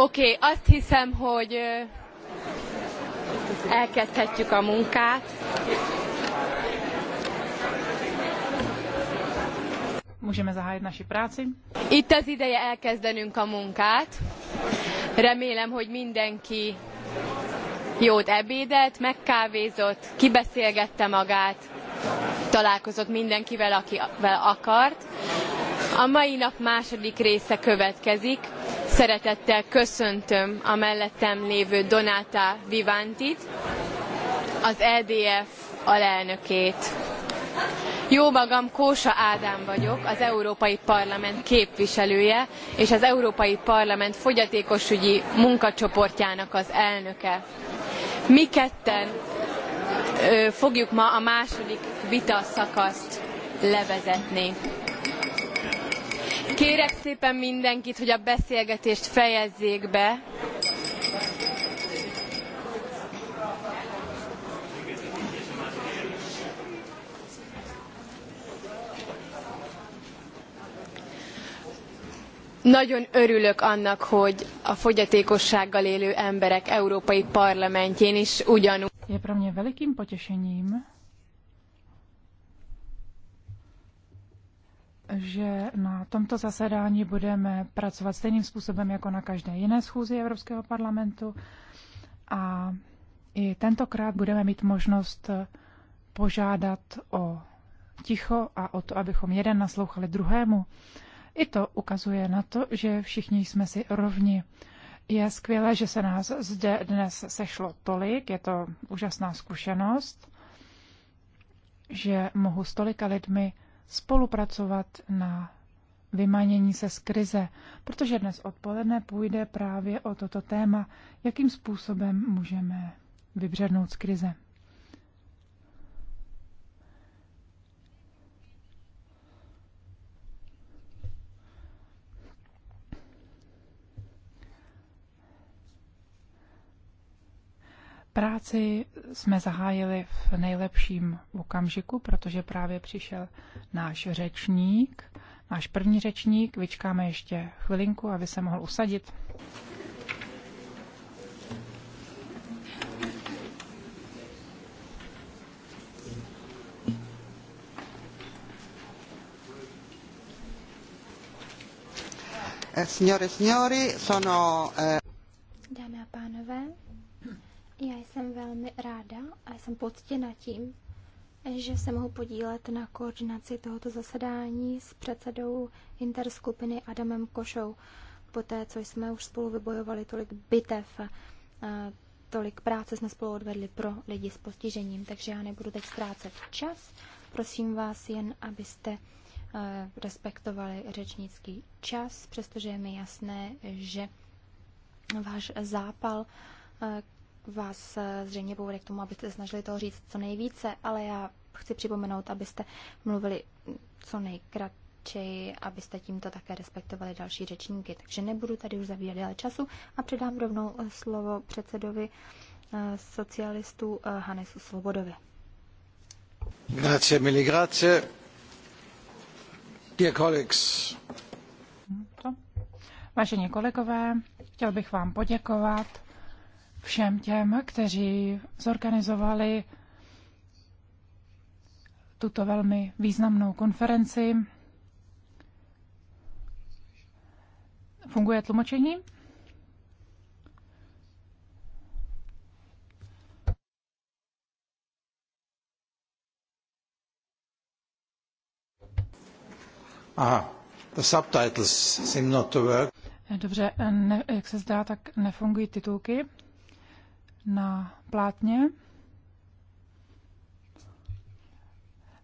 Oké, okay, azt hiszem, hogy elkezdhetjük a munkát. Můžeme zahájit naši práci. Itt az ideje elkezdenünk a munkát. Remélem, hogy mindenki jót ebédelt, megkávézott, kibeszélgette magát, találkozott mindenkivel, akivel akart. A mai nap második része következik. Szeretettel köszöntöm a mellettem lévő Donata Vivantit, az EDF alelnökét. Jó magam, Kósa Ádám vagyok, az Európai Parlament képviselője és az Európai Parlament fogyatékosügyi munkacsoportjának az elnöke. Mi ketten fogjuk ma a második vitaszakaszt levezetni. Kérek szépen mindenkit, hogy a beszélgetést fejezzék be. Nagyon örülök annak, hogy a fogyatékossággal élő emberek Európai Parlamentjén is ugyanúgy. Je pro mě velikým potěšením, že na tomto zasedání budeme pracovat stejným způsobem jako na každé jiné schůzi Evropského parlamentu a i tentokrát budeme mít možnost požádat o ticho a o to, abychom jeden naslouchali druhému. I to ukazuje na to, že všichni jsme si rovni. Je skvělé, že se nás zde dnes sešlo tolik, je to úžasná zkušenost, že mohu s tolika lidmi spolupracovat na vymanění se z krize, protože dnes odpoledne půjde právě o toto téma, jakým způsobem můžeme vybřednout z krize. Práci jsme zahájili v nejlepším okamžiku, protože právě přišel náš řečník, náš první řečník. Vyčkáme ještě chvilinku, aby se mohl usadit. Eh, signore e signori, sono... Eh, Dámy a pánové, já jsem velmi ráda a jsem poctěna tím, že se mohu podílet na koordinaci tohoto zasedání s předsedou interskupiny Adamem Košou, poté co jsme už spolu vybojovali tolik bitev, tolik práce jsme spolu odvedli pro lidi s postižením, takže já nebudu teď ztrácet čas. Prosím vás jen, abyste respektovali řečnický čas, přestože je mi jasné, že váš zápal vás eh, zřejmě povede k tomu, abyste se snažili toho říct co nejvíce, ale já chci připomenout, abyste mluvili co nejkratčeji, abyste tímto také respektovali další řečníky. Takže nebudu tady už zabírat déle času a předám rovnou eh, slovo předsedovi eh, socialistů Hanesu Svobodovi. Grazie, mille grazie. Dear colleagues. Hmm, Vážení kolegové, chtěl bych vám poděkovat všem těm, kteří zorganizovali tuto velmi významnou konferenci. Funguje tlumočení? Aha, the subtitles seem not to work. Dobře, ne, jak se zdá, tak nefungují titulky na plátně.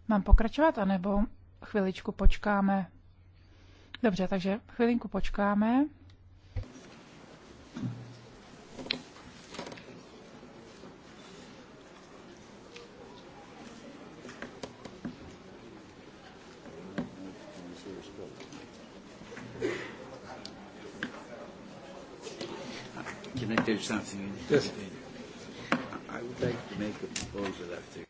Mám pokračovat, anebo chviličku počkáme? Dobře, takže chvilinku počkáme. Can I something? Yes like to make a proposal after.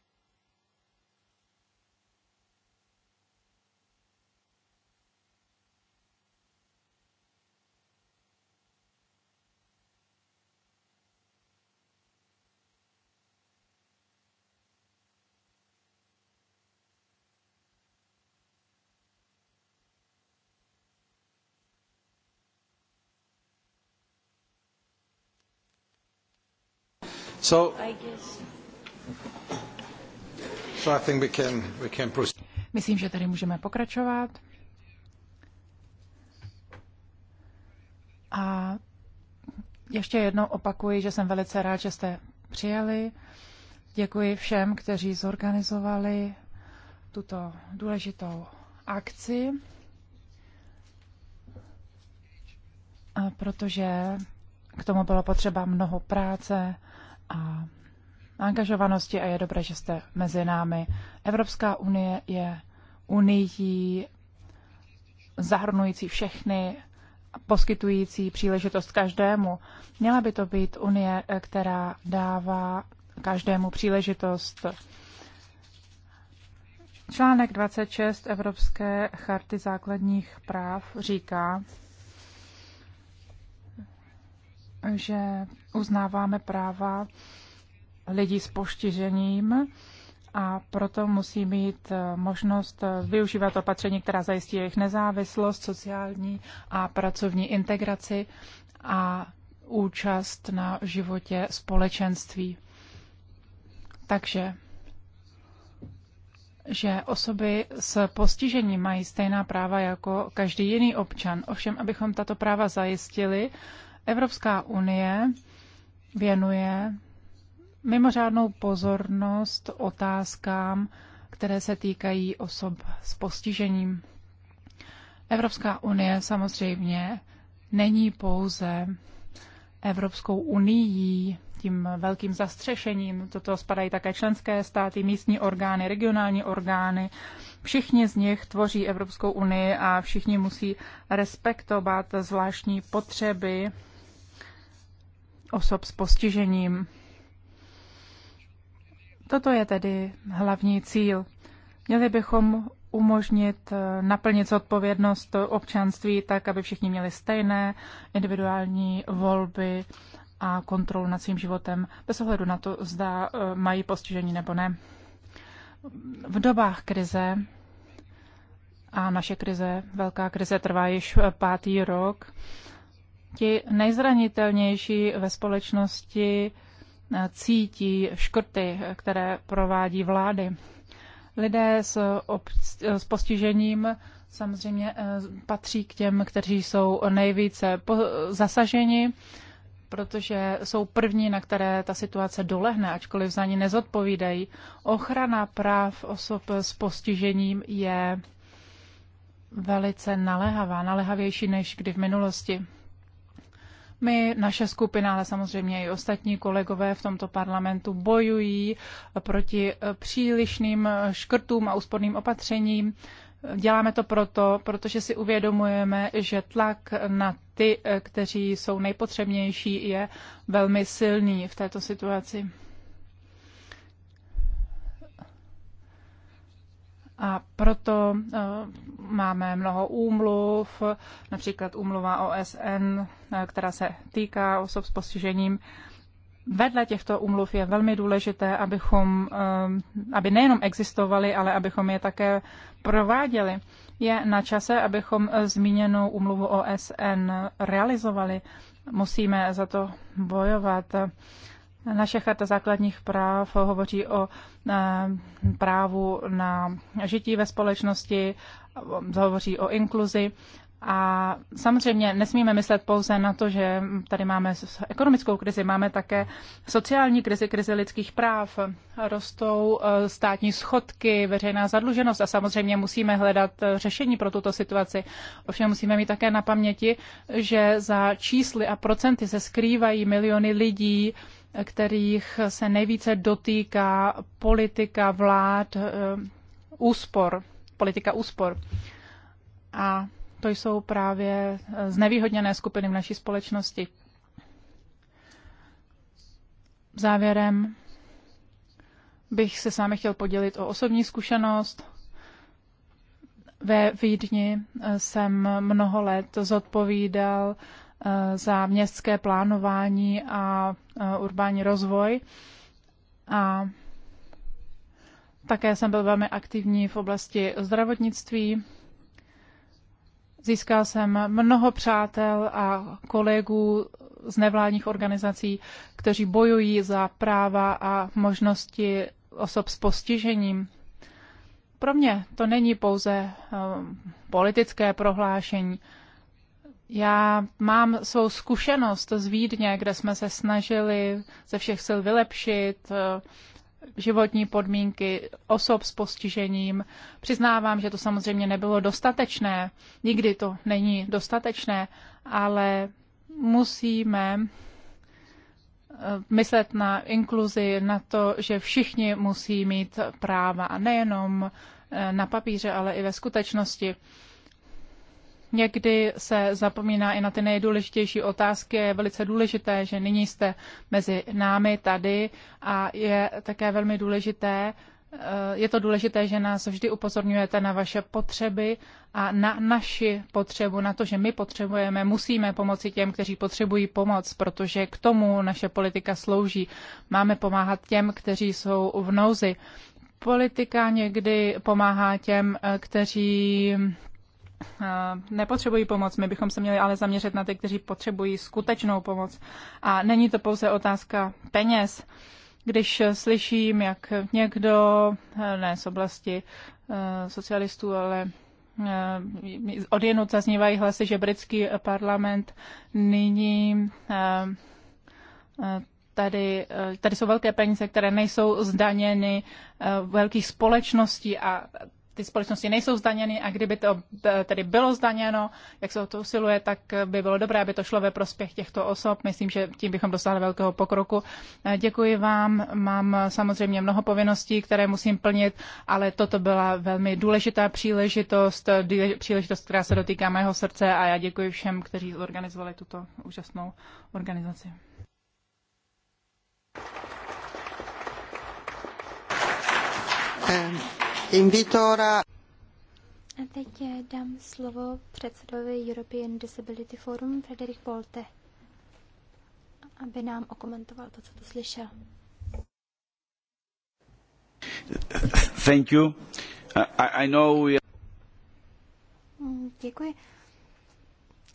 So, I guess. so I think we can, we can proceed. Myslím, že tady můžeme pokračovat. A ještě jednou opakuji, že jsem velice rád, že jste přijeli. Děkuji všem, kteří zorganizovali tuto důležitou akci, protože k tomu bylo potřeba mnoho práce, a angažovanosti a je dobré, že jste mezi námi. Evropská unie je unijí zahrnující všechny, poskytující příležitost každému. Měla by to být unie, která dává každému příležitost. Článek 26 Evropské charty základních práv říká, že uznáváme práva lidí s poštižením a proto musí mít eh, možnost eh, využívat opatření, která zajistí jejich nezávislost, sociální a pracovní integraci a účast na životě společenství. Takže že osoby s postižením mají stejná práva jako každý jiný občan. Ovšem, abychom tato práva zajistili, Evropská unie věnuje mimořádnou pozornost otázkám, které se týkají osob s postižením. Evropská unie samozřejmě není pouze Evropskou unii, tím velkým zastřešením. Toto spadají také členské státy, místní orgány, regionální orgány. Všichni z nich tvoří Evropskou unii a všichni musí respektovat zvláštní potřeby osob s postižením. Toto je tedy hlavní cíl. Měli bychom umožnit eh, naplnit odpovědnost občanství tak, aby všichni měli stejné individuální volby a kontrolu nad svým životem, bez ohledu na to, zda eh, mají postižení nebo ne. V dobách krize, a naše krize, velká krize trvá již eh, pátý rok, ti nejzranitelnější ve společnosti eh, cítí škrty, které provádí vlády. Lidé s, ob- s postižením samozřejmě eh, patří k těm, kteří jsou nejvíce zasaženi, protože jsou první, na které ta situace dolehne, ačkoliv za ní nezodpovídají. Ochrana práv osob s postižením je velice naléhavá, naléhavější než kdy v minulosti. My, naše skupina, ale samozřejmě i ostatní kolegové v tomto parlamentu bojují proti přílišným škrtům a úsporným opatřením. Děláme to proto, protože si uvědomujeme, že tlak na ty, kteří jsou nejpotřebnější, je velmi silný v této situaci. A proto eh, máme mnoho úmluv, například úmluva OSN, eh, která se týká osob s postižením. Vedle těchto úmluv je velmi důležité, abychom, eh, aby nejenom existovaly, ale abychom je také prováděli. Je na čase, abychom zmíněnou úmluvu OSN realizovali. Musíme za to bojovat. Naše charta základních práv hovoří o eh, právu na žití ve společnosti, hovoří o inkluzi a samozřejmě nesmíme myslet pouze na to, že tady máme ekonomickou krizi, máme také sociální krizi, krizi lidských práv, rostou eh, státní schodky, veřejná zadluženost a samozřejmě musíme hledat eh, řešení pro tuto situaci. Ovšem musíme mít také na paměti, že za čísly a procenty se skrývají miliony lidí, kterých se nejvíce dotýká politika vlád eh, úspor, politika úspor. A to jsou právě eh, znevýhodněné skupiny v naší společnosti. Závěrem bych se s vámi chtěl podělit o osobní zkušenost. Ve Vídni eh, jsem mnoho let zodpovídal za městské plánování a urbání rozvoj. A také jsem byl velmi aktivní v oblasti zdravotnictví. Získal jsem mnoho přátel a kolegů z nevládních organizací, kteří bojují za práva a možnosti osob s postižením. Pro mě to není pouze um, politické prohlášení. Já mám svou zkušenost z Vídně, kde jsme se snažili ze všech sil vylepšit eh, životní podmínky osob s postižením. Přiznávám, že to samozřejmě nebylo dostatečné, nikdy to není dostatečné, ale musíme eh, myslet na inkluzi, na to, že všichni musí mít práva a nejenom eh, na papíře, ale i ve skutečnosti. Někdy se zapomíná i na ty nejdůležitější otázky. Je velice důležité, že nyní jste mezi námi tady a je také velmi důležité, eh, je to důležité, že nás vždy upozorňujete na vaše potřeby a na naši potřebu, na to, že my potřebujeme, musíme pomoci těm, kteří potřebují pomoc, protože k tomu naše politika slouží. Máme pomáhat těm, kteří jsou v nouzi. Politika někdy pomáhá těm, eh, kteří Eh, nepotřebují pomoc. My bychom se měli ale zaměřit na ty, kteří potřebují skutečnou pomoc. A není to pouze otázka peněz. Když slyším, jak někdo, eh, ne z oblasti eh, socialistů, ale od jednot zaznívají hlasy, že britský parlament nyní tady, tady jsou velké peníze, které nejsou zdaněny velkých společností a ty společnosti nejsou zdaněny a kdyby to tedy bylo zdaněno, jak se o to usiluje, tak by bylo dobré, aby to šlo ve prospěch těchto osob. Myslím, že tím bychom dosáhli velkého pokroku. Eh, děkuji vám. Mám eh, samozřejmě mnoho povinností, které musím plnit, ale toto byla velmi důležitá příležitost, eh, příležitost, která se dotýká mého srdce a já děkuji všem, kteří zorganizovali tuto úžasnou organizaci. Um. Invitora. A teď eh, dám slovo předsedovi European Disability Forum Frederik Polte, aby nám okomentoval to, co tu slyšel. Thank you. I, I know... Mm, děkuji.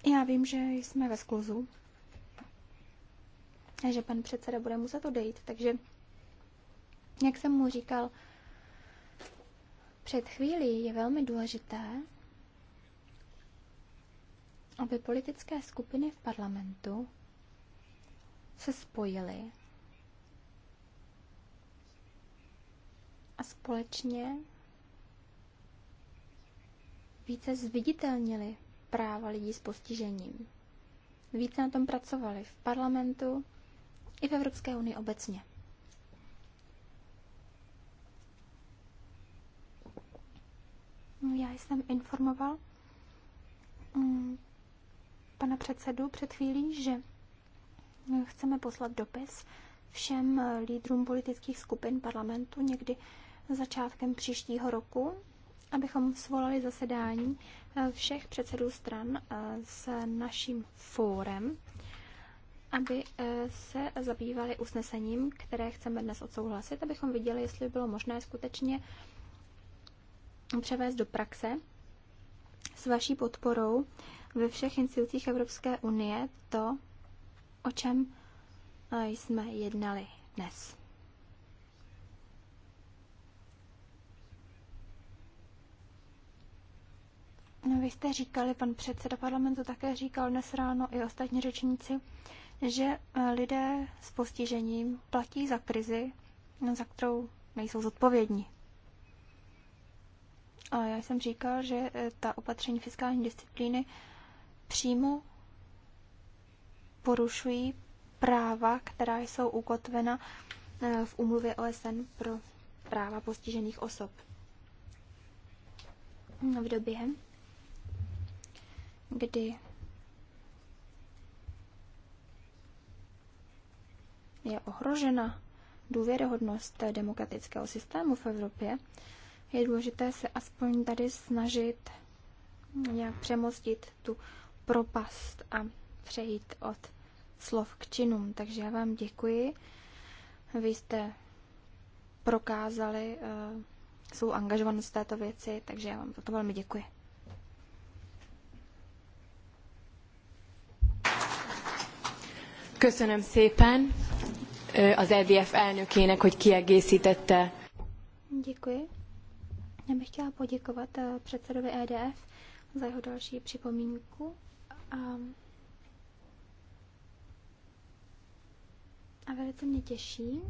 Já vím, že jsme ve skluzu a že pan předseda bude muset odejít, takže jak jsem mu říkal, před chvílí, je velmi důležité, aby politické skupiny v parlamentu se spojily a společně více zviditelnili práva lidí s postižením. Více na tom pracovali v parlamentu i v Evropské unii obecně. No, já jsem informoval mm, pana předsedu před chvílí, že chceme poslat dopis všem lídrům politických skupin parlamentu někdy začátkem příštího roku, abychom svolali zasedání eh, všech předsedů stran eh, s naším fórem, aby eh, se zabývali usnesením, které chceme dnes odsouhlasit, abychom viděli, jestli bylo možné skutečně převést do praxe s vaší podporou ve všech institucích Evropské unie to, o čem eh, jsme jednali dnes. No, vy jste říkali, pan předseda parlamentu také říkal dnes ráno i ostatní řečníci, že eh, lidé s postižením platí za krizi, za kterou nejsou zodpovědní. A já jsem říkal, že eh, ta opatření fiskální disciplíny přímo porušují práva, která jsou ukotvena eh, v úmluvě OSN pro práva postižených osob. V době, kdy je ohrožena důvěryhodnost demokratického systému v Evropě, je důležité se aspoň tady snažit nějak přemostit tu propast a přejít od slov k činům. Takže já vám děkuji. Vy jste prokázali uh, svou angažovanost v této věci, takže já vám za to velmi děkuji. Köszönöm szépen eh, az EDF elnökének, hogy kiegészítette. Děkuji. Já bych chtěla poděkovat eh, předsedovi EDF za jeho další připomínku. A, ehm, a velice mě těší,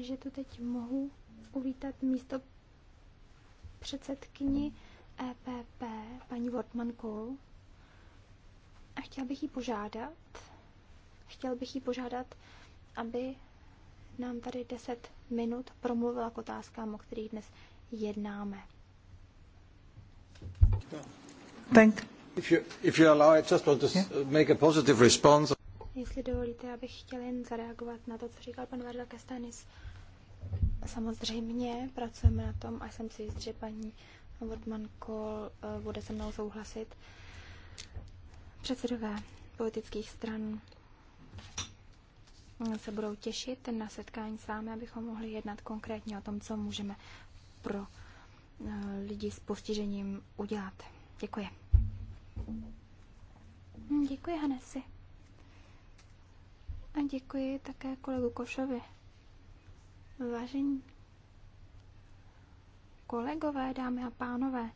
že tu teď mohu uvítat místo předsedkyni EPP, paní Wortman Kohl. A chtěla bych jí požádat, chtěl bych jí požádat, aby nám tady 10 minut promluvila k otázkám, o kterých dnes jednáme. Thank. If you, if you allow, I just want to make a positive response. Jestli dovolíte, abych chtěl jen zareagovat na to, co říkal pan Varda Kastanis. Samozřejmě pracujeme na tom a jsem si jist, že paní Wortman Kohl eh, bude se mnou souhlasit. Předsedové politických stran se budou těšit na setkání s vámi, abychom mohli jednat konkrétně o tom, co můžeme pro eh, lidi s postižením udělat. Děkuji. Hm, děkuji, Hanesi. A děkuji také kolegu Košovi. Vážení kolegové, dámy a pánové,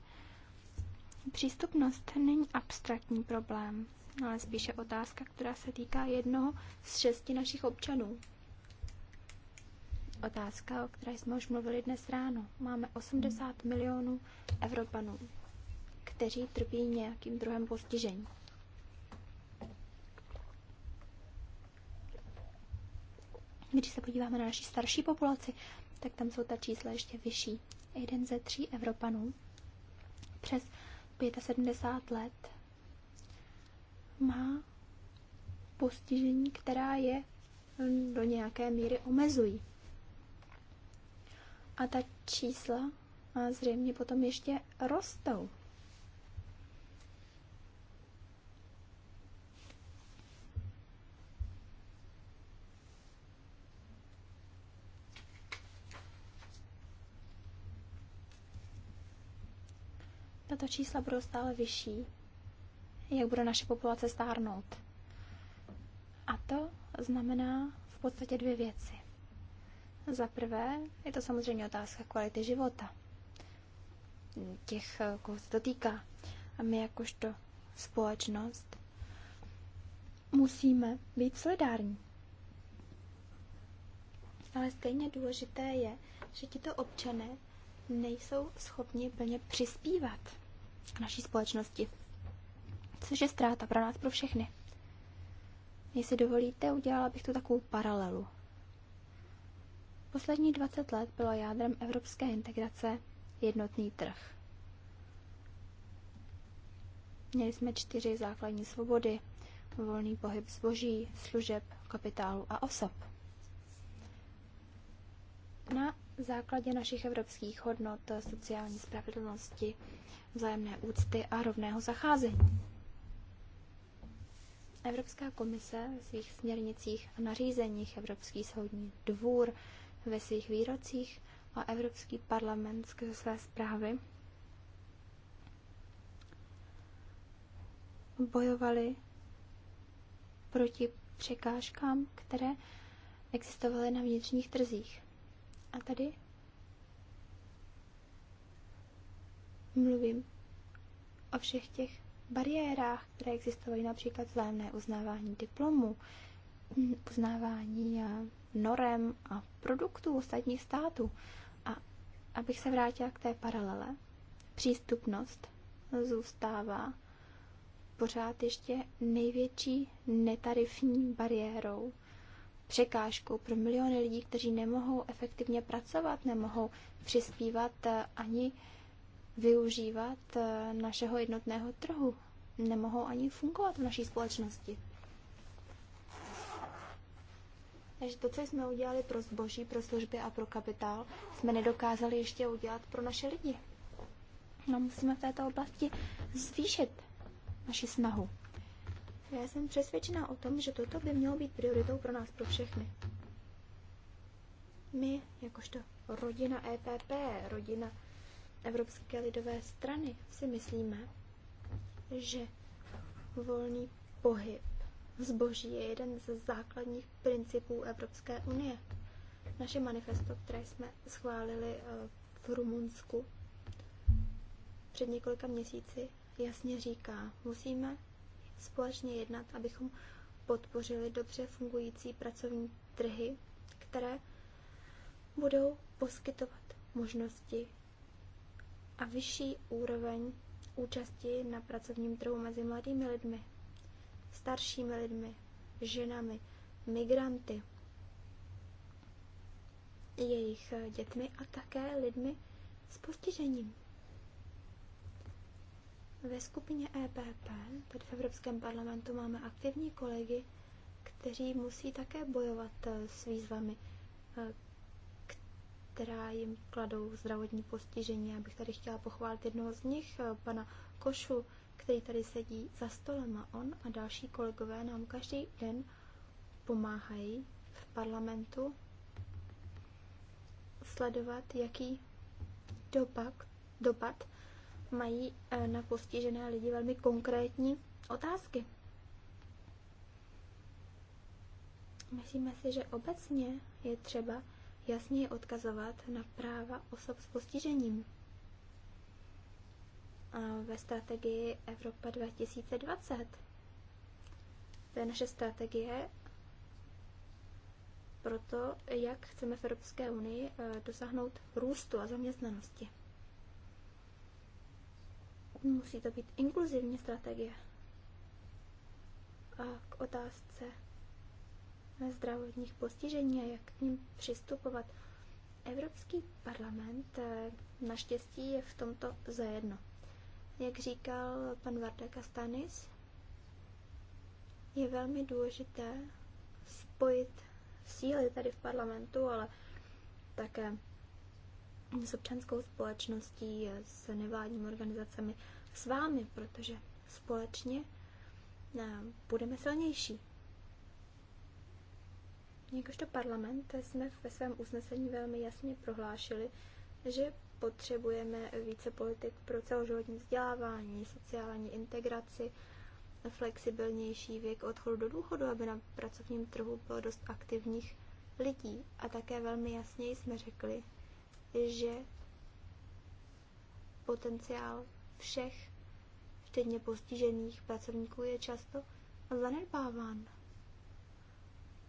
přístupnost není abstraktní problém ale spíše otázka, která se týká jednoho z šesti našich občanů. Otázka, o které jsme už mluvili dnes ráno. Máme 80 milionů Evropanů, kteří trpí nějakým druhem postižení. Když se podíváme na naši starší populaci, tak tam jsou ta čísla ještě vyšší. Jeden ze tří Evropanů přes 75 let má postižení, která je mm, do nějaké míry omezují. A ta čísla a zřejmě potom ještě rostou. Tato čísla budou stále vyšší jak bude naše populace stárnout. A to znamená v podstatě dvě věci. Za prvé je to samozřejmě otázka kvality života. Těch, koho se to týká. A my jakožto společnost musíme být solidární. Ale stejně důležité je, že tito občané nejsou schopni plně přispívat k naší společnosti což je ztráta pro nás, pro všechny. Jestli dovolíte, udělala bych tu takovou paralelu. Poslední 20 let bylo jádrem evropské integrace jednotný trh. Měli jsme čtyři základní svobody, volný pohyb zboží, služeb, kapitálu a osob. Na základě našich evropských hodnot, sociální spravedlnosti, vzájemné úcty a rovného zacházení. Evropská komise ve svých směrnicích a nařízeních, Evropský soudní dvůr ve svých výrocích a Evropský parlament skrze své zprávy bojovali proti překážkám, které existovaly na vnitřních trzích. A tady mluvím o všech těch bariérách, které existovaly, například vzájemné uznávání diplomů, uznávání eh, norem a produktů ostatních států. A abych se vrátila k té paralele, přístupnost zůstává pořád ještě největší netarifní bariérou, překážkou pro miliony lidí, kteří nemohou efektivně pracovat, nemohou přispívat eh, ani využívat eh, našeho jednotného trhu. Nemohou ani fungovat v naší společnosti. Takže to, co jsme udělali pro zboží, pro služby a pro kapitál, jsme nedokázali ještě udělat pro naše lidi. No, musíme v této oblasti zvýšit naši snahu. Já jsem přesvědčená o tom, že toto by mělo být prioritou pro nás, pro všechny. My, jakožto rodina EPP, rodina Evropské lidové strany si myslíme, že volný pohyb zboží je jeden ze základních principů Evropské unie. Naše manifesto, které jsme schválili eh, v Rumunsku před několika měsíci, jasně říká, musíme společně jednat, abychom podpořili dobře fungující pracovní trhy, které budou poskytovat možnosti a vyšší úroveň účasti na pracovním trhu mezi mladými lidmi, staršími lidmi, ženami, migranty, jejich dětmi a také lidmi s postižením. Ve skupině EPP, tedy v Evropském parlamentu, máme aktivní kolegy, kteří musí také bojovat s výzvami, která jim kladou zdravotní postižení. Já bych tady chtěla pochválit jednoho z nich, eh, pana Košu, který tady sedí za stolem a on a další kolegové nám každý den pomáhají v parlamentu sledovat, jaký dopad, dopad mají eh, na postižené lidi velmi konkrétní otázky. Myslíme si, že obecně je třeba jasněji odkazovat na práva osob s postižením. A ve strategii Evropa 2020. To je naše strategie pro to, jak chceme v Evropské unii eh, dosáhnout růstu a zaměstnanosti. Musí to být inkluzivní strategie. A k otázce zdravotních postižení a jak k ním přistupovat. Evropský parlament eh, naštěstí je v tomto zajedno. Jak říkal pan Varda Kastanis, je velmi důležité spojit síly tady v parlamentu, ale také s občanskou společností, s nevládními organizacemi, s vámi, protože společně eh, budeme silnější. Jakožto parlament jsme ve svém usnesení velmi jasně prohlášili, že potřebujeme více politik pro celoživotní vzdělávání, sociální integraci, flexibilnější věk odchodu do důchodu, aby na pracovním trhu bylo dost aktivních lidí. A také velmi jasně jsme řekli, že potenciál všech, včetně postižených pracovníků, je často zanedbáván.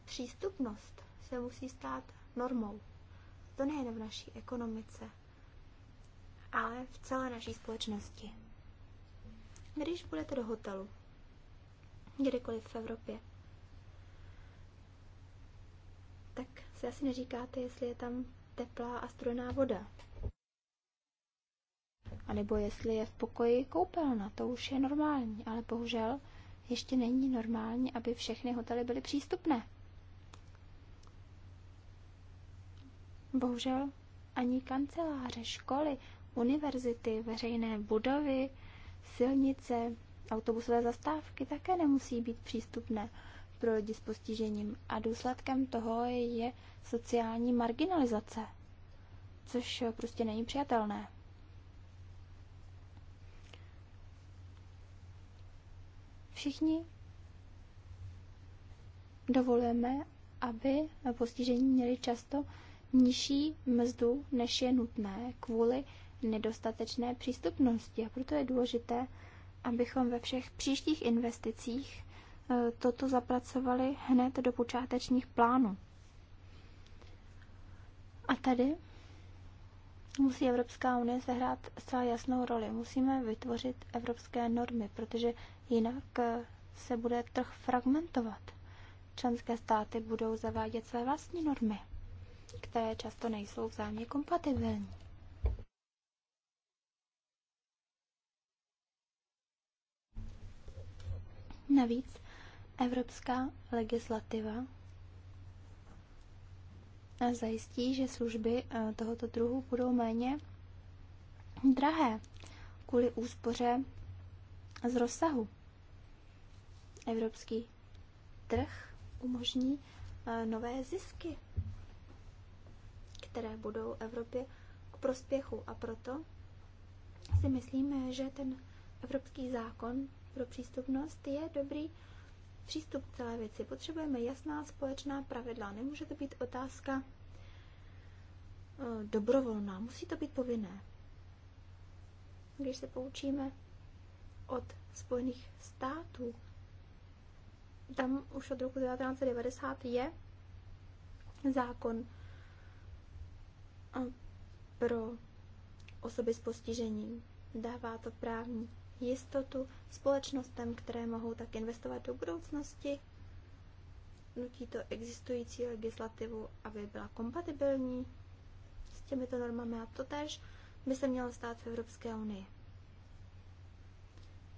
Přístupnost se musí stát normou. To nejen v naší ekonomice, ale v celé naší společnosti. Když budete do hotelu, kdekoliv v Evropě, tak si asi neříkáte, jestli je tam teplá a studená voda. A nebo jestli je v pokoji koupelna, to už je normální, ale bohužel ještě není normální, aby všechny hotely byly přístupné. Bohužel ani kanceláře, školy, univerzity, veřejné budovy, silnice, autobusové zastávky také nemusí být přístupné pro lidi s postižením a důsledkem toho je sociální marginalizace, což prostě není přijatelné. Všichni dovolujeme, aby postižení měli často nižší mzdu, než je nutné kvůli nedostatečné přístupnosti. A proto je důležité, abychom ve všech příštích investicích e, toto zapracovali hned do počátečních plánů. A tady musí Evropská unie sehrát zcela jasnou roli. Musíme vytvořit evropské normy, protože jinak e, se bude trh fragmentovat. Členské státy budou zavádět své vlastní normy které často nejsou vzájemně kompatibilní. Navíc evropská legislativa zajistí, že služby eh, tohoto druhu budou méně drahé kvůli úspoře z rozsahu. Evropský trh umožní eh, nové zisky které budou Evropě k prospěchu. A proto si myslíme, že ten evropský zákon pro přístupnost je dobrý přístup k celé věci. Potřebujeme jasná společná pravidla. Nemůže to být otázka eh, dobrovolná, musí to být povinné. Když se poučíme od Spojených států, tam už od roku 1990 je zákon pro osoby s postižením. Dává to právní jistotu společnostem, které mohou tak investovat do budoucnosti. Nutí to existující legislativu, aby byla kompatibilní s těmito normami a to tež by se mělo stát v Evropské unii.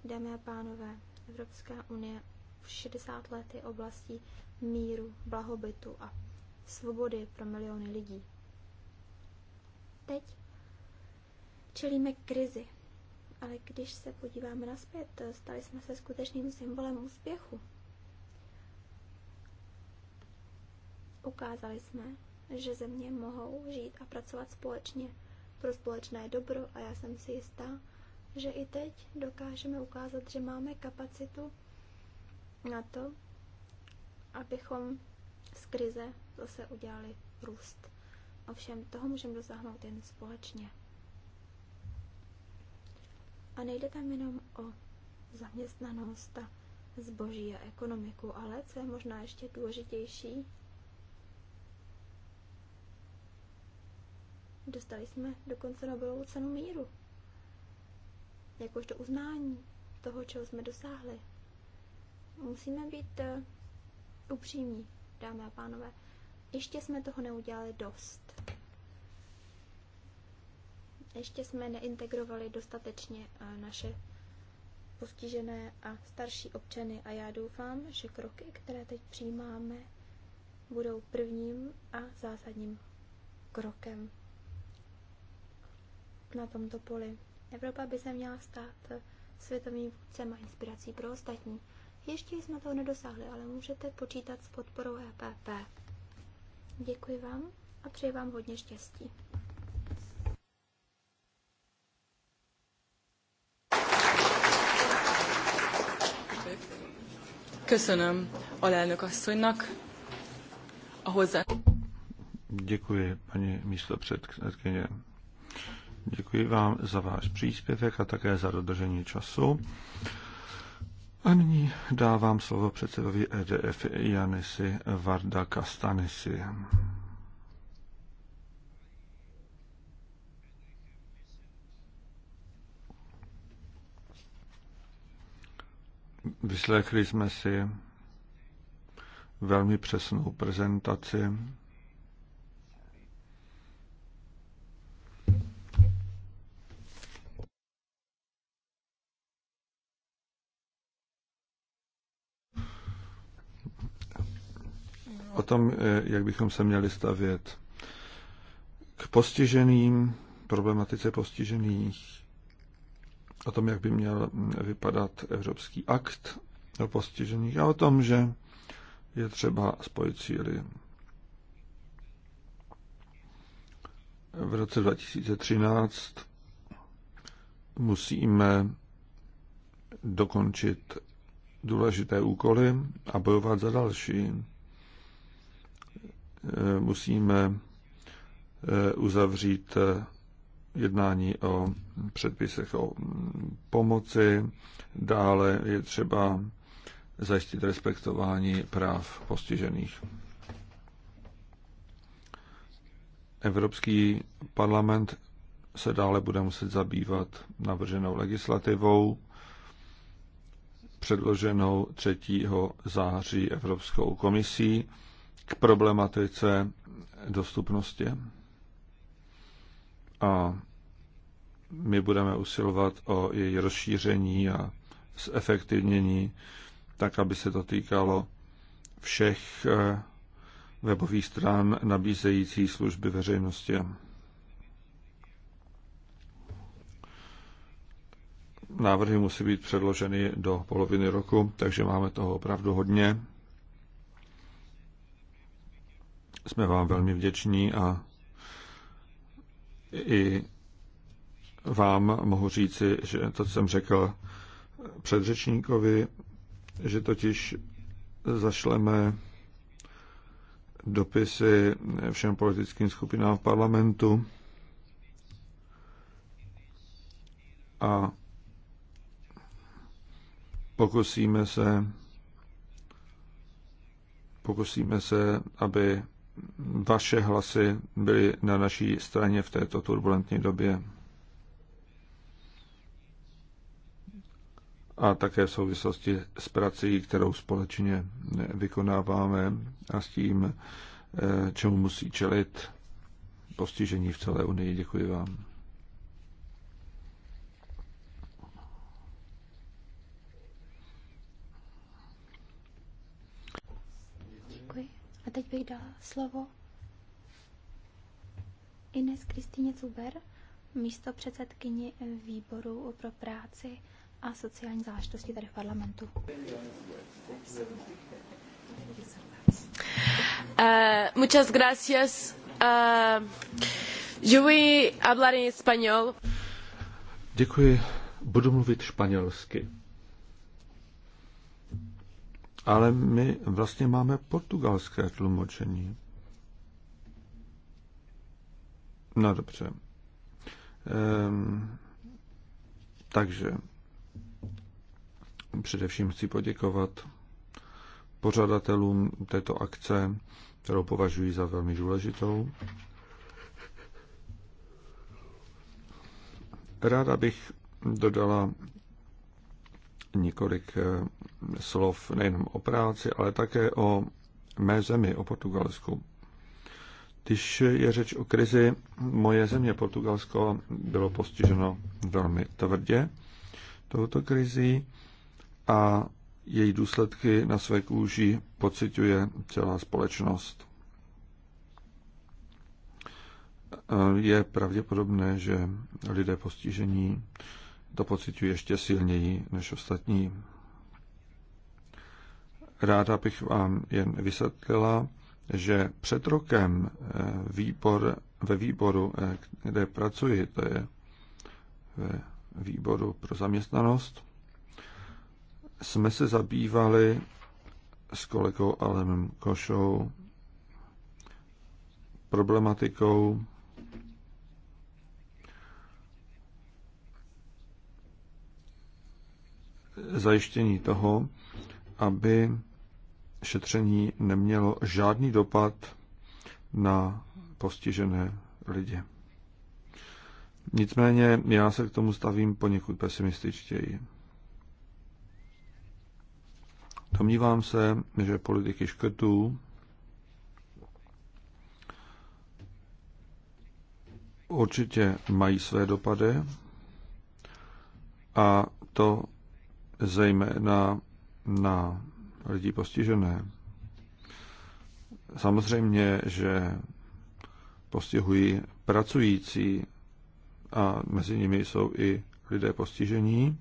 Dámy a pánové, Evropská unie už 60 let je oblastí míru, blahobytu a svobody pro miliony lidí. Teď čelíme krizi, ale když se podíváme naspět, stali jsme se skutečným symbolem úspěchu. Ukázali jsme, že země mohou žít a pracovat společně pro společné dobro a já jsem si jistá, že i teď dokážeme ukázat, že máme kapacitu na to, abychom z krize zase udělali růst. Ovšem toho můžeme dosáhnout jen společně. A nejde tam jenom o zaměstnanost a zboží a ekonomiku, ale co je možná ještě důležitější, dostali jsme dokonce Nobelovu cenu míru. Jakožto uznání toho, čeho jsme dosáhli. Musíme být eh, upřímní, dámy a pánové ještě jsme toho neudělali dost. Ještě jsme neintegrovali dostatečně eh, naše postižené a starší občany a já doufám, že kroky, které teď přijímáme, budou prvním a zásadním krokem na tomto poli. Evropa by se měla stát eh, světovým vůdcem a inspirací pro ostatní. Ještě jsme toho nedosáhli, ale můžete počítat s podporou EPP. Děkuji vám a přeji vám hodně štěstí. Köszönöm alelnök asszonynak a hozzá... Děkuji, paní místo předsedkyně. Děkuji vám za váš příspěvek a také za dodržení času. A nyní dávám slovo předsedovi EDF Janisi Varda Kastanisi. Vyslechli jsme si velmi přesnou prezentaci o tom, eh, jak bychom se měli stavět k postiženým, problematice postižených, o tom, jak by měl vypadat Evropský akt o postižených a o tom, že je třeba spojit síly. V roce 2013 musíme dokončit důležité úkoly a bojovat za další. Eh, musíme eh, uzavřít eh, jednání o předpisech o mm, pomoci. Dále je třeba zajistit respektování práv postižených. Evropský parlament se dále bude muset zabývat navrženou legislativou, předloženou 3. září Evropskou komisí problematice dostupnosti. A my budeme usilovat o její rozšíření a zefektivnění, tak aby se to týkalo všech eh, webových stran nabízející služby veřejnosti. Návrhy musí být předloženy do poloviny roku, takže máme toho opravdu hodně. Jsme vám velmi vděční a i vám mohu říci, že to, co jsem řekl předřečníkovi, že totiž zašleme dopisy všem politickým skupinám v parlamentu a pokusíme se, pokusíme se, aby vaše hlasy byly na naší straně v této turbulentní době. A také v souvislosti s prací, kterou společně vykonáváme a s tím, eh, čemu musí čelit postižení v celé Unii. Děkuji vám. teď bych dala slovo Ines Kristýně Cuber, místo předsedkyni výboru pro práci a sociální záležitosti tady v parlamentu. Uh, muchas gracias. Uh, yo voy a hablar en español. Děkuji. Budu mluvit španělsky. Ale my vlastně máme portugalské tlumočení. No dobře. Ehm, takže především chci poděkovat pořadatelům této akce, kterou považuji za velmi důležitou. Ráda bych dodala několik eh, slov nejenom o práci, ale také o mé zemi, o Portugalsku. Když je řeč o krizi, moje země Portugalsko bylo postiženo velmi tvrdě touto krizí a její důsledky na své kůži pociťuje celá společnost. Eh, je pravděpodobné, že lidé postižení to pocituji ještě silněji než ostatní. Ráda bych vám jen vysvětlila, že před rokem eh, výbor, ve výboru, eh, kde pracuji, to je ve výboru pro zaměstnanost, jsme se zabývali s kolegou Alem Košou problematikou zajištění toho, aby šetření nemělo žádný dopad na postižené lidi. Nicméně já se k tomu stavím poněkud pesimističtěji. Domnívám se, že politiky škrtů určitě mají své dopady a to zejména na lidi postižené. Samozřejmě, že postihují pracující a mezi nimi jsou i lidé postižení.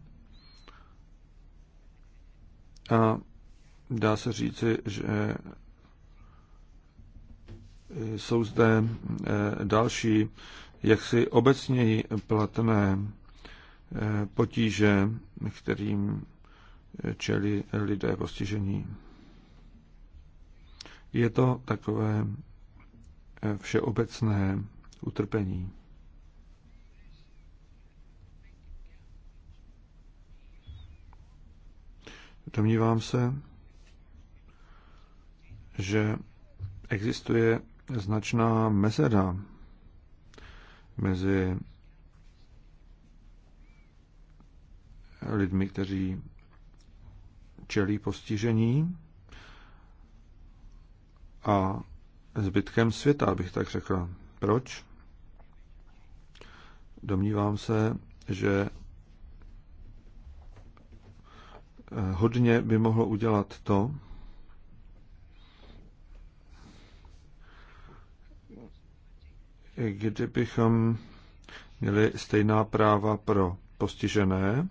A dá se říci, že jsou zde eh, další jaksi obecněji platné potíže, kterým čelí lidé postižení. Je to takové všeobecné utrpení. Domnívám se, že existuje značná mezera mezi lidmi, kteří čelí postižení a zbytkem světa, bych tak řekl Proč? Domnívám se, že hodně by mohlo udělat to, kdybychom měli stejná práva pro postižené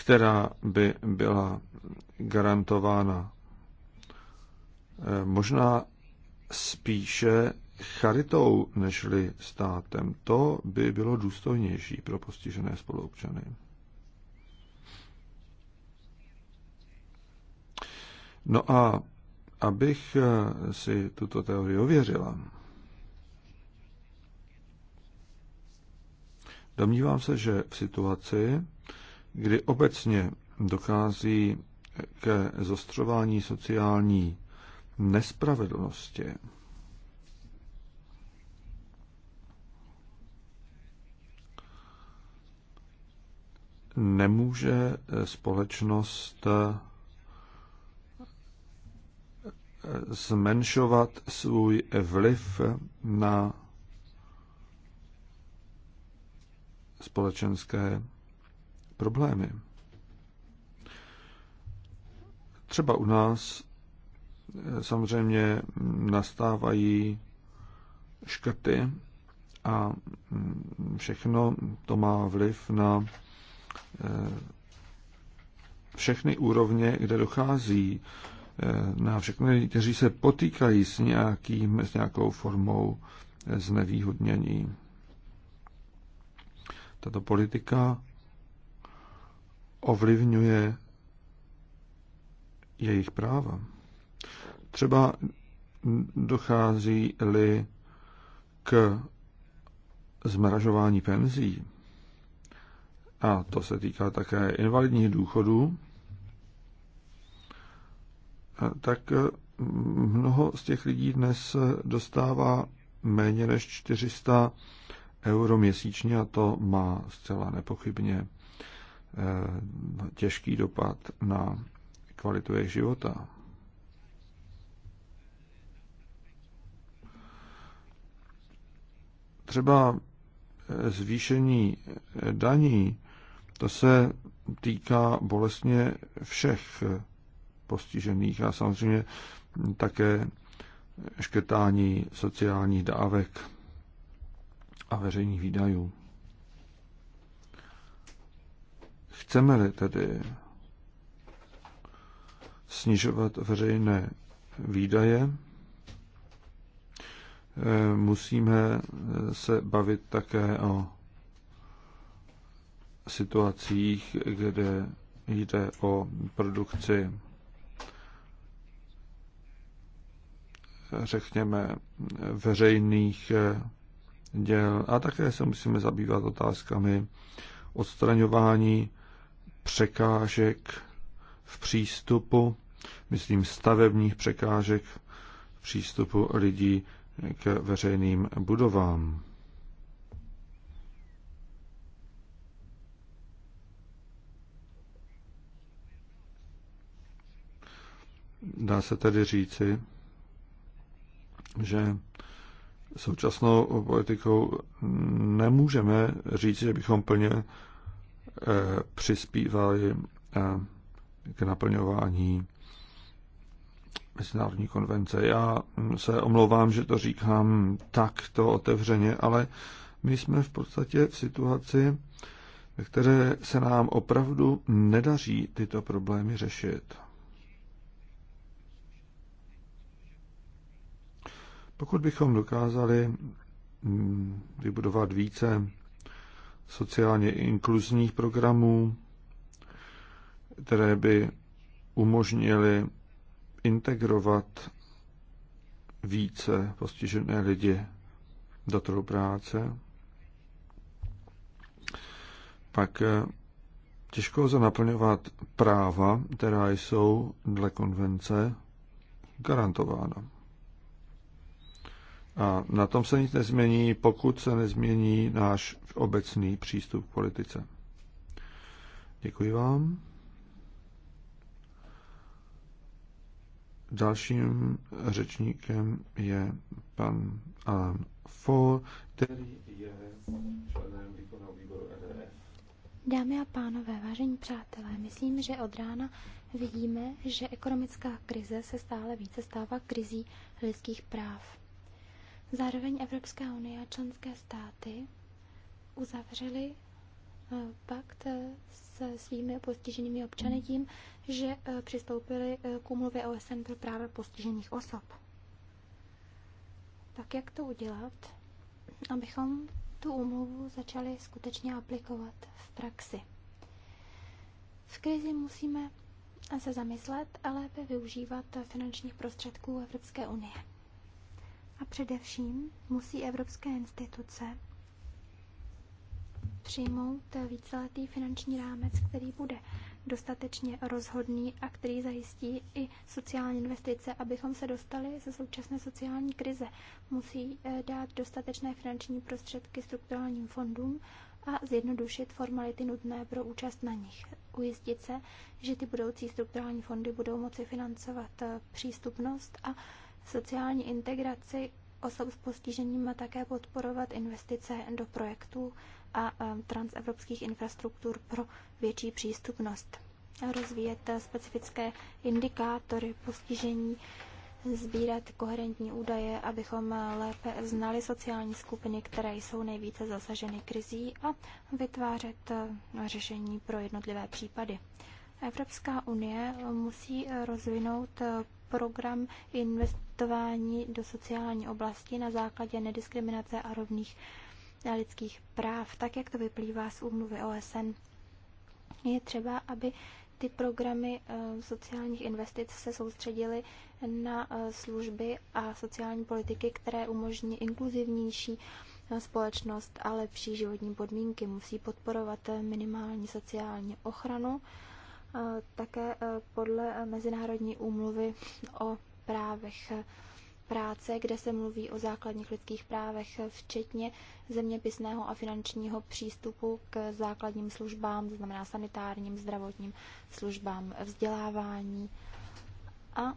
která by byla garantována. Eh, možná spíše charitou nežli státem. To by bylo důstojnější pro postižené spoluobčany. No a abych eh, si tuto teorii ověřila, domnívám se, že v situaci, kdy obecně dochází ke zostřování sociální nespravedlnosti, nemůže společnost zmenšovat svůj vliv na společenské problémy. Třeba u nás eh, samozřejmě nastávají škrty a mm, všechno to má vliv na eh, všechny úrovně, kde dochází eh, na všechny, kteří se potýkají s, nějakým, s nějakou formou znevýhodnění. Tato politika ovlivňuje jejich práva. Třeba dochází-li k zmražování penzí, a to se týká také invalidních důchodů, tak mnoho z těch lidí dnes dostává méně než 400 euro měsíčně a to má zcela nepochybně Eh, těžký dopad na kvalitu jejich života. Třeba eh, zvýšení eh, daní, to se týká bolestně všech postižených a samozřejmě také škrtání sociálních dávek a veřejných výdajů. Chceme-li tedy snižovat veřejné výdaje, eh, musíme se bavit také o situacích, kde jde o produkci, řekněme, veřejných eh, děl. A také se musíme zabývat otázkami odstraňování překážek v přístupu, myslím stavebních překážek v přístupu lidí k veřejným budovám. Dá se tedy říci, že současnou politikou nemůžeme říct, že bychom plně přispívají eh, k naplňování Mezinárodní konvence. Já se omlouvám, že to říkám takto otevřeně, ale my jsme v podstatě v situaci, ve které se nám opravdu nedaří tyto problémy řešit. Pokud bychom dokázali mm, vybudovat více sociálně inkluzních programů, které by umožnily integrovat více postižené lidi do trhu práce. Pak eh, těžko lze naplňovat práva, která jsou dle konvence garantována. A na tom se nic nezmění, pokud se nezmění náš obecný přístup k politice. Děkuji vám. Dalším řečníkem je pan Alan Fall, který je členem výkonného výboru EDF. Dámy a pánové, vážení přátelé, myslím, že od rána vidíme, že ekonomická krize se stále více stává krizí lidských práv. Zároveň Evropská unie a členské státy uzavřely eh, pakt eh, se svými postiženými občany tím, že eh, přistoupili k úmluvě OSN pro práva postižených osob. Tak jak to udělat, abychom tu úmluvu začali skutečně aplikovat v praxi? V krizi musíme se zamyslet a lépe využívat finančních prostředků Evropské unie. A především musí evropské instituce přijmout víceletý finanční rámec, který bude dostatečně rozhodný a který zajistí i sociální investice, abychom se dostali ze současné sociální krize. Musí eh, dát dostatečné finanční prostředky strukturálním fondům a zjednodušit formality nutné pro účast na nich. Ujistit se, že ty budoucí strukturální fondy budou moci financovat eh, přístupnost a Sociální integraci osob s postižením a také podporovat investice do projektů a transevropských infrastruktur pro větší přístupnost. rozvíjet specifické indikátory postižení, sbírat koherentní údaje, abychom lépe znali sociální skupiny, které jsou nejvíce zasaženy krizí a vytvářet e, řešení pro jednotlivé případy. Evropská unie musí rozvinout e, program investování do sociální oblasti na základě nediskriminace a rovných lidských práv, tak jak to vyplývá z úmluvy OSN. Je třeba, aby ty programy eh, sociálních investic se soustředily na eh, služby a sociální politiky, které umožní inkluzivnější eh, společnost a lepší životní podmínky. Musí podporovat minimální sociální ochranu také e, podle e, Mezinárodní úmluvy o právech e, práce, kde se mluví o základních lidských právech, včetně zeměpisného a finančního přístupu k základním službám, to znamená sanitárním, zdravotním službám, vzdělávání a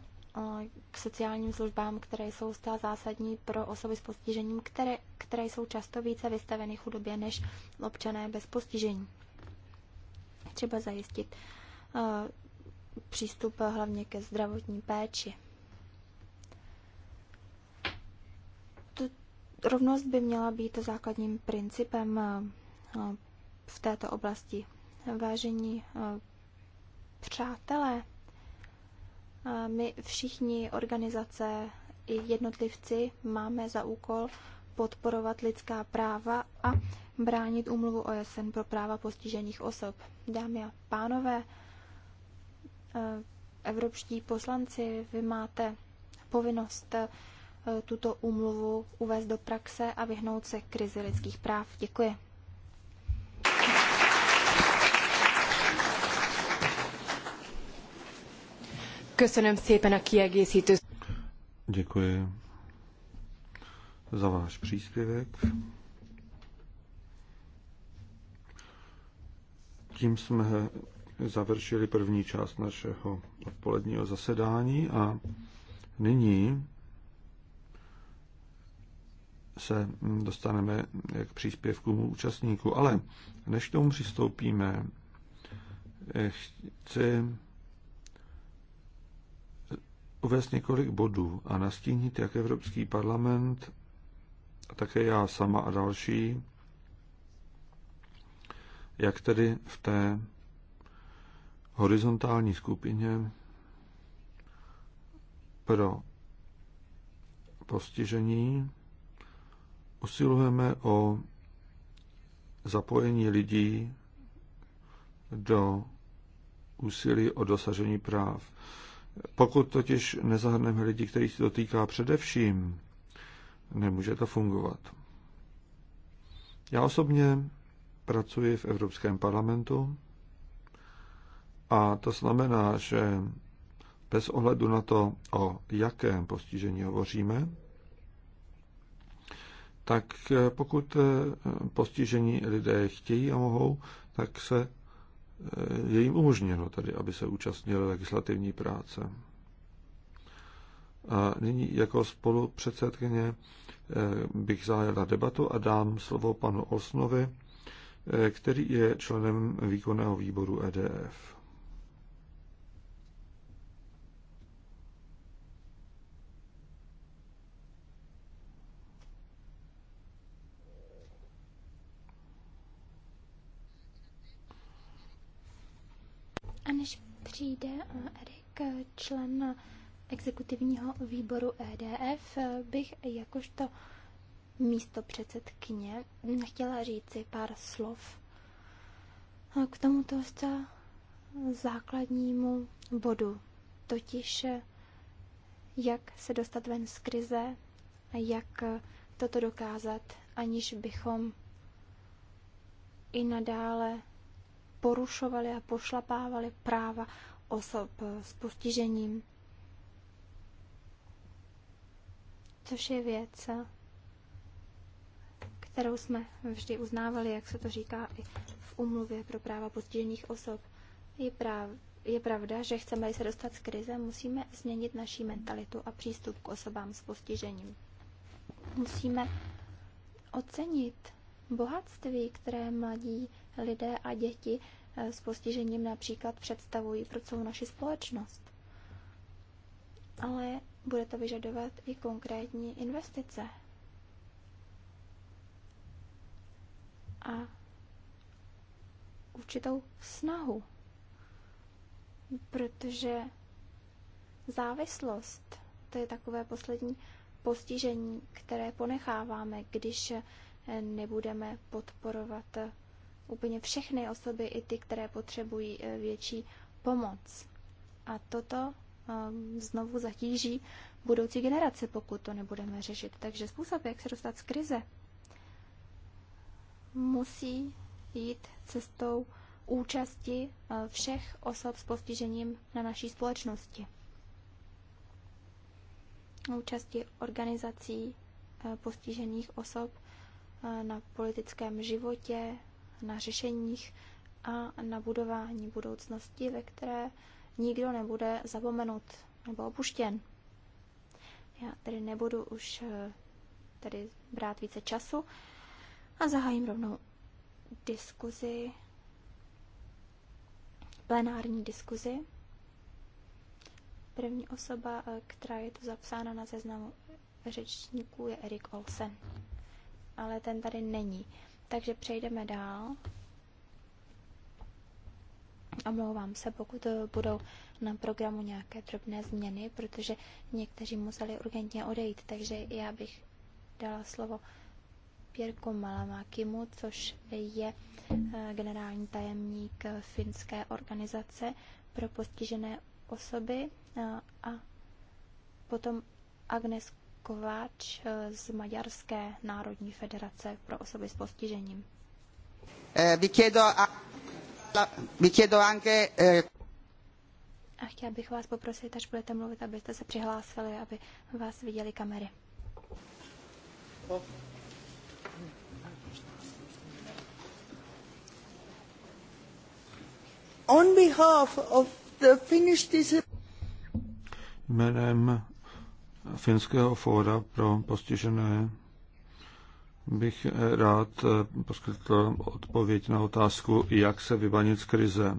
k sociálním službám, které jsou zcela zásadní pro osoby s postižením, které, které jsou často více vystaveny chudobě než občané bez postižení. Třeba zajistit uh, Eh, přístup hlavně ke zdravotní péči. rovnost by měla být základním principem eh, v této oblasti. Vážení eh, přátelé, my všichni organizace i jednotlivci máme za úkol podporovat lidská práva a bránit úmluvu OSN pro práva postižených osob. Dámy a pánové, Eh, evropští poslanci, vy máte povinnost eh, tuto úmluvu uvést do praxe a vyhnout se krizi lidských práv. Děkuji. Köszönöm szépen a kiegészítő. Děkuji za váš příspěvek. Tím jsme završili první část našeho odpoledního zasedání a nyní se dostaneme k příspěvkům účastníků. Ale než k tomu přistoupíme, chci uvést několik bodů a nastínit, jak Evropský parlament a také já sama a další, jak tedy v té horizontální skupině pro postižení usilujeme o zapojení lidí do úsilí o dosažení práv. Pokud totiž nezahrneme lidi, kteří se dotýká především, nemůže to fungovat. Já osobně pracuji v Evropském parlamentu a to znamená, že bez ohledu na to, o jakém postižení hovoříme, tak pokud postižení lidé chtějí a mohou, tak se eh, je jim umožněno tady, aby se účastnili legislativní práce. A nyní jako spolupředsedkyně eh, bych zahájila debatu a dám slovo panu Osnovi, eh, který je členem výkonného výboru EDF. přijde eh, Erik, člen exekutivního výboru EDF, bych jakožto místo předsedkyně chtěla říci pár slov eh, k tomuto základnímu bodu, totiž eh, jak se dostat ven z krize a jak toto dokázat, aniž bychom i nadále porušovali a pošlapávali práva osob s postižením. Což je věc, kterou jsme vždy uznávali, jak se to říká i v umluvě pro práva postižených osob. Je, práv, je pravda, že chceme se dostat z krize, musíme změnit naší mentalitu a přístup k osobám s postižením. Musíme ocenit bohatství, které mladí lidé a děti eh, s postižením například představují pro celou naši společnost. Ale bude to vyžadovat i konkrétní investice. A určitou snahu, protože závislost to je takové poslední postižení, které ponecháváme, když eh, nebudeme podporovat eh, úplně všechny osoby, i ty, které potřebují eh, větší pomoc. A toto eh, znovu zatíží budoucí generace, pokud to nebudeme řešit. Takže způsob, jak se dostat z krize, musí jít cestou účasti eh, všech osob s postižením na naší společnosti. Účasti organizací postižených osob na politickém životě, na řešeních a na budování budoucnosti, ve které nikdo nebude zapomenut nebo opuštěn. Já tedy nebudu už eh, tady brát více času a zahájím rovnou diskuzi, plenární diskuzi. První osoba, eh, která je tu zapsána na seznamu řečníků, je Erik Olsen. Ale ten tady není. Takže přejdeme dál. Omlouvám se, pokud eh, budou na programu nějaké drobné změny, protože někteří museli urgentně odejít, takže já bych dala slovo Pěrku Malamakimu, což je eh, generální tajemník eh, finské organizace pro postižené osoby a potom Agnes Kováč eh, z Maďarské národní federace pro osoby s postižením. Eh, eh, a chtěla bych vás poprosit, až budete mluvit, abyste se přihlásili, aby vás viděli kamery. On behalf of the Finnish Jménem Finského fóra pro postižené bych rád poskytl odpověď na otázku, jak se vybanit z krize.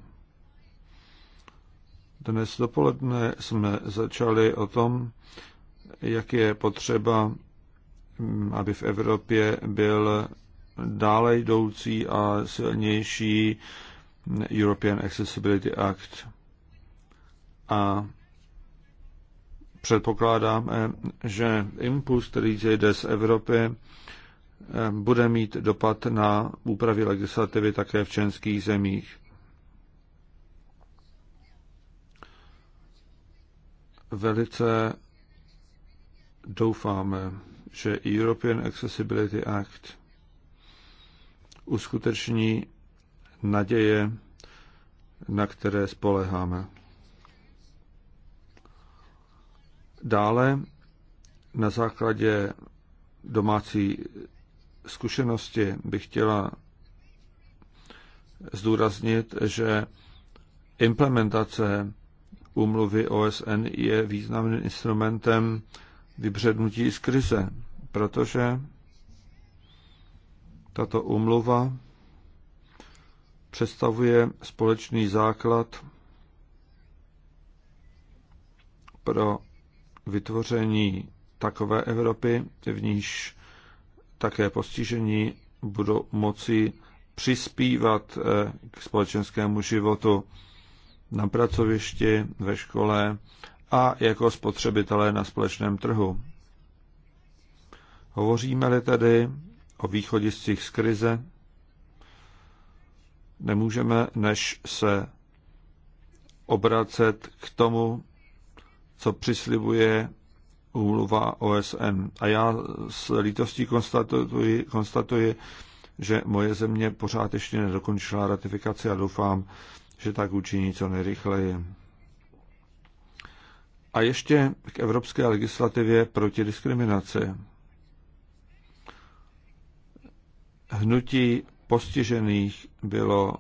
Dnes dopoledne jsme začali o tom, jak je potřeba, aby v Evropě byl dále jdoucí a silnější European Accessibility Act. A předpokládáme, že impuls, který jde z Evropy, eh, bude mít dopad na úpravy legislativy také v členských zemích. Velice doufáme, že European Accessibility Act uskuteční naděje, na které spoleháme. Dále na základě domácí zkušenosti bych chtěla zdůraznit, že implementace úmluvy OSN je významným instrumentem vybřednutí z krize, protože tato úmluva představuje společný základ pro vytvoření takové Evropy, v níž také postižení budou moci přispívat eh, k společenskému životu na pracovišti, ve škole a jako spotřebitelé na společném trhu. Hovoříme-li tedy o východiscích z krize, nemůžeme než se obracet k tomu, co přislibuje úmluva OSN. A já s lítostí konstatuji, konstatuji, že moje země pořád ještě nedokončila ratifikaci a doufám, že tak učiní co nejrychleji. A ještě k evropské legislativě proti diskriminaci. Hnutí postižených bylo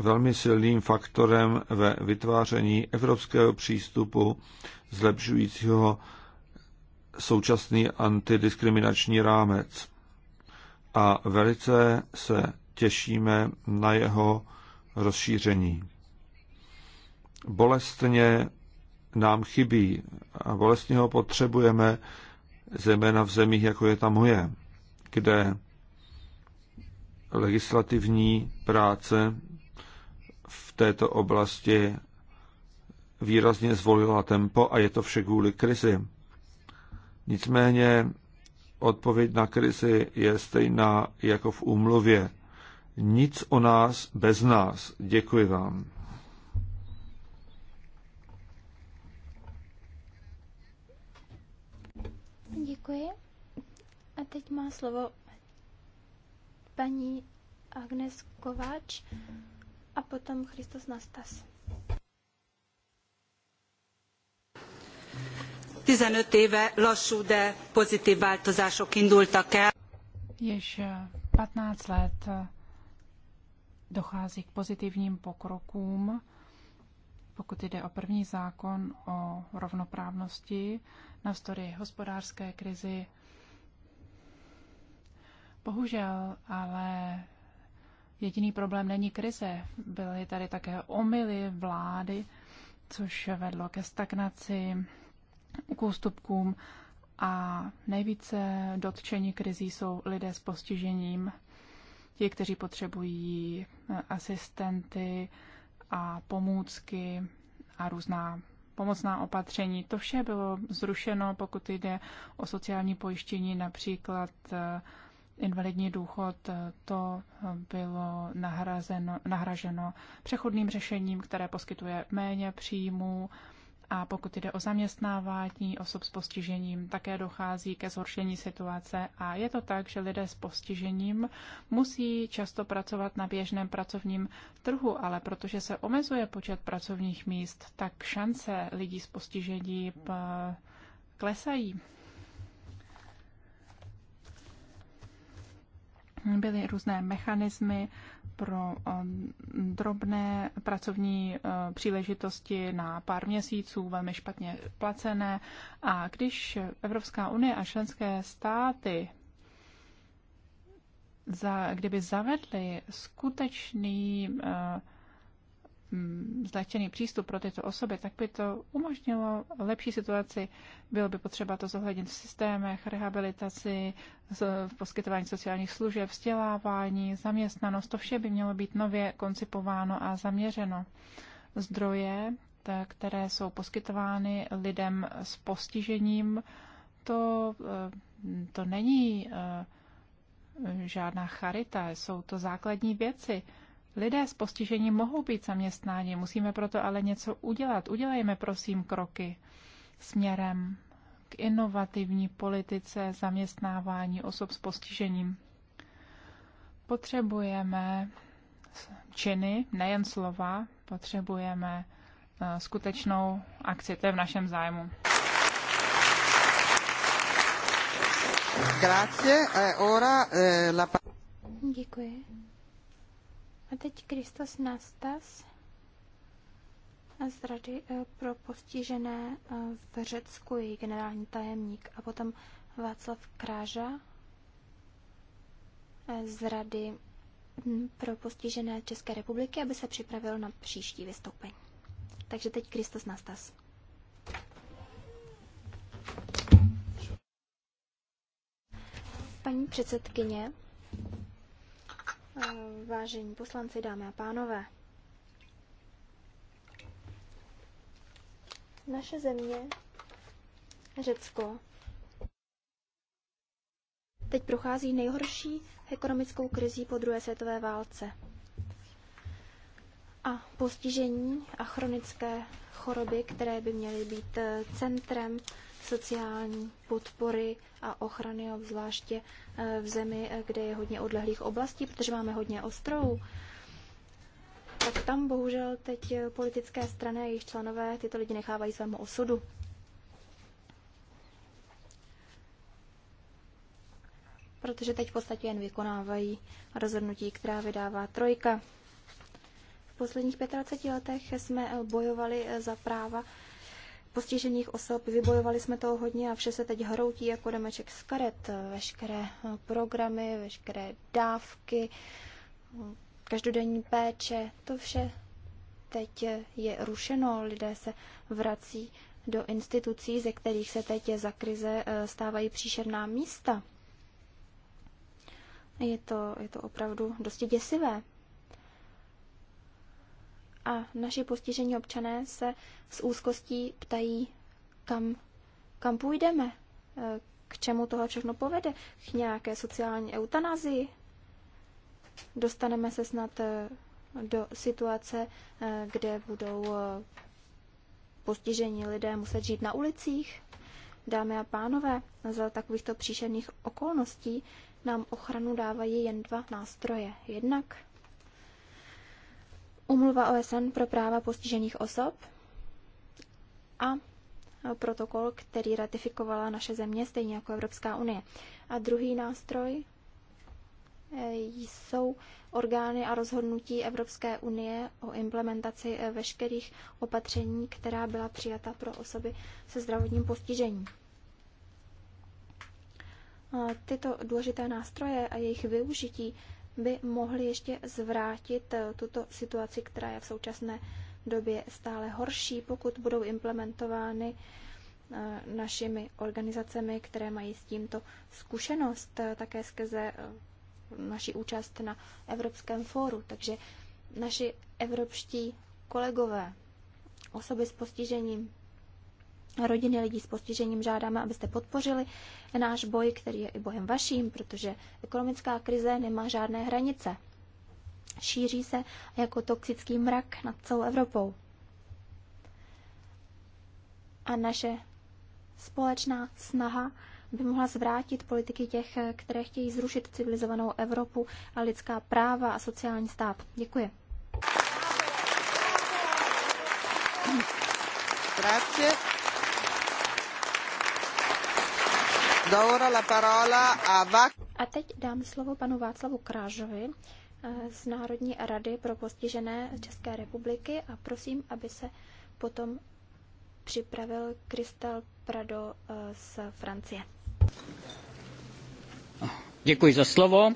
velmi silným faktorem ve vytváření evropského přístupu zlepšujícího současný antidiskriminační rámec. A velice se těšíme na jeho rozšíření. Bolestně nám chybí a bolestně ho potřebujeme zejména v zemích, jako je ta moje, kde legislativní práce této oblasti výrazně zvolila tempo a je to vše kvůli krizi. Nicméně odpověď na krizi je stejná jako v úmluvě. Nic o nás bez nás. Děkuji vám. Děkuji. A teď má slovo paní Agnes Kováč a potom Christos Nastas. 15 éve lassú, de pozitív változások indultak el. Již 15 eh, let eh, dochází k pozitivním pokrokům, pokud jde o první zákon o rovnoprávnosti, na navzdory hospodářské krizi. Bohužel ale Jediný problém není krize. Byly tady také omily vlády, což vedlo ke stagnaci, k ústupkům a nejvíce dotčení krizí jsou lidé s postižením, ti, kteří potřebují eh, asistenty a pomůcky a různá pomocná opatření. To vše bylo zrušeno, pokud jde o sociální pojištění, například eh, invalidní důchod, eh, to eh, bylo nahrazeno, nahraženo přechodným řešením, které poskytuje méně příjmů a pokud jde o zaměstnávání osob s postižením, také dochází ke zhoršení situace a je to tak, že lidé s postižením musí často pracovat na běžném pracovním trhu, ale protože se omezuje počet pracovních míst, tak šance lidí s postižením eh, klesají. byly různé mechanismy pro um, drobné pracovní uh, příležitosti na pár měsíců, velmi špatně placené. A když Evropská unie a členské státy za, kdyby zavedly skutečný uh, Mm, zlehčený přístup pro tyto osoby, tak by to umožnilo lepší situaci. Bylo by potřeba to zohlednit v systémech, rehabilitaci, v poskytování sociálních služeb, vzdělávání, zaměstnanost. To vše by mělo být nově koncipováno a zaměřeno. Zdroje, které jsou poskytovány lidem s postižením, to, eh, to není eh, žádná charita, jsou to základní věci Lidé s postižením mohou být zaměstnáni, musíme proto ale něco udělat. Udělejme prosím kroky směrem k inovativní politice zaměstnávání osob s postižením. Potřebujeme činy, nejen slova, potřebujeme eh, skutečnou akci. To je v našem zájmu. Eh, eh, Děkuji. A teď Kristos Nastas z Rady eh, pro postižené eh, v Řecku, její generální tajemník, a potom Václav Kráža eh, z Rady hm, pro postižené České republiky, aby se připravil na příští vystoupení. Takže teď Kristos Nastas. Paní předsedkyně, Eh, vážení poslanci, dámy a pánové, naše země, Řecko, teď prochází nejhorší ekonomickou krizí po druhé světové válce. A postižení a chronické choroby, které by měly být eh, centrem sociální podpory a ochrany, obzvláště eh, v zemi, eh, kde je hodně odlehlých oblastí, protože máme hodně ostrovů, tak tam bohužel teď eh, politické strany a jejich členové tyto lidi nechávají svému osudu. Protože teď v podstatě jen vykonávají rozhodnutí, která vydává trojka. V posledních 25 letech jsme bojovali za práva postižených osob. Vybojovali jsme toho hodně a vše se teď hroutí jako domeček z karet. Veškeré programy, veškeré dávky, každodenní péče, to vše teď je rušeno. Lidé se vrací do institucí, ze kterých se teď za krize eh, stávají příšerná místa. Je to, je to opravdu dosti děsivé a naši postižení občané se s úzkostí ptají, kam, kam půjdeme, eh, k čemu tohle všechno povede, k nějaké sociální eutanazii. Dostaneme se snad eh, do situace, eh, kde budou postižení lidé muset žít na ulicích. Dámy a pánové, za takovýchto příšerných okolností nám ochranu dávají jen dva nástroje. Jednak Umluva OSN pro práva postižených osob a protokol, který ratifikovala naše země, stejně jako Evropská unie. A druhý nástroj eh, jsou orgány a rozhodnutí Evropské unie o implementaci eh, veškerých opatření, která byla přijata pro osoby se zdravotním postižením. Tyto důležité nástroje a jejich využití by mohly ještě zvrátit eh, tuto situaci, která je v současné době stále horší, pokud budou implementovány eh, našimi organizacemi, které mají s tímto zkušenost eh, také skrze naši účast na Evropském fóru. Takže naši evropští kolegové, osoby s postižením, rodiny lidí s postižením žádáme, abyste podpořili náš boj, který je i bojem vaším, protože ekonomická krize nemá žádné hranice. Šíří se jako toxický mrak nad celou Evropou. A naše společná snaha by mohla zvrátit politiky těch, které chtějí zrušit civilizovanou Evropu a lidská práva a sociální stát. Děkuji. Grazie. A teď dám slovo panu Václavu Krážovi eh, z Národní rady pro postižené České republiky a prosím, aby se potom připravil Kristal Prado eh, z Francie. Děkuji za slovo.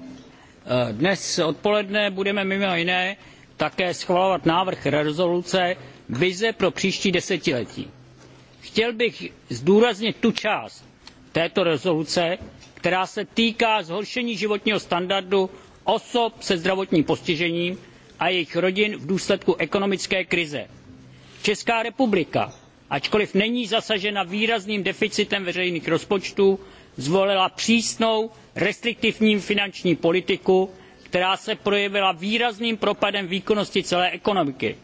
Eh, dnes odpoledne budeme mimo jiné také schvalovat návrh rezoluce Vize pro příští desetiletí. Chtěl bych zdůraznit tu část, této rezoluce která se týká zhoršení životního standardu osob se zdravotním postižením a jejich rodin v důsledku ekonomické krize. česká republika ačkoliv není zasažena výrazným deficitem veřejných rozpočtů zvolila přísnou restriktivní finanční politiku která se projevila výrazným propadem výkonnosti celé ekonomiky.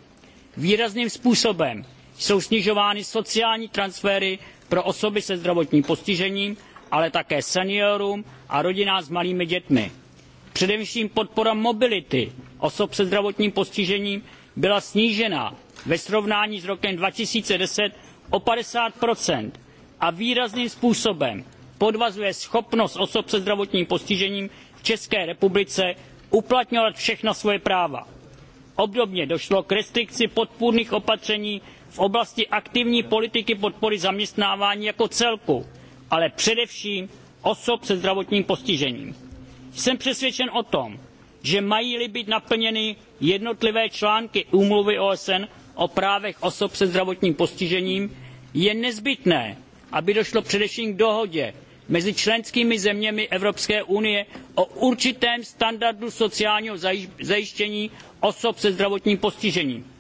výrazným způsobem jsou snižovány sociální transfery pro osoby se zdravotním postižením, ale také seniorům a rodinám s malými dětmi. Především podpora mobility osob se zdravotním postižením byla snížena ve srovnání s rokem 2010 o 50 a výrazným způsobem podvazuje schopnost osob se zdravotním postižením v České republice uplatňovat všechna svoje práva. Obdobně došlo k restrikci podpůrných opatření v oblasti aktivní politiky podpory zaměstnávání jako celku, ale především osob se zdravotním postižením. Jsem přesvědčen o tom, že mají-li být naplněny jednotlivé články úmluvy OSN o právech osob se zdravotním postižením, je nezbytné, aby došlo především k dohodě mezi členskými zeměmi Evropské unie o určitém standardu sociálního zajištění osob se zdravotním postižením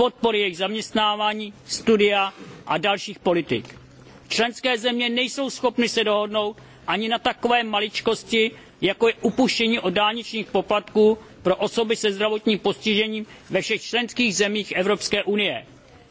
podpory jejich zaměstnávání, studia a dalších politik. Členské země nejsou schopny se dohodnout ani na takové maličkosti, jako je upuštění od dálničních poplatků pro osoby se zdravotním postižením ve všech členských zemích Evropské unie.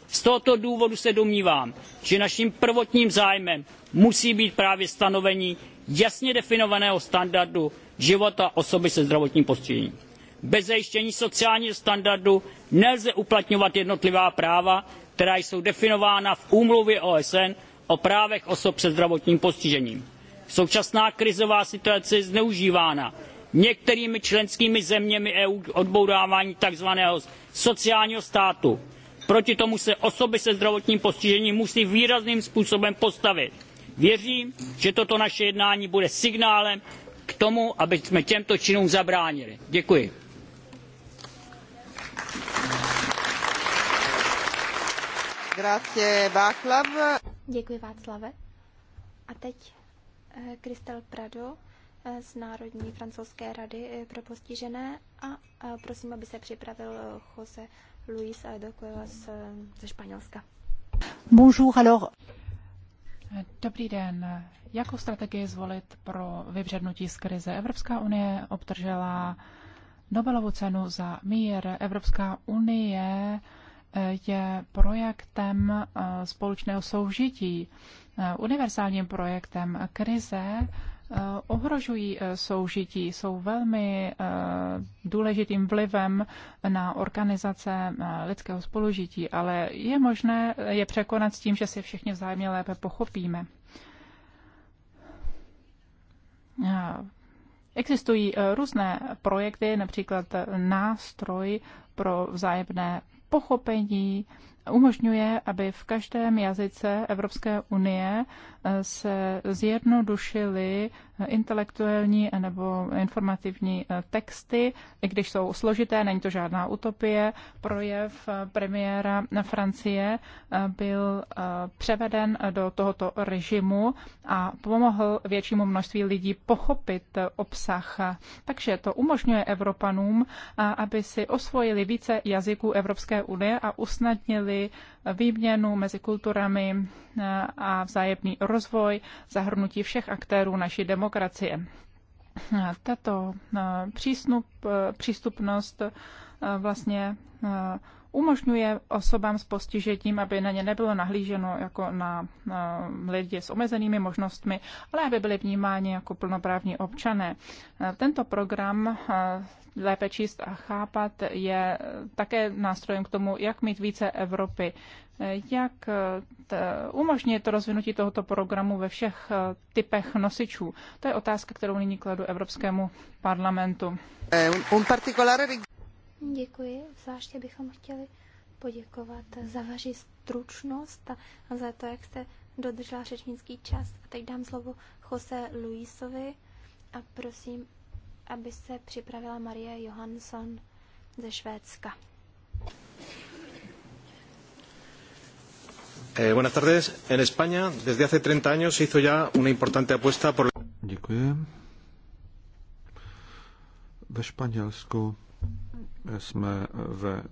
Z tohoto důvodu se domnívám, že naším prvotním zájmem musí být právě stanovení jasně definovaného standardu života osoby se zdravotním postižením. Bez zajištění sociálního standardu nelze uplatňovat jednotlivá práva, která jsou definována v úmluvě OSN o právech osob se zdravotním postižením. Současná krizová situace je zneužívána některými členskými zeměmi EU k odbourávání tzv. sociálního státu. Proti tomu se osoby se zdravotním postižením musí výrazným způsobem postavit. Věřím, že toto naše jednání bude signálem k tomu, aby jsme těmto činům zabránili. Děkuji. Grazie, Václav. Děkuji, Václave. A teď eh, Kristel Prado eh, z Národní francouzské rady eh, pro postižené a prosím, aby se připravil Jose Luis Adocueva ze Španělska. Bonjour, alors. Dobrý den. Jakou strategii zvolit pro vybřednutí z krize? Evropská unie obdržela Nobelovu cenu za mír. Evropská unie je projektem eh, společného soužití, eh, univerzálním projektem. Krize eh, ohrožují soužití, jsou velmi důležitým vlivem na organizace lidského spolužití, ale je možné je překonat s tím, že si všichni vzájemně lépe pochopíme. Existují různé projekty, například nástroj pro vzájemné pochopení umožňuje, aby v každém jazyce Evropské unie se zjednodušily intelektuální nebo informativní eh, texty, i když jsou složité, není to žádná utopie. Projev eh, premiéra na Francie eh, byl převeden do tohoto režimu a pomohl většímu množství lidí pochopit obsah. Takže to umožňuje Evropanům, aby si osvojili více jazyků Evropské unie a usnadnili výměnu mezi kulturami eh, a vzájemný rozvoj, zahrnutí všech aktérů naší demokracie. Eh, tato eh, přístup, přístupnost vlastně umožňuje osobám s postižením, aby na ně nebylo nahlíženo jako na, na lidi s omezenými možnostmi, ale aby byli vnímáni jako plnoprávní občané. Tento program eh, Lépe číst a chápat je také nástrojem k tomu, jak mít více Evropy, jak eh, umožnit rozvinutí tohoto programu ve všech eh, typech nosičů. To je otázka, kterou nyní kladu Evropskému parlamentu. Děkuji. Zvláště bychom chtěli poděkovat za vaši stručnost a za to, jak jste dodržela řečnický čas. A teď dám slovo Jose Luisovi a prosím, aby se připravila Marie Johansson ze Švédska. Eh, buenas tardes. En España, desde hace 30 años, se hizo ya una importante apuesta por. Děkuji. Ve Španělsku jsme ve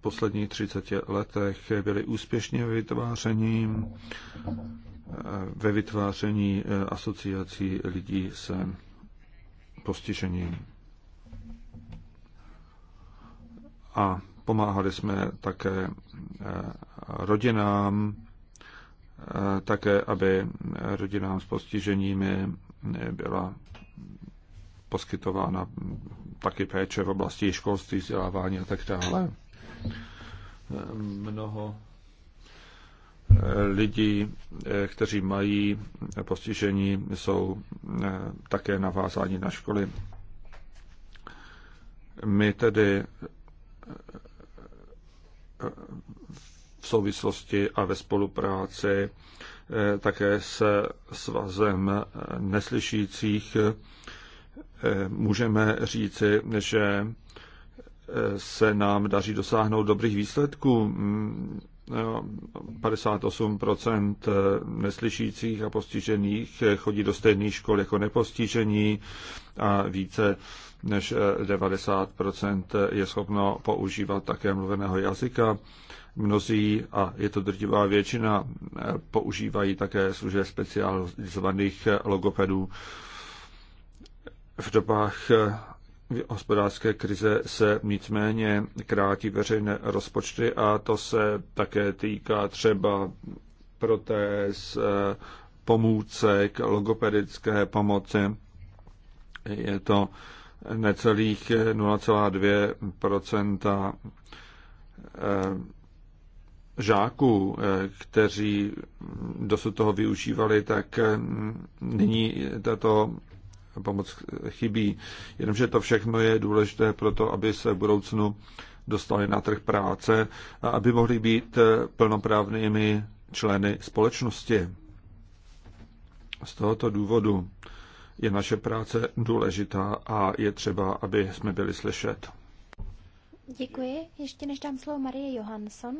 posledních 30 letech byli úspěšně ve vytváření, ve vytváření eh, asociací lidí se postižením. A pomáhali jsme také eh, rodinám, eh, také, aby rodinám s postiženími byla poskytována taky péče v oblasti školství, vzdělávání a tak dále. Mnoho lidí, kteří mají postižení, jsou také navázáni na školy. My tedy v souvislosti a ve spolupráci také se svazem neslyšících Eh, můžeme říci, že eh, se nám daří dosáhnout dobrých výsledků. 58% mm, eh, neslyšících a postižených chodí do stejných škol jako nepostižení a více než 90% je schopno používat také mluveného jazyka. Mnozí, a je to drtivá většina, používají také služe specializovaných logopedů. V dobách eh, hospodářské krize se nicméně krátí veřejné rozpočty a to se také týká třeba protéz, eh, pomůcek, logopedické pomoci. Je to necelých 0,2 eh, žáků, kteří dosud toho využívali, tak nyní tato pomoc chybí. Jenomže to všechno je důležité pro to, aby se v budoucnu dostali na trh práce a aby mohli být plnoprávnými členy společnosti. Z tohoto důvodu je naše práce důležitá a je třeba, aby jsme byli slyšet. Děkuji. Ještě než dám slovo Marie Johansson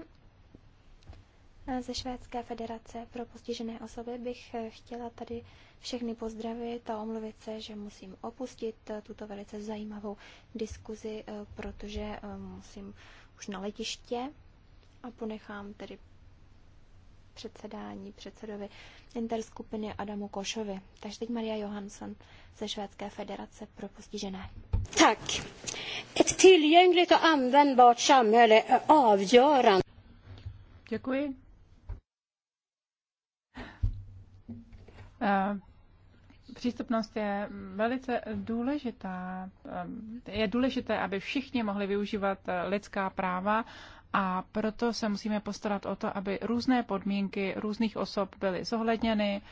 eh, ze Švédské federace pro postižené osoby, bych eh, chtěla tady všechny pozdravit a omluvit se, že musím opustit eh, tuto velice zajímavou diskuzi, eh, protože eh, musím už na letiště a ponechám tedy předsedání předsedovi interskupiny Adamu Košovi. Takže teď Maria Johansson ze Švédské federace pro postižené. Tak. Ett tillgängligt och användbart samhälle är avgörande. Děkuji. Přístupnost je velice důležitá. Ehm, je důležité, aby všichni mohli využívat eh, lidská práva a proto se musíme postarat o to, aby různé podmínky různých osob byly zohledněny,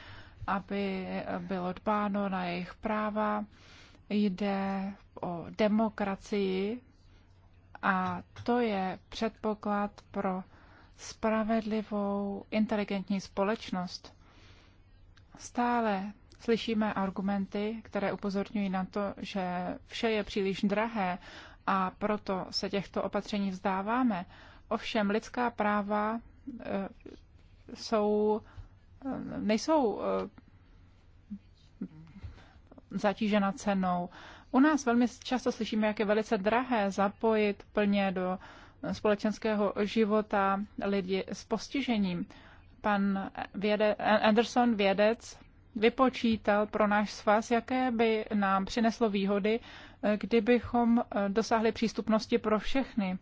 aby eh, bylo dbáno na jejich práva. Jde o demokracii a to je předpoklad pro spravedlivou, inteligentní společnost. Stále Slyšíme argumenty, které upozorňují na to, že vše je příliš drahé a proto se těchto opatření vzdáváme. Ovšem lidská práva eh, jsou, eh, nejsou eh, zatížena cenou. U nás velmi často slyšíme, jak je velice drahé zapojit plně do společenského života lidi s postižením. Pan věde, Anderson, vědec, vypočítal pro náš svaz, jaké by nám přineslo výhody, eh, kdybychom eh, dosáhli přístupnosti pro všechny.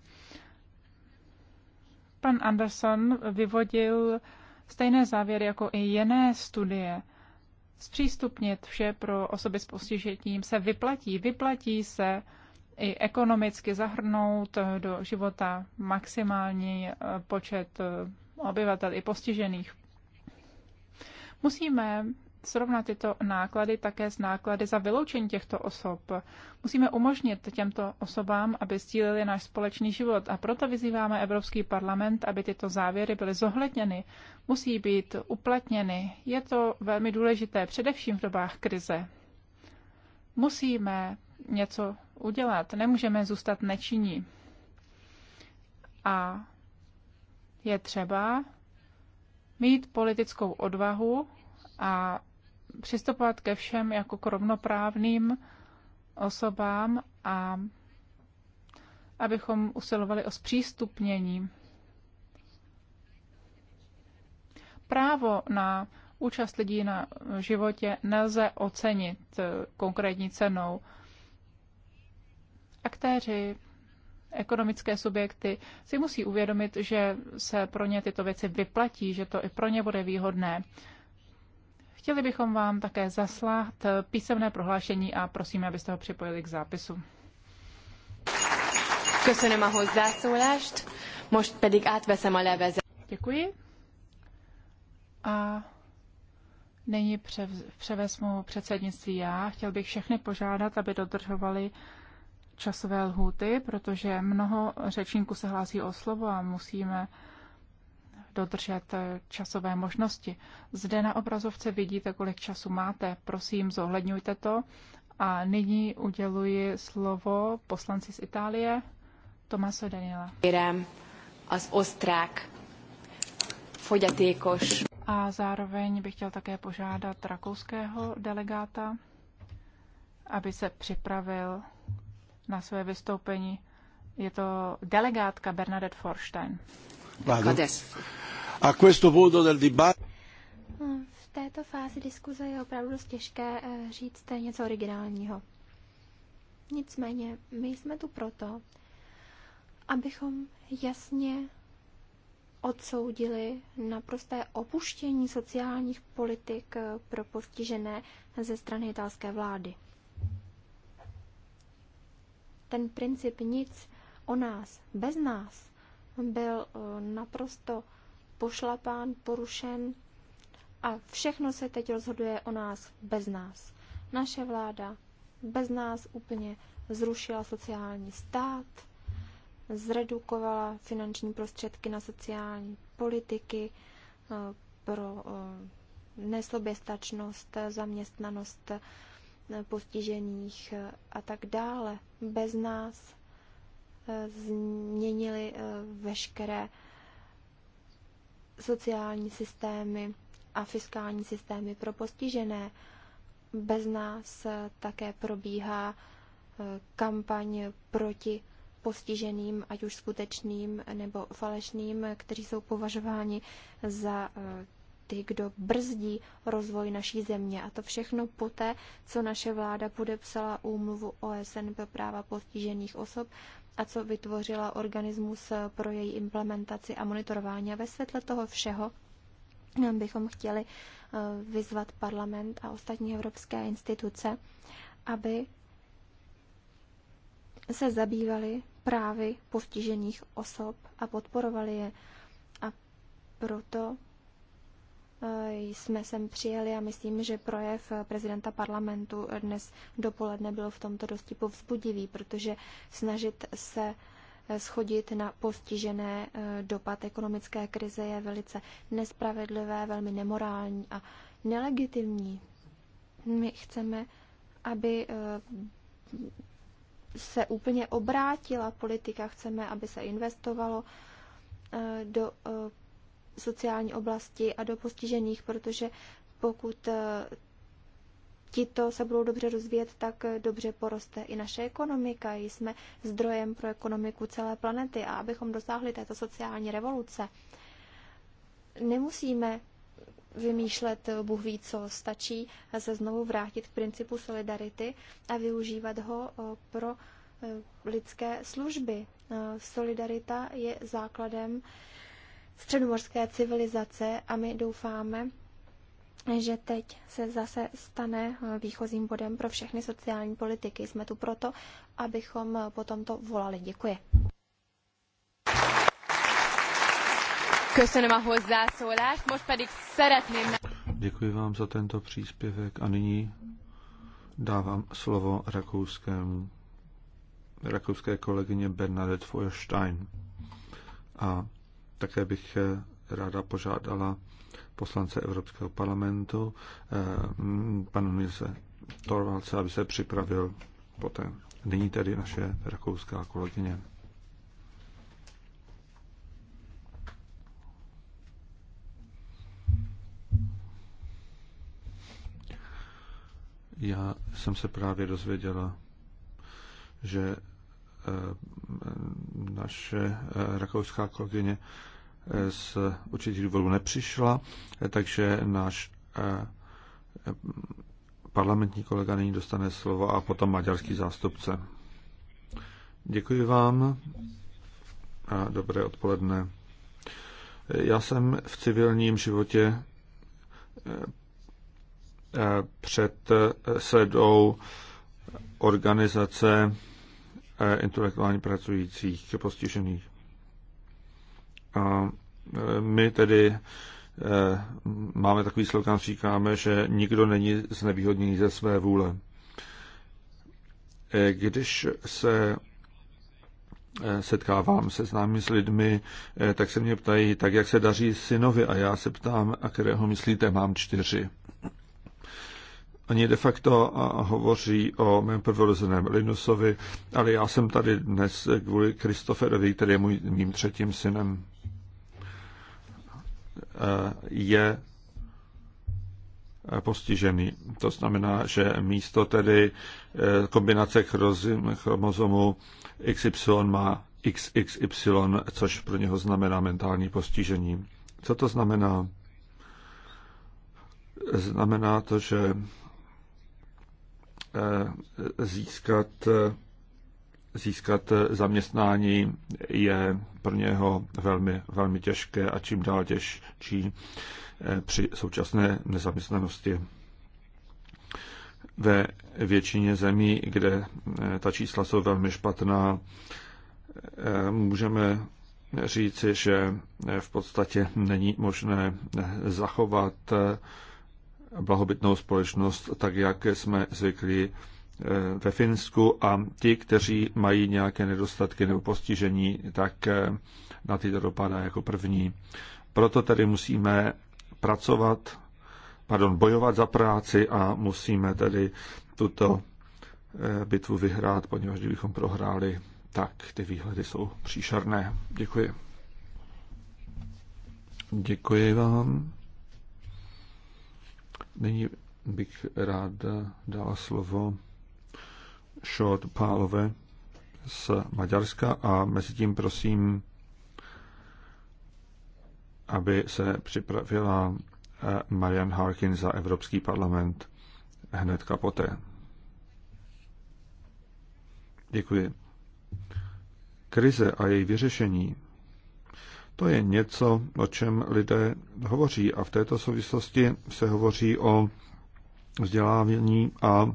Pan Anderson vyvodil stejné závěry jako i jiné studie. Zpřístupnit vše pro osoby s postižením se vyplatí. Vyplatí se i ekonomicky zahrnout eh, do života maximální počet obyvatel i postižených. Musíme srovnat tyto náklady také s náklady za vyloučení těchto osob. Musíme umožnit těmto osobám, aby sdíleli náš společný život a proto vyzýváme Evropský parlament, aby tyto závěry byly zohledněny, musí být uplatněny. Je to velmi důležité, především v dobách krize. Musíme něco udělat, nemůžeme zůstat nečinní. A je třeba mít politickou odvahu a přistupovat ke všem jako k rovnoprávným osobám a abychom usilovali o zpřístupnění. Právo na účast lidí na životě nelze ocenit konkrétní cenou. Aktéři, ekonomické subjekty si musí uvědomit, že se pro ně tyto věci vyplatí, že to i pro ně bude výhodné. Chtěli bychom vám také zaslat eh, písemné prohlášení a prosíme, abyste ho připojili k zápisu. Köszönöm a hozzászólást, most pedig átveszem a levezet. Děkuji. A nyní převz, převezmu předsednictví já. Chtěl bych všechny požádat, aby dodržovali časové lhůty, protože mnoho řečníků se hlásí o slovo a musíme dodržet eh, časové možnosti. Zde na obrazovce vidíte, kolik času máte. Prosím, zohledňujte to. A nyní uděluji slovo poslanci z Itálie, Tomaso Daniela. Az osztrák fogyatékos. A zároveň bych chtěl také požádat rakouského delegáta, aby se připravil na své vystoupení. Je to delegátka Bernadette Forstein. Vado. A questo punto del dibattito v této fázi diskuze je opravdu dost těžké eh, říct něco originálního. Nicméně, my jsme tu proto, abychom jasně odsoudili naprosté opuštění sociálních politik eh, pro postižené ze strany italské vlády. Ten princip nic o nás, bez nás byl eh, naprosto pošlapán, porušen a všechno se teď rozhoduje o nás bez nás. Naše vláda bez nás úplně zrušila sociální stát, zredukovala finanční prostředky na sociální politiky eh, pro eh, nesoběstačnost, zaměstnanost eh, postižených a tak dále. Bez nás změnili veškeré sociální systémy a fiskální systémy pro postižené. Bez nás také probíhá eh, kampaň proti postiženým, ať už skutečným nebo falešným, kteří jsou považováni za eh, ty, kdo brzdí rozvoj naší země. A to všechno poté, co naše vláda podepsala úmluvu OSN pro práva postižených osob a co vytvořila organismus pro její implementaci a monitorování. A ve světle toho všeho bychom chtěli eh, vyzvat parlament a ostatní evropské instituce, aby se zabývali právy postižených osob a podporovali je. A proto jsme sem přijeli a myslím, že projev prezidenta parlamentu dnes dopoledne byl v tomto dosti povzbudivý, protože snažit se schodit na postižené eh, dopad ekonomické krize je velice nespravedlivé, velmi nemorální a nelegitimní. My chceme, aby eh, se úplně obrátila politika, chceme, aby se investovalo eh, do sociální oblasti a do postižených, protože pokud eh, tito se budou dobře rozvíjet, tak eh, dobře poroste i naše ekonomika. Jsme zdrojem pro ekonomiku celé planety a abychom dosáhli této sociální revoluce, nemusíme vymýšlet eh, Bůh ví co, stačí se znovu vrátit k principu solidarity a využívat ho pro lidské služby. Solidarita je základem středomorské civilizace a my doufáme, že teď se zase stane eh, výchozím bodem pro všechny sociální politiky. Jsme tu proto, abychom eh, potom to volali. Děkuji. Děkuji vám za tento příspěvek a nyní dávám slovo rakouskému, rakouské kolegyně Bernadette Feuerstein. A také bych eh, ráda požádala poslance Evropského parlamentu, eh, panu Nilse Torvalce, aby se připravil poté. Nyní tedy naše rakouská kolegyně. Já jsem se právě dozvěděla, že eh, naše rakouská kolegyně z určitých důvodů nepřišla, takže náš eh, parlamentní kolega nyní dostane slovo a potom maďarský zástupce. Děkuji vám a dobré odpoledne. Já jsem v civilním životě eh, eh, před sedou organizace intelektuálně pracujících postižených. A e, my tedy e, máme takový slogan, říkáme, že nikdo není znevýhodněný ze své vůle. E, když se setkávám se známi s lidmi, tak se mě ptají, tak jak se daří synovi a já se ptám, a kterého myslíte, mám čtyři. Oni de facto hovoří o mém prvorozeném Linusovi, ale já jsem tady dnes kvůli Kristoferovi, který je můj, mým třetím synem je postižený. To znamená, že místo tedy eh, kombinace chromozomu XY má XXY, což pro něho znamená mentální postižení. Co to znamená? Znamená to, že eh, získat eh, získat zaměstnání je pro něho velmi, velmi těžké a čím dál těžší eh, při současné nezaměstnanosti. Ve většině zemí, kde eh, ta čísla jsou velmi špatná, eh, můžeme říci, že v podstatě není možné zachovat blahobytnou společnost tak, jak jsme zvyklí ve Finsku a ti, kteří mají nějaké nedostatky nebo postižení, tak eh, na ty to dopadá jako první. Proto tedy musíme pracovat, pardon, bojovat za práci a musíme tedy tuto eh, bitvu vyhrát, poněvadž kdybychom prohráli, tak ty výhledy jsou příšerné. Děkuji. Děkuji vám. Nyní bych rád dala slovo Short Pálové z Maďarska a mezi tím prosím, aby se připravila eh, Marian Harkin za Evropský parlament hned poté. Děkuji. Krize a její vyřešení. To je něco, o čem lidé hovoří a v této souvislosti se hovoří o vzdělávání a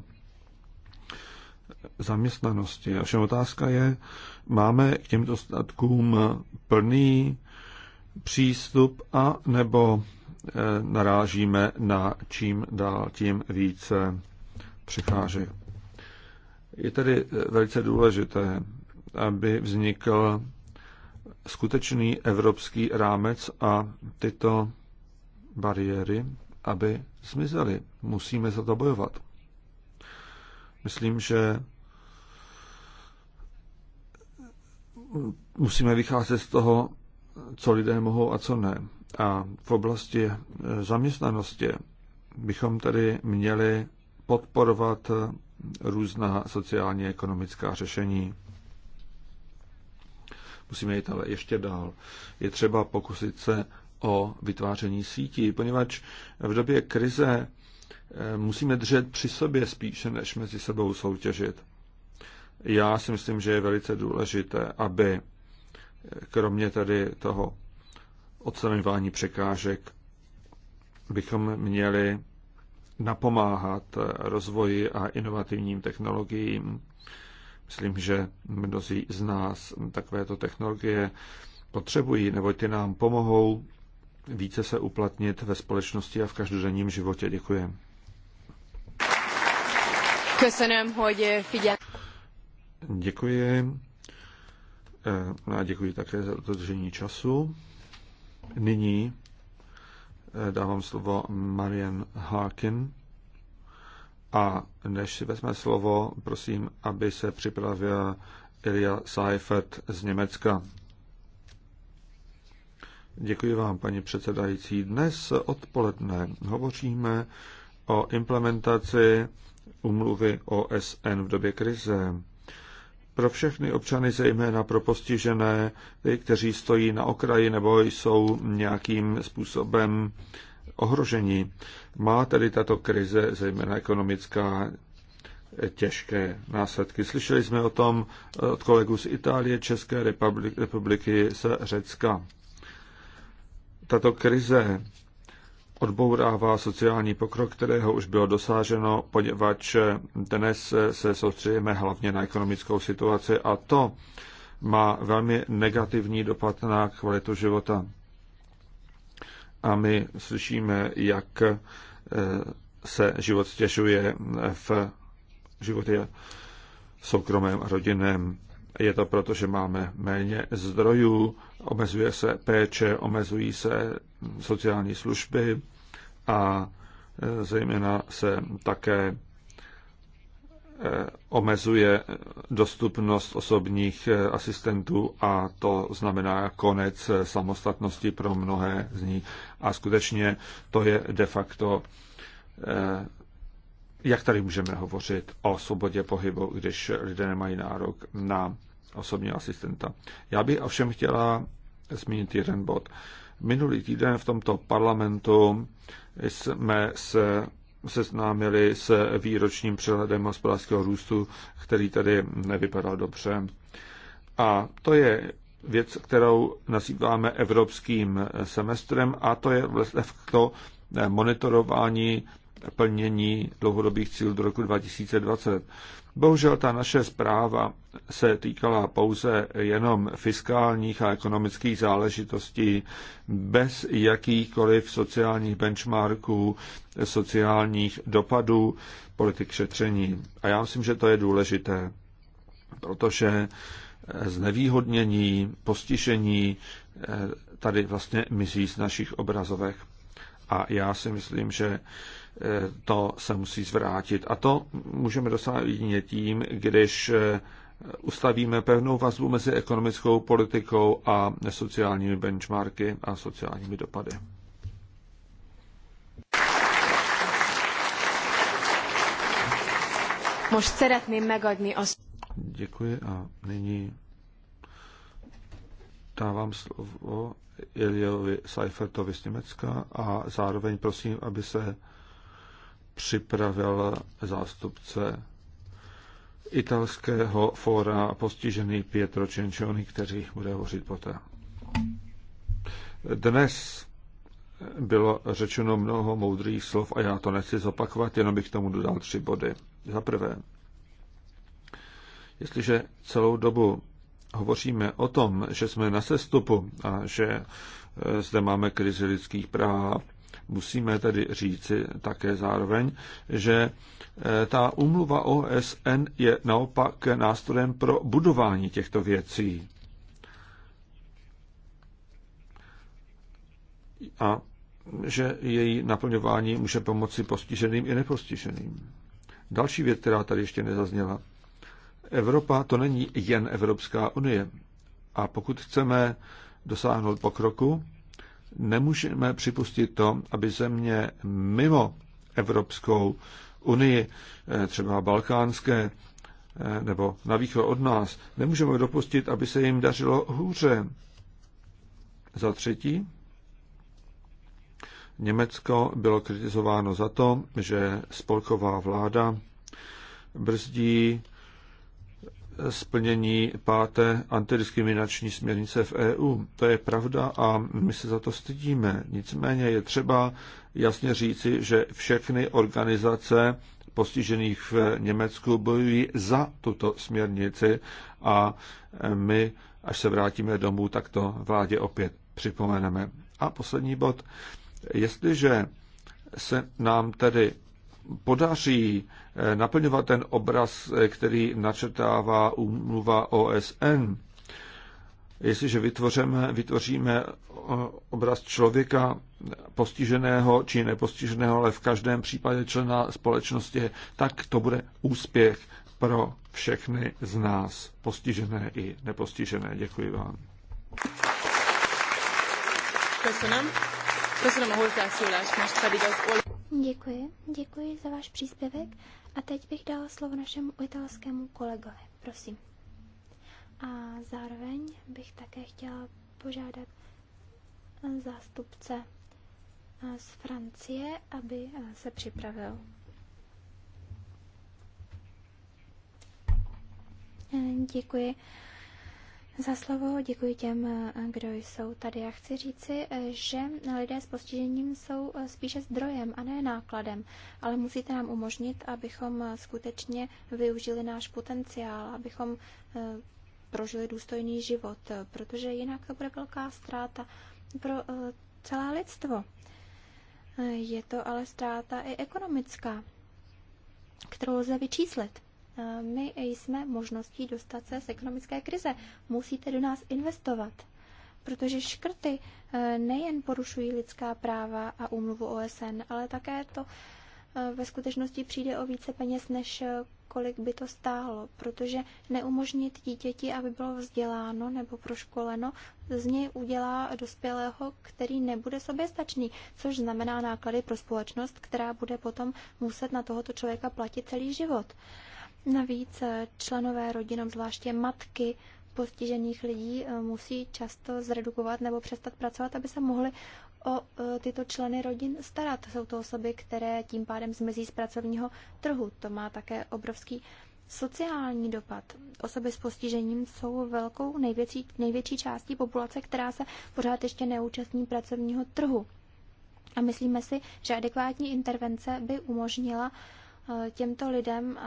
zaměstnanosti. A všem otázka je, máme k těmto statkům plný přístup a nebo eh, narážíme na čím dál tím více přichází. Je tedy eh, velice důležité, aby vznikl skutečný evropský rámec a tyto bariéry, aby zmizely. Musíme za to bojovat. Myslím, že musíme vycházet z toho, co lidé mohou a co ne. A v oblasti eh, zaměstnanosti bychom tedy měli podporovat eh, různá sociálně ekonomická řešení. Musíme jít ale ještě dál. Je třeba pokusit se o vytváření sítí, poněvadž v době krize Eh, musíme držet při sobě spíše, než mezi sebou soutěžit. Já si myslím, že je velice důležité, aby eh, kromě tedy toho odstraňování překážek bychom měli napomáhat eh, rozvoji a inovativním technologiím. Myslím, že mnozí z nás takovéto technologie potřebují, nebo ty nám pomohou více se uplatnit ve společnosti a v každodenním životě. Děkuji. Köszönöm, hogy eh, figyel... Děkuji. Já eh, děkuji také za dodržení času. Nyní eh, dávám slovo Marian Harkin. A než si vezme slovo, prosím, aby se připravil Ilja Seifert z Německa. Děkuji vám, paní předsedající. Dnes odpoledne hovoříme o implementaci umluvy OSN v době krize. Pro všechny občany, zejména pro postižené, ty, kteří stojí na okraji nebo jsou nějakým způsobem ohrožení, má tedy tato krize, zejména ekonomická, těžké následky. Slyšeli jsme o tom od kolegů z Itálie, České republiky, z Řecka. Tato krize odbourává sociální pokrok, kterého už bylo dosáženo, poněvadž dnes se soustředíme hlavně na ekonomickou situaci a to má velmi negativní dopad na kvalitu života. A my slyšíme, jak eh, se život stěžuje v životě soukromém a rodinném. Je to proto, že máme méně zdrojů, omezuje se péče, omezují se sociální služby a e, zejména se také e, omezuje dostupnost osobních e, asistentů a to znamená konec samostatnosti pro mnohé z nich. A skutečně to je de facto, jak tady můžeme hovořit o svobodě pohybu, když lidé nemají nárok na osobního asistenta. Já bych ovšem chtěla zmínit jeden bod. Minulý týden v tomto parlamentu jsme se seznámili s výročním přehledem hospodářského růstu, který tady nevypadal dobře. A to je věc, kterou nazýváme evropským semestrem a to je vlastně to eh, monitorování plnění dlouhodobých cílů do roku 2020. Bohužel ta naše zpráva se týkala pouze jenom fiskálních a ekonomických záležitostí bez jakýchkoliv sociálních benchmarků, sociálních dopadů politik šetření. A já myslím, že to je důležité, protože znevýhodnění, postižení eh, tady vlastně mizí z našich obrazovek. A já si myslím, že to se musí zvrátit. A to můžeme dosáhnout jedině tím, když eh, ustavíme pevnou vazbu mezi ekonomickou politikou a sociálními benchmarky a sociálními dopady. Děkuji a nyní dávám slovo Iliovi Seifertovi z Německa a zároveň prosím, aby se připravil zástupce italského fóra postižený Pietro Cencioni, který bude hovořit poté. Dnes bylo řečeno mnoho moudrých slov a já to nechci zopakovat, jenom bych tomu dodal tři body. Za prvé, jestliže celou dobu hovoříme o tom, že jsme na sestupu a že eh, zde máme krizi lidských práv, Musíme tedy říci také zároveň, že e, ta umluva OSN je naopak nástrojem pro budování těchto věcí. A že její naplňování může pomoci postiženým i nepostiženým. Další věc, která tady ještě nezazněla. Evropa to není jen Evropská unie. A pokud chceme dosáhnout pokroku, Nemůžeme připustit to, aby země mimo Evropskou unii, eh, třeba balkánské eh, nebo na východ od nás, nemůžeme dopustit, aby se jim dařilo hůře. Za třetí, Německo bylo kritizováno za to, že spolková vláda brzdí splnění páté antidiskriminační směrnice v EU. To je pravda a my se za to stydíme. Nicméně je třeba jasně říci, že všechny organizace postižených v Německu bojují za tuto směrnici a my, až se vrátíme domů, tak to vládě opět připomeneme. A poslední bod. Jestliže se nám tedy podaří naplňovat ten obraz, eh, který načrtává úmluva OSN. Jestliže vytvoříme, vytvoříme eh, obraz člověka postiženého či nepostiženého, ale v každém případě člena společnosti, tak to bude úspěch pro všechny z nás, postižené i nepostižené. Děkuji vám. Děkuji, děkuji za váš příspěvek. A teď bych dala slovo našemu italskému kolegovi. Prosím. A zároveň bych také chtěla požádat eh, zástupce eh, z Francie, aby eh, se připravil. Děkuji za slovo. Děkuji těm, eh, kdo jsou tady. Já chci říci, eh, že lidé s postižením jsou eh, spíše zdrojem a ne nákladem, ale musíte nám umožnit, abychom skutečně využili náš potenciál, abychom prožili důstojný život, protože jinak to bude velká ztráta pro celé lidstvo. Je to ale ztráta i ekonomická, kterou lze vyčíslit my jsme možností dostat se z ekonomické krize. Musíte do nás investovat. Protože škrty e, nejen porušují lidská práva a úmluvu OSN, ale také to e, ve skutečnosti přijde o více peněz, než e, kolik by to stálo, protože neumožnit dítěti, aby bylo vzděláno nebo proškoleno, z něj udělá dospělého, který nebude soběstačný, což znamená náklady pro společnost, která bude potom muset na tohoto člověka platit celý život. Navíc eh, členové rodin, zvláště matky postižených lidí, eh, musí často zredukovat nebo přestat pracovat, aby se mohli o eh, tyto členy rodin starat. Jsou to osoby, které tím pádem zmizí z pracovního trhu. To má také obrovský sociální dopad. Osoby s postižením jsou velkou největší, největší částí populace, která se pořád ještě neúčastní pracovního trhu. A myslíme si, že adekvátní intervence by umožnila těmto lidem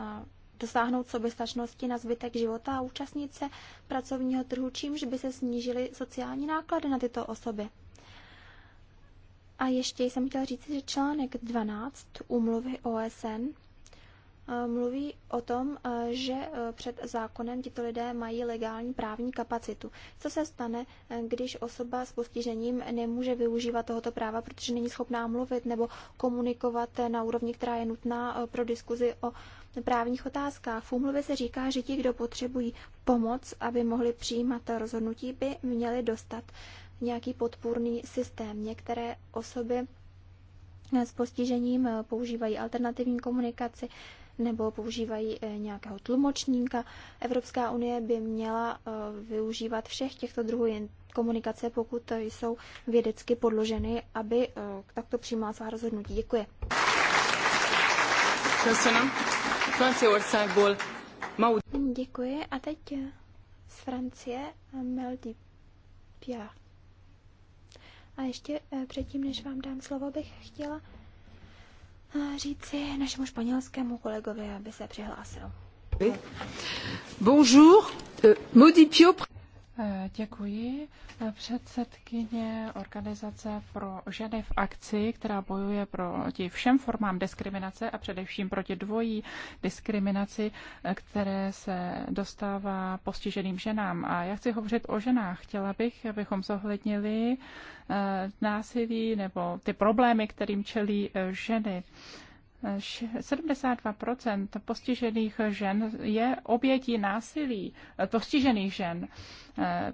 dosáhnout soběstačnosti na zbytek života a účastnit se pracovního trhu, čímž by se snížily sociální náklady na tyto osoby. A ještě jsem chtěla říct, že článek 12 úmluvy OSN eh, mluví o tom, eh, že eh, před zákonem tito lidé mají legální právní kapacitu. Co se stane, když osoba s postižením nemůže využívat tohoto práva, protože není schopná mluvit nebo komunikovat na úrovni, která je nutná pro diskuzi o právních otázkách. V úmluvě se říká, že ti, kdo potřebují pomoc, aby mohli přijímat rozhodnutí, by měli dostat nějaký podpůrný systém. Některé osoby s postižením používají alternativní komunikaci nebo používají eh, nějakého tlumočníka. Evropská unie by měla eh, využívat všech těchto druhů komunikace, pokud jsou vědecky podloženy, aby eh, takto přijímala svá rozhodnutí. Děkuji. Franciaországból Maud. Děkuji. A teď eh, z Francie eh, Melody Pia. A ještě eh, předtím, než vám dám slovo, bych chtěla říci našemu španělskému kolegovi, aby se přihlásil. Bonjour, Maudipio. Eh, děkuji. Eh, předsedkyně organizace pro ženy v akci, která bojuje proti všem formám diskriminace a především proti dvojí diskriminaci, eh, které se dostává postiženým ženám. A já chci hovořit o ženách. Chtěla bych, abychom zohlednili násilí nebo ty problémy, kterým čelí ženy. 72 postižených žen je obětí násilí postižených žen. Eh,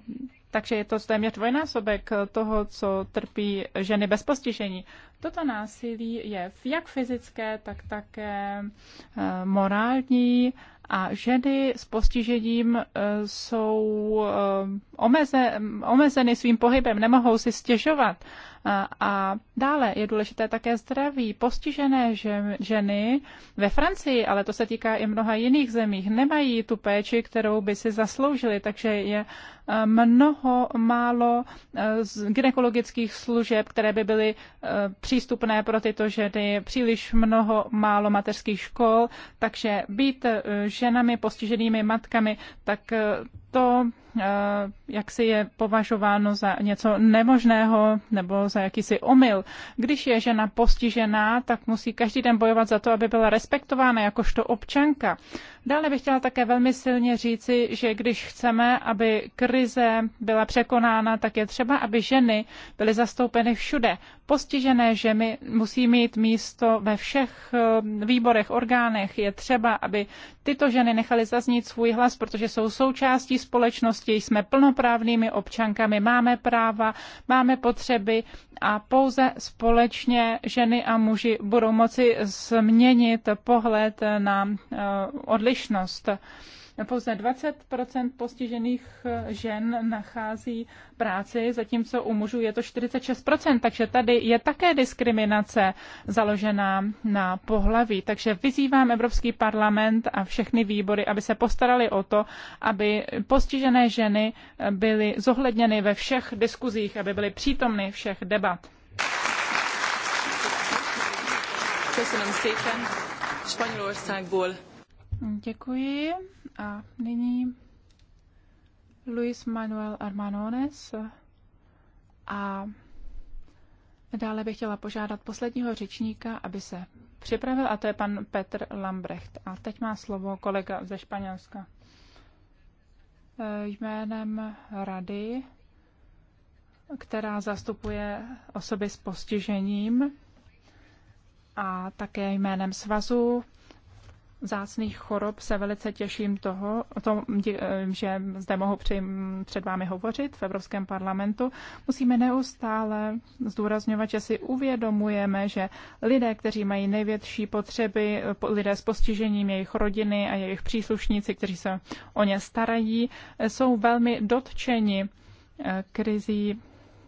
takže je to téměř dvojnásobek toho, co trpí ženy bez postižení. Toto násilí je jak fyzické, tak také eh, morální a ženy s postižením eh, jsou omeze, omezeny svým pohybem, nemohou si stěžovat. A dále je důležité také zdraví. Postižené ženy ve Francii, ale to se týká i mnoha jiných zemích, nemají tu péči, kterou by si zasloužili, takže je mnoho málo eh, ginekologických služeb, které by byly eh, přístupné pro tyto ženy, příliš mnoho málo mateřských škol, takže být eh, ženami postiženými matkami, tak to jak si je považováno za něco nemožného nebo za jakýsi omyl. Když je žena postižená, tak musí každý den bojovat za to, aby byla respektována jakožto občanka. Dále bych chtěla také velmi silně říci, že když chceme, aby krize byla překonána, tak je třeba, aby ženy byly zastoupeny všude. Postižené ženy musí mít místo ve všech eh, výborech, orgánech. Je třeba, aby tyto ženy nechaly zaznít svůj hlas, protože jsou součástí společnosti, jsme plnoprávnými občankami, máme práva, máme potřeby a pouze společně ženy a muži budou moci změnit pohled na eh, odlišení odlišnost. Pouze 20 postižených eh, žen nachází práci, zatímco u mužů je to 46 takže tady je také diskriminace založená na pohlaví. Takže vyzývám Evropský parlament a všechny výbory, aby se postarali o to, aby postižené ženy eh, byly zohledněny ve všech diskuzích, aby byly přítomny všech debat. Köszönöm szépen. Spanyolországból Děkuji. A nyní Luis Manuel Armanones. A dále bych chtěla požádat posledního řečníka, aby se připravil, a to je pan Petr Lambrecht. A teď má slovo kolega ze Španělska. Jménem rady, která zastupuje osoby s postižením a také jménem svazu zácných chorob se velice těším toho, tom, eh, že zde mohu při, před vámi hovořit v Evropském parlamentu. Musíme neustále zdůrazňovat, že si uvědomujeme, že lidé, kteří mají největší potřeby, lidé s postižením, jejich rodiny a jejich příslušníci, kteří se o ně starají, eh, jsou velmi dotčeni eh, krizí.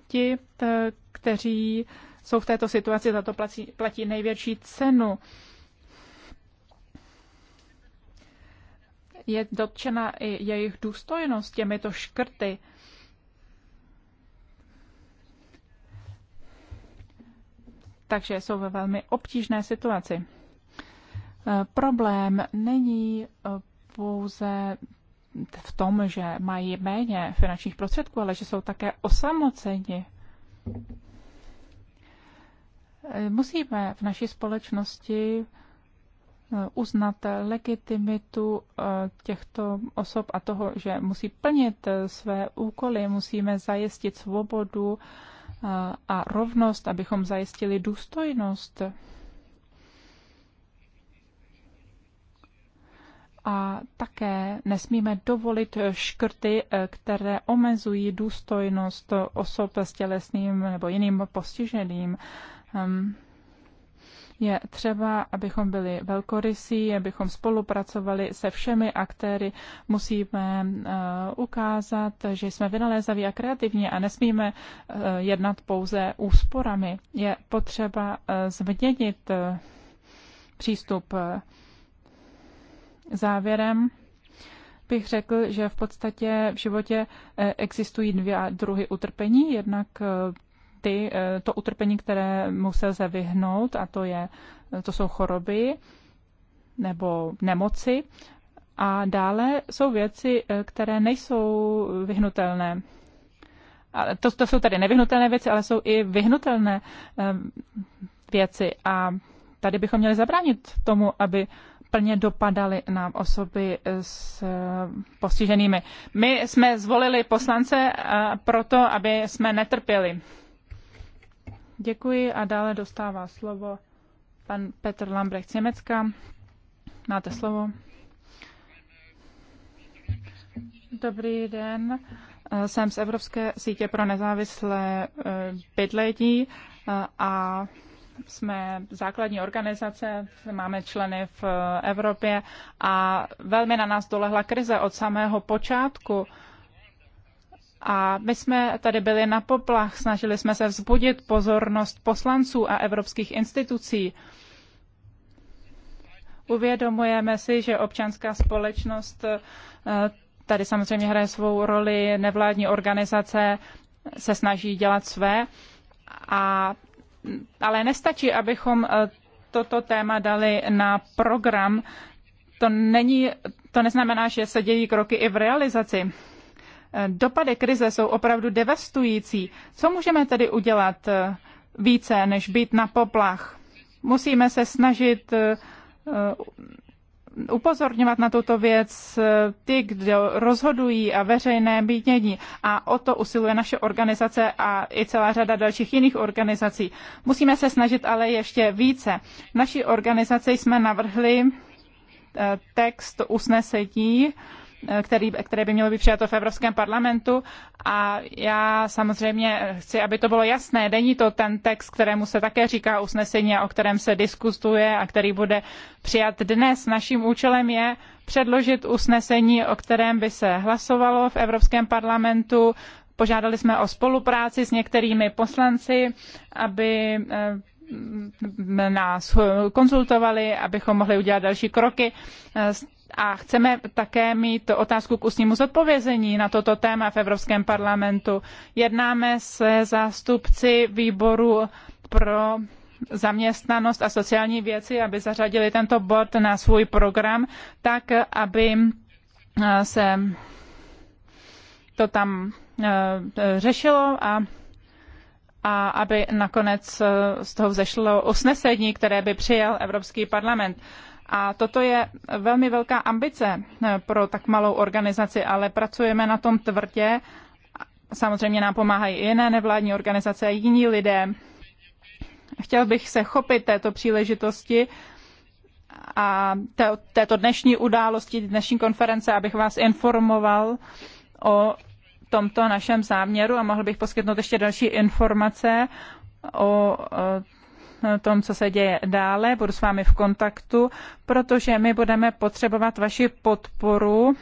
Ti, kteří jsou v této situaci, za to platí, platí největší cenu. je dotčena i jejich důstojnost těmito škrty. Takže jsou ve velmi obtížné situaci. E, problém není e, pouze v tom, že mají méně finančních prostředků, ale že jsou také osamoceni. E, musíme v naší společnosti Eh, uznat legitimitu eh, těchto osob a toho, že musí plnit eh, své úkoly, musíme zajistit svobodu a rovnost, abychom zajistili důstojnost. A také nesmíme dovolit škrty, které omezují důstojnost osob s tělesným nebo jiným postiženým. Ehm, je třeba, abychom byli velkorysí, abychom spolupracovali se všemi aktéry. Musíme eh, ukázat, že jsme vynalézaví a kreativní a nesmíme eh, jednat pouze úsporami. Je potřeba eh, změnit přístup závěrem bych řekl, že v podstatě v životě existují dvě druhy utrpení. Jednak ty, eh, to utrpení, které musel vyhnout, a to, je, eh, to jsou choroby nebo nemoci. A dále jsou věci, eh, které nejsou vyhnutelné. A to, to jsou tady nevyhnutelné věci, ale jsou i vyhnutelné věci. A tady bychom měli zabránit tomu, aby plně dopadaly na osoby s postiženými. My jsme zvolili poslance proto, aby jsme netrpěli. Děkuji a dále dostává slovo pan Petr Lambrecht z Německa. Máte slovo. Dobrý den. Jsem z Evropské sítě pro nezávislé e, bydlení e, a jsme základní organizace, máme členy v Evropě a velmi na nás dolehla krize od samého počátku. A my jsme tady byli na poplach, snažili jsme se vzbudit pozornost poslanců a evropských institucí. Uvědomujeme si, že občanská společnost eh, tady samozřejmě hraje svou roli, nevládní organizace se snaží dělat své, a, ale nestačí, abychom eh, toto téma dali na program. To, není, to neznamená, že se dějí kroky i v realizaci. Dopady krize jsou opravdu devastující. Co můžeme tedy udělat eh, více, než být na poplach? Musíme se snažit eh, eh, upozorňovat na tuto věc ty, kdo rozhodují a veřejné mínění. A o to usiluje naše organizace a i celá řada dalších jiných organizací. Musíme se snažit ale ještě více. Naší organizaci jsme navrhli text usnesení, který, které by mělo být přijato v Evropském parlamentu. A já samozřejmě chci, aby to bylo jasné. Není to ten text, kterému se také říká usnesení a o kterém se diskutuje a který bude přijat dnes. Naším účelem je předložit usnesení, o kterém by se hlasovalo v Evropském parlamentu. Požádali jsme o spolupráci s některými poslanci, aby eh, nás konzultovali, abychom mohli udělat další kroky. Eh, a chceme také mít otázku k ústnímu zodpovězení na toto téma v Evropském parlamentu. Jednáme se zástupci výboru pro zaměstnanost a sociální věci, aby zařadili tento bod na svůj program, tak aby eh, se to tam eh, řešilo a, a aby nakonec eh, z toho vzešlo usnesení, které by přijal Evropský parlament. A toto je velmi velká ambice eh, pro tak malou organizaci, ale pracujeme na tom tvrdě. Samozřejmě nám pomáhají i jiné nevládní organizace a jiní lidé. Chtěl bych se chopit této příležitosti a této dnešní události, dnešní konference, abych vás informoval o tomto našem záměru a mohl bych poskytnout ještě další informace o eh, tom, co se děje dále. Budu s vámi v kontaktu, protože my budeme potřebovat vaši podporu.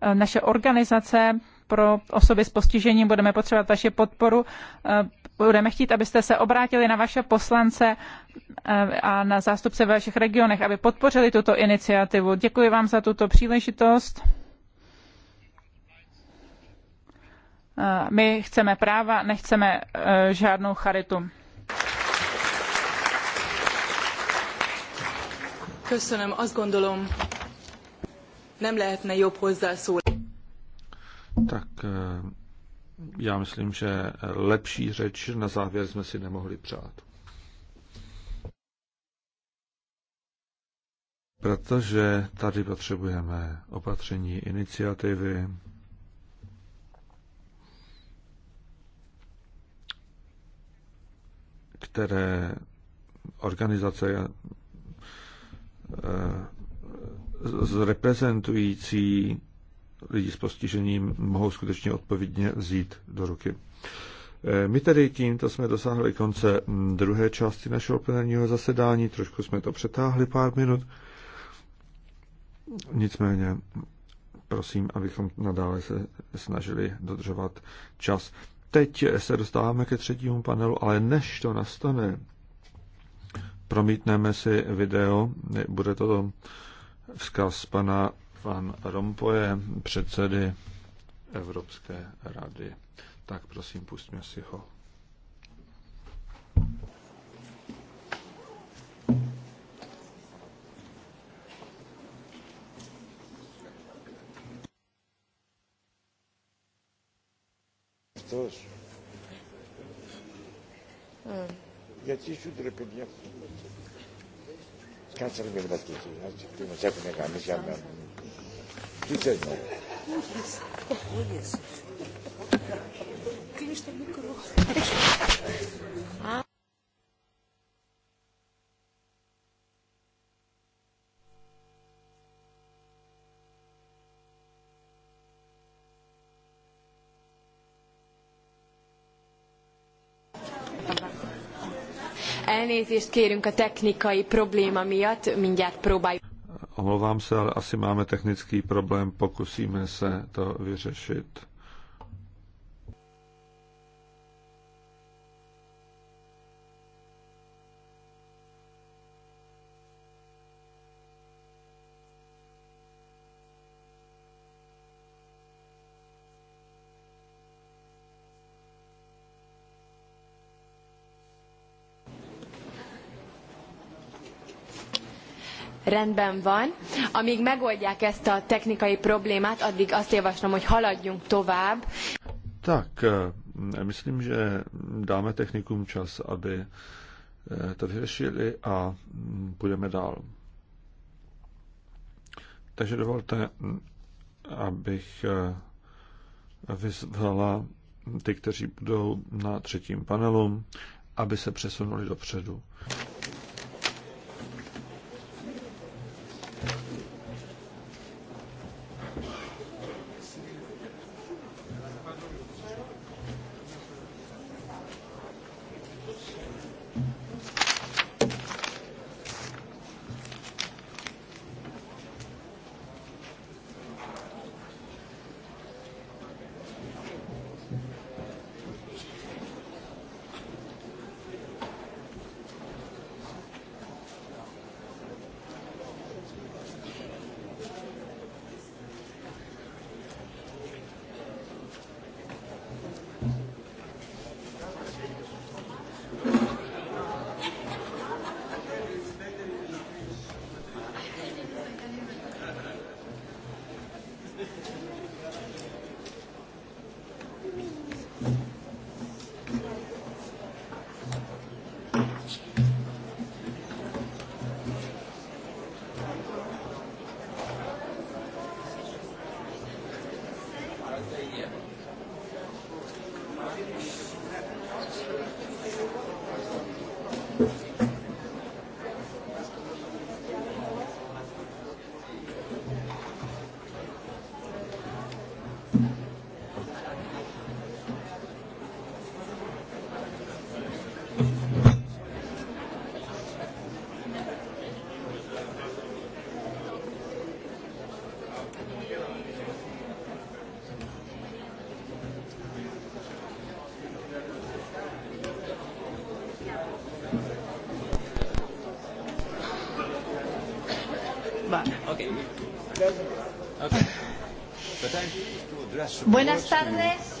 Eh, naše organizace pro osoby s postižením budeme potřebovat vaši podporu. Eh, budeme chtít, abyste se obrátili na vaše poslance eh, a na zástupce ve vašich regionech, aby podpořili tuto iniciativu. Děkuji vám za tuto příležitost. My chceme práva, nechceme žádnou charitu. Köszönöm, azt gondolom, nem lehetne jobb hozzászól. Tak eh, já myslím, že lepší řeč na závěr jsme si nemohli přát. Protože tady potřebujeme opatření, iniciativy, které organizace Eh, z reprezentující lidi s postižením mohou skutečně odpovědně vzít do ruky. Eh, my tedy tímto jsme dosáhli konce druhé části našeho plenárního zasedání, trošku jsme to přetáhli pár minut. Nicméně prosím, abychom nadále se snažili dodržovat čas. Teď se dostáváme ke třetímu panelu, ale než to nastane, promítneme si video, bude to vzkaz pana Van Rompoje, předsedy Evropské rady. Tak prosím, pustíme si ho. Todos. geçişidir biliyor Kanser millet geçiyor. Çıktığımız hepine kalmış yandan. Güzel mi? Конечно, микро. А? Elnézést kérünk a technikai probléma miatt, mindjárt próbáljuk. Omlouvám se, ale asi máme technický problém, pokusíme se to vyřešit. rendben van. Amíg megoldják ezt a technikai problémát, addig azt javaslom, hogy haladjunk tovább. Tak, eh, myslím, že dáme technikům čas, aby eh, to vyřešili a mm, půjdeme dál. Takže dovolte, mm, abych eh, vyzvala ty, kteří budou na třetím panelu, aby se přesunuli dopředu.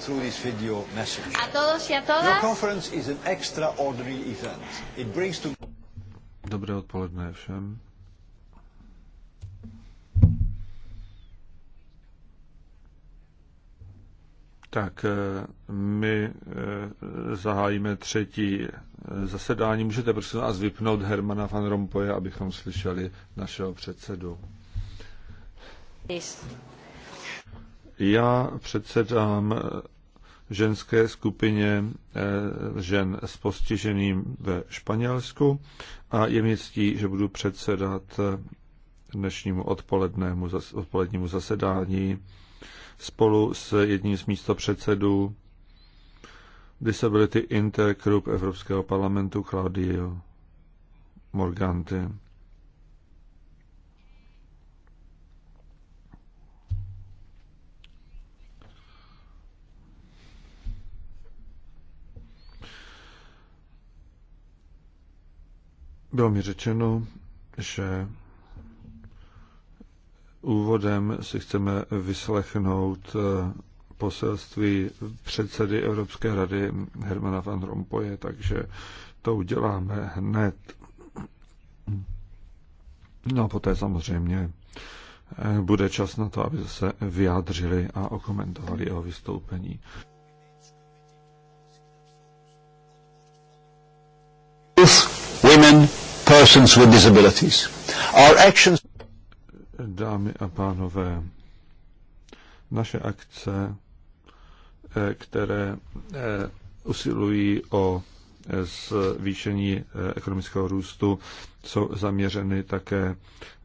to A todos y a todas. conference is an extraordinary event. It brings to... Dobré odpoledne všem. Tak eh, my eh, zahájíme třetí eh, zasedání. Můžete prosím vás vypnout Hermana van Rompoje, abychom slyšeli našeho předsedu. Yes. Já předsedám eh, ženské skupině eh, žen s postižením ve Španělsku a je mi ctí, že budu předsedat eh, dnešnímu odpolednému, odpolednímu zasedání spolu s jedním z místopředsedů Disability Intergroup Evropského parlamentu Claudio Morganti. Bylo mi řečeno, že úvodem si chceme vyslechnout eh, poselství předsedy Evropské rady Hermana van Rompuye, takže to uděláme hned. No a poté samozřejmě eh, bude čas na to, aby se vyjádřili a okomentovali jeho vystoupení. women, persons with disabilities. Our actions... Dámy a pánové, naše akce, eh, které eh, usilují o eh, zvýšení ekonomického růstu, jsou zaměřeny také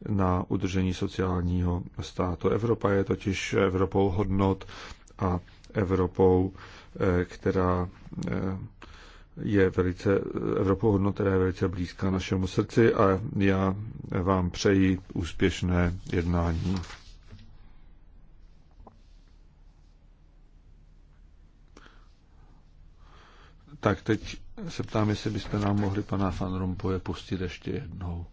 na udržení sociálního státu. Evropa je totiž Evropou hodnot a Evropou, která je velice, Evropou hodnot, která je velice blízká našemu srdci a já vám přeji úspěšné jednání. Tak teď se ptám, jestli byste nám mohli pana Van Rompuje pustit ještě jednou.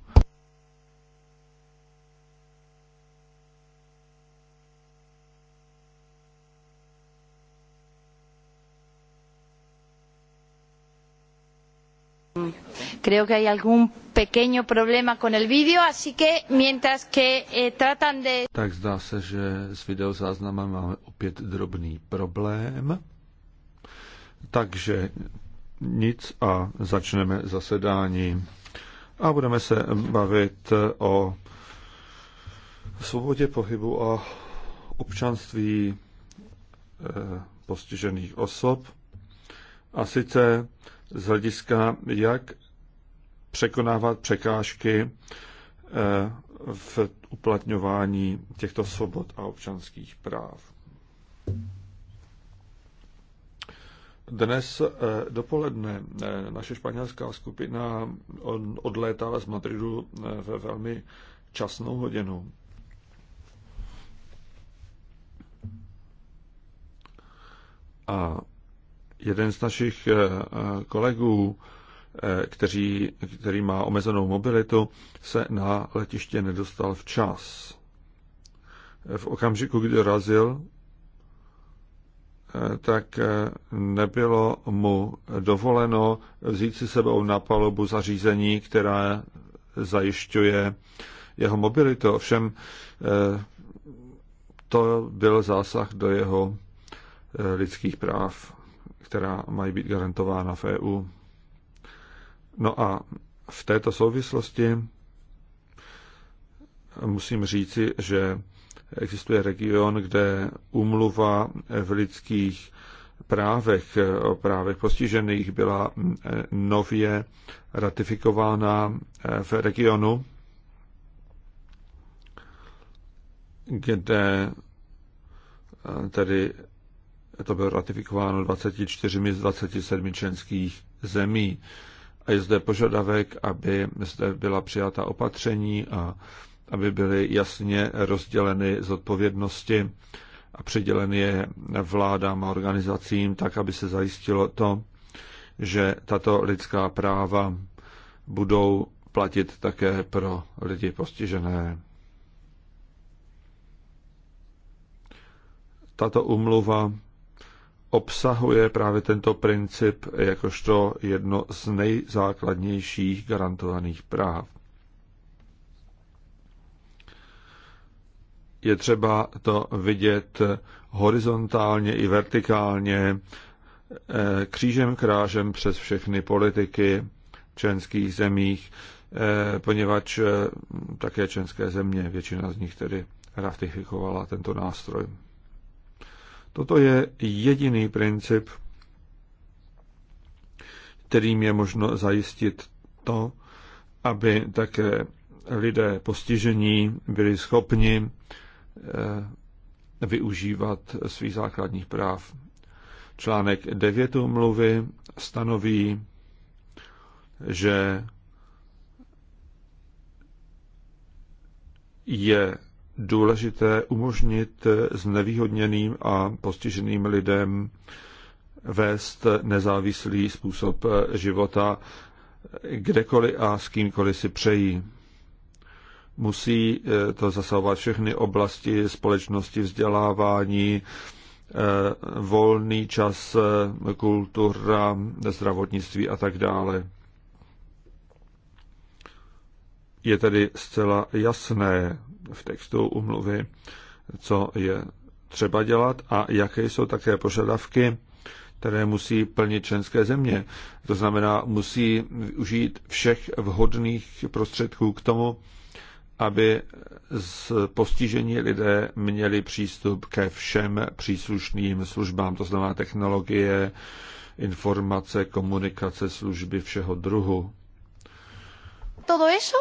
creo que hay algún pequeño problema con el vídeo, así que mientras que eh, tratan de... Tak zdá se, že s videozáznamem máme opět drobný problém. Takže nic a začneme zasedání. A budeme se bavit o svobodě pohybu a občanství eh, postižených osob. A sice z hlediska, jak překonávat překážky eh, v uplatňování těchto svobod a občanských práv. Dnes eh, dopoledne eh, naše španělská skupina odlétala z Madridu ve velmi časnou hodinu. A jeden z našich kolegů Eh, kteří, který má omezenou mobilitu, se na letiště nedostal včas. V okamžiku, kdy dorazil, eh, tak eh, nebylo mu dovoleno vzít si sebou na palubu zařízení, která zajišťuje jeho mobilitu. Ovšem to byl zásah do jeho lidských práv, která mají být garantována v EU. No a v této souvislosti musím říci, že existuje region, kde umluva v lidských právech, o právech postižených byla e, nově ratifikována e, v regionu, kde e, tedy to bylo ratifikováno 24 z 27 členských zemí je zde požadavek, aby zde byla přijata opatření a aby byly jasně rozděleny zodpovědnosti a přiděleny je vládám a organizacím, tak aby se zajistilo to, že tato lidská práva budou platit také pro lidi postižené. Tato umluva obsahuje právě tento princip jakožto jedno z nejzákladnějších garantovaných práv. Je třeba to vidět horizontálně i vertikálně, eh, křížem krážem přes všechny politiky členských zemích, eh, poněvadž eh, také členské země, většina z nich tedy ratifikovala tento nástroj. Toto je jediný princip, kterým je možno zajistit to, aby také lidé postižení byli schopni eh, využívat svých základních práv. Článek 9 mluvy stanoví, že je důležité umožnit znevýhodněným a postiženým lidem vést nezávislý způsob života kdekoliv a s kýmkoliv si přejí. Musí eh, to zasahovat všechny oblasti společnosti, vzdělávání, eh, volný čas, eh, kultura, zdravotnictví a tak dále. Je tedy zcela jasné, v textu umluvy, co je třeba dělat a jaké jsou také požadavky, které musí plnit členské země. To znamená, musí využít všech vhodných prostředků k tomu, aby z postižení lidé měli přístup ke všem příslušným službám, to znamená technologie, informace, komunikace, služby všeho druhu. Todo eso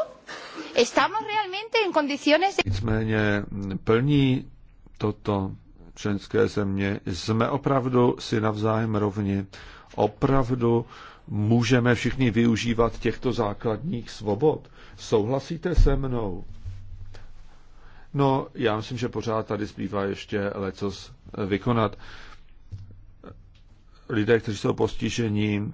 Estamos realmente en condiciones de... Nicméně plní toto členské země. Jsme opravdu si navzájem rovni. Opravdu můžeme všichni využívat těchto základních svobod. Souhlasíte se mnou? No, já myslím, že pořád tady zbývá ještě lecos vykonat. Lidé, kteří jsou postižení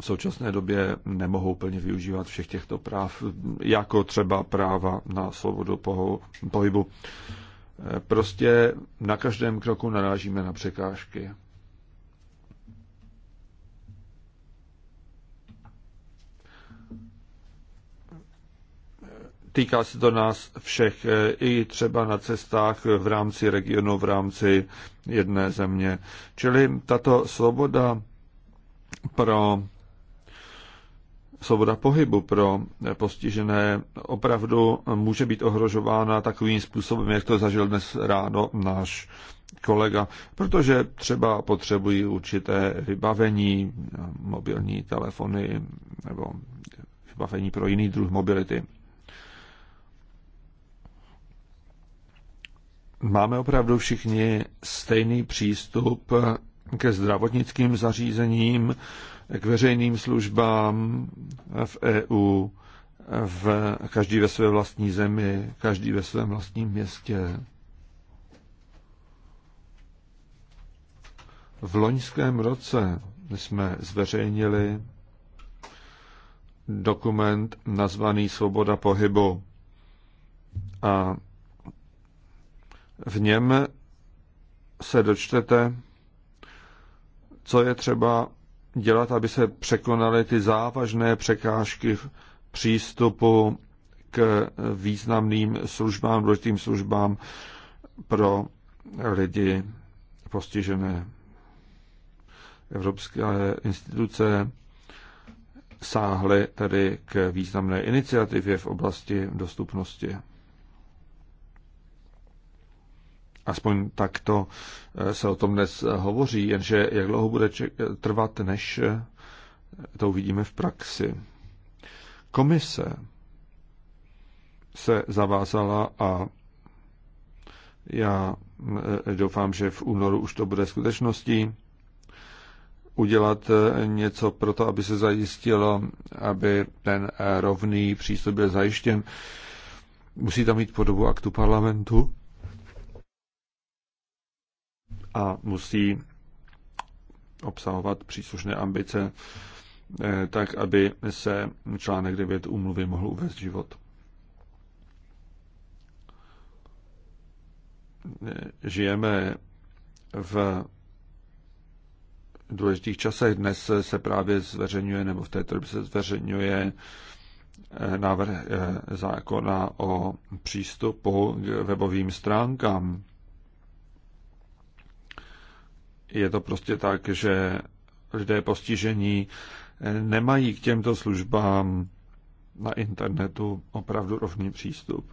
v současné době nemohou plně využívat všech těchto práv, jako třeba práva na svobodu pohybu. Prostě na každém kroku narážíme na překážky. Týká se to nás všech, i třeba na cestách v rámci regionu, v rámci jedné země. Čili tato svoboda pro svoboda pohybu pro postižené opravdu může být ohrožována takovým způsobem, jak to zažil dnes ráno náš kolega, protože třeba potřebují určité vybavení, mobilní telefony nebo vybavení pro jiný druh mobility. Máme opravdu všichni stejný přístup ke zdravotnickým zařízením, k veřejným službám v EU, v, každý ve své vlastní zemi, každý ve svém vlastním městě. V loňském roce jsme zveřejnili dokument nazvaný Svoboda pohybu. A v něm se dočtete, co je třeba dělat, aby se překonaly ty závažné překážky v přístupu k významným službám, důležitým službám pro lidi postižené. Evropské instituce sáhly tedy k významné iniciativě v oblasti dostupnosti. Aspoň takto eh, se o tom dnes eh, hovoří, jenže jak dlouho bude eh, trvat, než to uvidíme v praxi. Komise se zavázala a já doufám, že v únoru už to bude skutečností, udělat něco pro to, aby se zajistilo, aby ten rovný přístup byl zajištěn. Musí tam mít podobu aktu parlamentu a musí obsahovat příslušné ambice, eh, tak aby se článek 9 úmluvy mohl uvést život. Žijeme v důležitých časech. Dnes se právě zveřejňuje, nebo v této době se zveřejňuje eh, návrh eh, zákona o přístupu k webovým stránkám je to prostě tak, že lidé postižení nemají k těmto službám na internetu opravdu rovný přístup.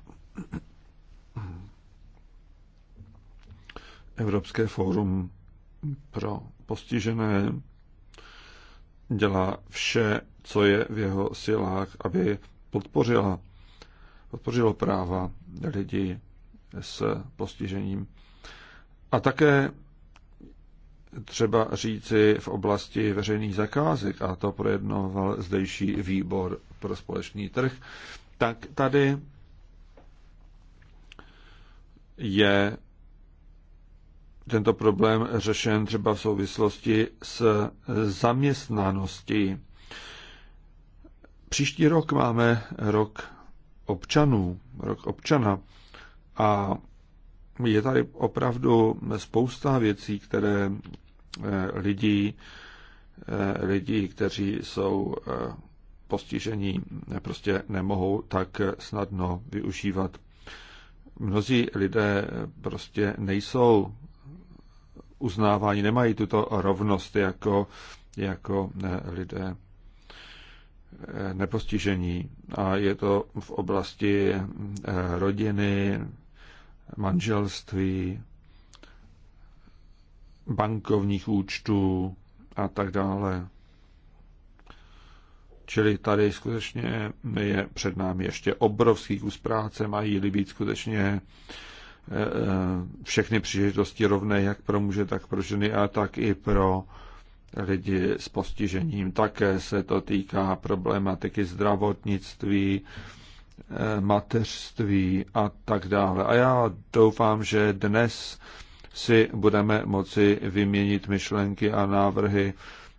Evropské fórum pro postižené dělá vše, co je v jeho silách, aby podpořila, podpořilo práva lidí s postižením. A také třeba říci v oblasti veřejných zakázek, a to projednoval zdejší výbor pro společný trh, tak tady je tento problém řešen třeba v souvislosti s zaměstnaností. Příští rok máme rok občanů, rok občana a je tady opravdu spousta věcí, které Eh, lidí, eh, lidí, kteří jsou eh, postižení, prostě nemohou tak snadno využívat. Mnozí lidé prostě nejsou uznávání, nemají tuto rovnost jako, jako lidé nepostižení. A je to v oblasti rodiny, manželství, bankovních účtů a tak dále. Čili tady skutečně je před námi ještě obrovský kus práce, mají-li být skutečně eh, eh, všechny příležitosti rovné jak pro muže, tak pro ženy a tak i pro lidi s postižením. Také se to týká problematiky zdravotnictví, eh, mateřství a tak dále. A já doufám, že dnes si budeme moci vyměnit myšlenky a návrhy,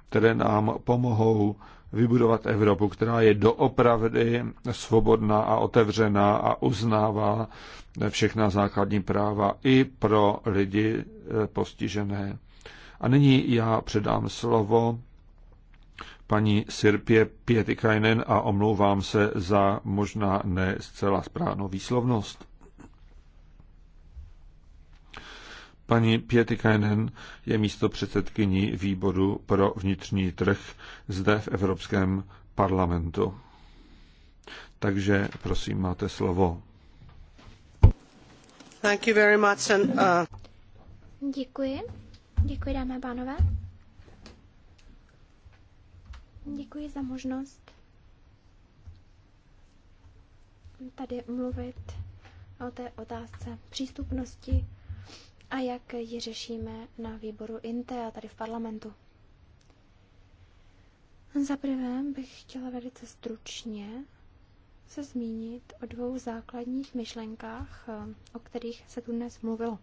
které nám pomohou vybudovat Evropu, která je doopravdy svobodná a otevřená a uznává všechna základní práva i pro lidi eh, postižené. A nyní já předám slovo paní Sirpě Pietikainen a omlouvám se za možná ne zcela správnou výslovnost. Paní Pietikainen je místo předsedkyní výboru pro vnitřní trh zde v Evropském parlamentu. Takže prosím, máte slovo. Thank you very much and, uh... Děkuji. Děkuji, dámy a pánové. Děkuji za možnost tady mluvit o té otázce přístupnosti a jak ji řešíme na výboru INTE a tady v parlamentu. Za prvé bych chtěla velice stručně se zmínit o dvou základních myšlenkách, o kterých se tu dnes mluvilo.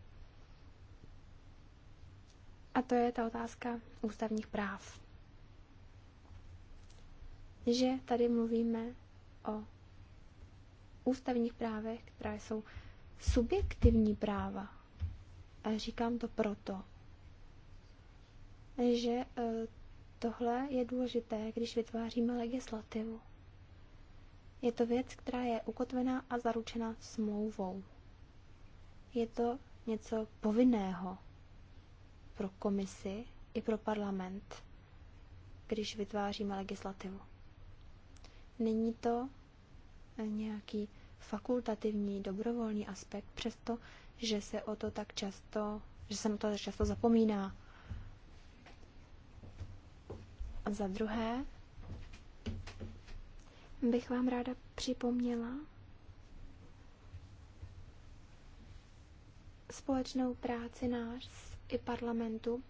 A to je ta otázka ústavních práv. Že tady mluvíme o ústavních právech, která jsou subjektivní práva, a říkám to proto, že e, tohle je důležité, když vytváříme legislativu. Je to věc, která je ukotvená a zaručena smlouvou. Je to něco povinného pro komisi i pro parlament, když vytváříme legislativu. Není to nějaký fakultativní, dobrovolný aspekt, přesto že se o to tak často, že se to tak často zapomíná. A za druhé bych vám ráda připomněla společnou práci nás i parlamentu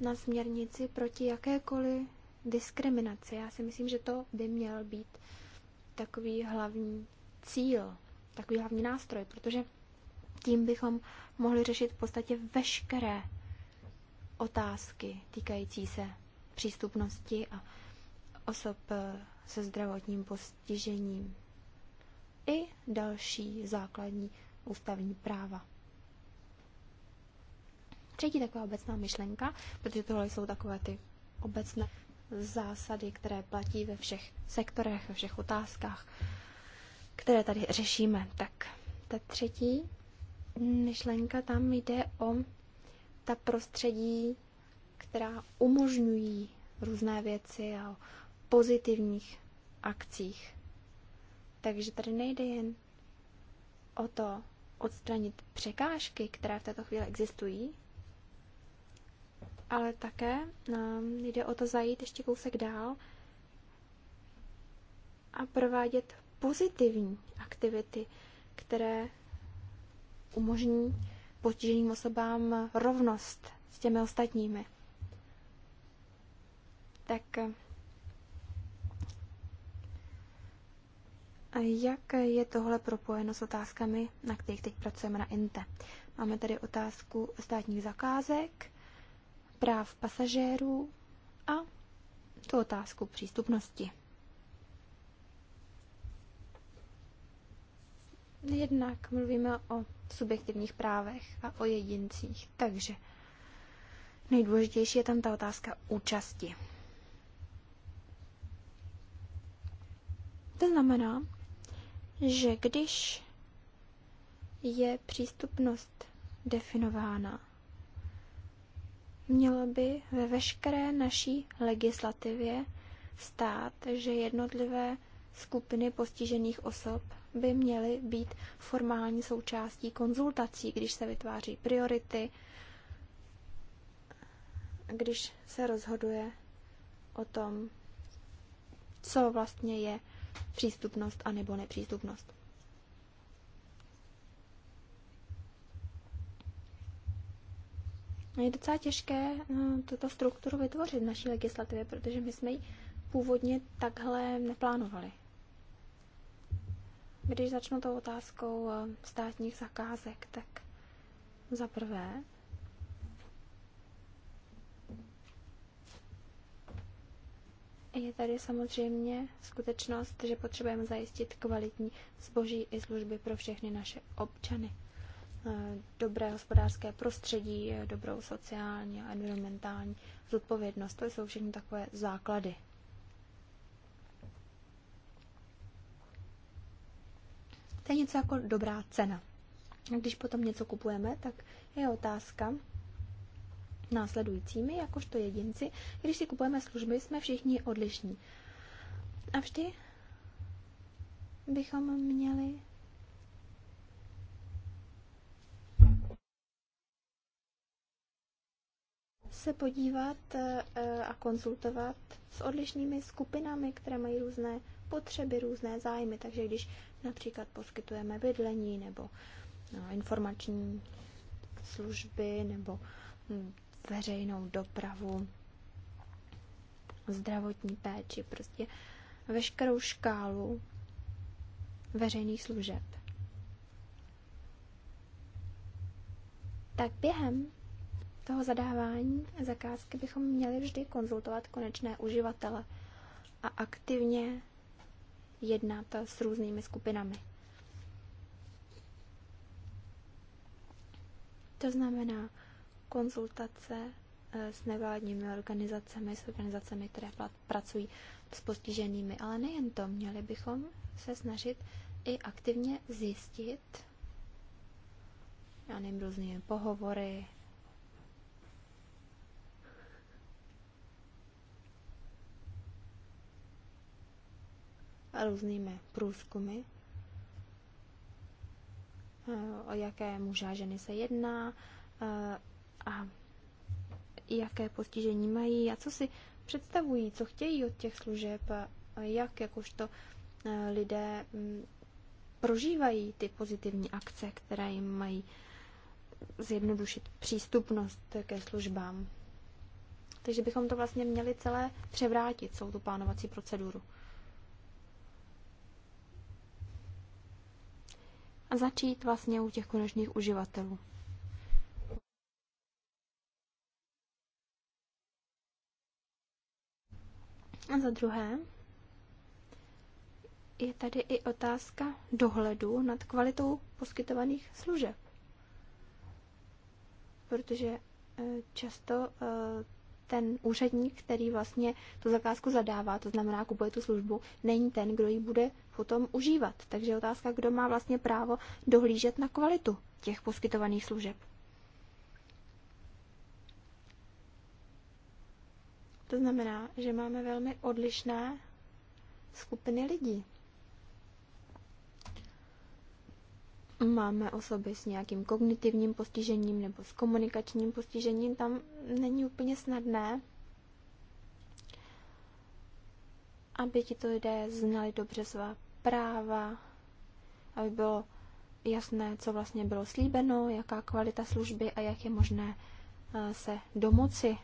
na směrnici proti jakékoliv diskriminaci. Já si myslím, že to by měl být takový hlavní cíl, takový hlavní nástroj, protože tím bychom mohli řešit v podstatě veškeré otázky týkající se přístupnosti a osob eh, se zdravotním postižením i další základní ústavní práva. Třetí taková obecná myšlenka, protože tohle jsou takové ty obecné zásady, které platí ve všech sektorech, ve všech otázkách, které tady řešíme. Tak ta třetí myšlenka, tam jde o ta prostředí, která umožňují různé věci a o pozitivních akcích. Takže tady nejde jen o to odstranit překážky, které v této chvíli existují, ale také nám jde o to zajít ještě kousek dál a provádět pozitivní aktivity, které umožní postiženým osobám rovnost s těmi ostatními. Tak a jak je tohle propojeno s otázkami, na kterých teď pracujeme na INTE? Máme tady otázku státních zakázek, práv pasažérů a tu otázku přístupnosti. Jednak mluvíme o subjektivních právech a o jedincích. Takže nejdůležitější je tam ta otázka účasti. To znamená, že když je přístupnost definována, mělo by ve veškeré naší legislativě stát, že jednotlivé skupiny postižených osob by měly být formální součástí konzultací, když se vytváří priority, když se rozhoduje o tom, co vlastně je přístupnost a nebo nepřístupnost. Je docela těžké eh, tuto strukturu vytvořit v naší legislativě, protože my jsme ji původně takhle neplánovali. Když začnu tou otázkou eh, státních zakázek, tak za prvé je tady samozřejmě skutečnost, že potřebujeme zajistit kvalitní zboží i služby pro všechny naše občany. Eh, dobré hospodářské prostředí, eh, dobrou sociální a environmentální zodpovědnost, to jsou všechny takové základy To je něco jako dobrá cena. Když potom něco kupujeme, tak je otázka následujícími, jakožto jedinci. Když si kupujeme služby, jsme všichni odlišní. A vždy bychom měli se podívat eh, eh, a konzultovat s odlišnými skupinami, které mají různé potřeby, různé zájmy. Takže když Například poskytujeme bydlení nebo no, informační služby nebo hm, veřejnou dopravu, zdravotní péči, prostě veškerou škálu veřejných služeb. Tak během toho zadávání zakázky bychom měli vždy konzultovat konečné uživatele a aktivně jednat s různými skupinami. To znamená konzultace eh, s nevládními organizacemi, s organizacemi, které pracují s postiženými. Ale nejen to, měli bychom se snažit i aktivně zjistit, já nevím, různými pohovory, různými průzkumy, eh, o jaké muže a ženy se jedná eh, a jaké postižení mají a co si představují, co chtějí od těch služeb, a jak jakožto eh, lidé mm, prožívají ty pozitivní akce, které jim mají zjednodušit přístupnost ke službám. Takže bychom to vlastně měli celé převrátit, celou tu plánovací proceduru. a začít vlastně u těch konečných uživatelů. A za druhé, je tady i otázka dohledu nad kvalitou poskytovaných služeb. Protože eh, často eh, ten úředník, který vlastně tu zakázku zadává, to znamená kupuje tu službu, není ten, kdo ji bude potom užívat. Takže otázka, kdo má vlastně právo dohlížet na kvalitu těch poskytovaných služeb. To znamená, že máme velmi odlišné skupiny lidí. Máme osoby s nějakým kognitivním postižením nebo s komunikačním postižením. Tam není úplně snadné, aby ti to lidé znali dobře svá práva, aby bylo jasné, co vlastně bylo slíbeno, jaká kvalita služby a jak je možné eh, se domoci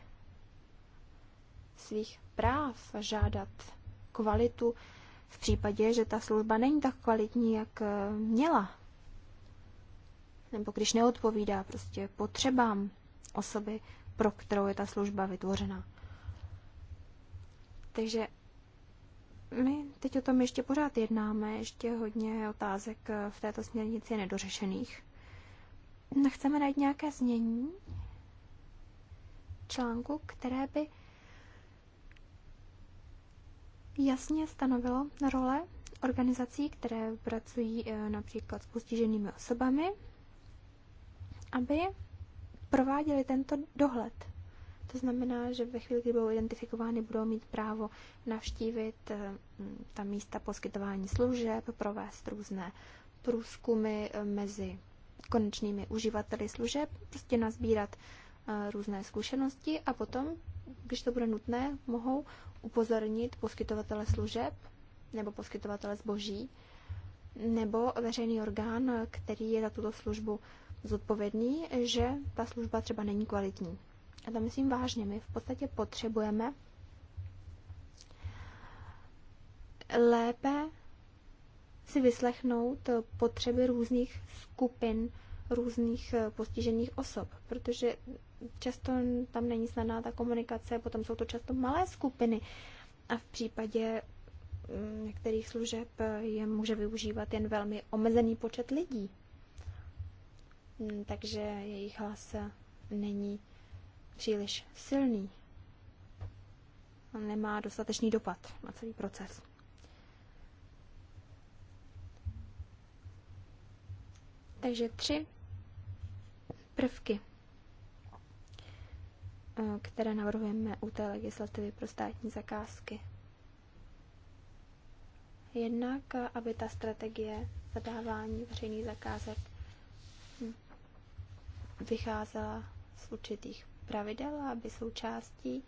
svých práv žádat kvalitu v případě, že ta služba není tak kvalitní, jak eh, měla. Nebo když neodpovídá prostě potřebám osoby, pro kterou je ta služba vytvořena. Takže my teď o tom ještě pořád jednáme, ještě hodně otázek v této směrnici je nedořešených. Chceme najít nějaké změní článku, které by jasně stanovilo role organizací, které pracují eh, například s postiženými osobami, aby prováděli tento dohled. To znamená, že ve chvíli, kdy budou identifikovány, budou mít právo navštívit eh, ta místa poskytování služeb, provést různé průzkumy eh, mezi konečnými uživateli služeb, prostě nazbírat eh, různé zkušenosti a potom, když to bude nutné, mohou upozornit poskytovatele služeb nebo poskytovatele zboží nebo veřejný orgán, který je za tuto službu zodpovědný, že ta služba třeba není kvalitní a to myslím vážně, my v podstatě potřebujeme lépe si vyslechnout potřeby různých skupin, různých eh, postižených osob, protože často tam není snadná ta komunikace, potom jsou to často malé skupiny a v případě mm, některých služeb eh, je může využívat jen velmi omezený počet lidí. Mm, takže jejich hlas eh, není příliš silný On nemá dostatečný dopad na celý proces. Takže tři prvky, eh, které navrhujeme u té legislativy pro státní zakázky. Jednak, aby ta strategie zadávání veřejných zakázek hm, vycházela z určitých pravidel a aby součástí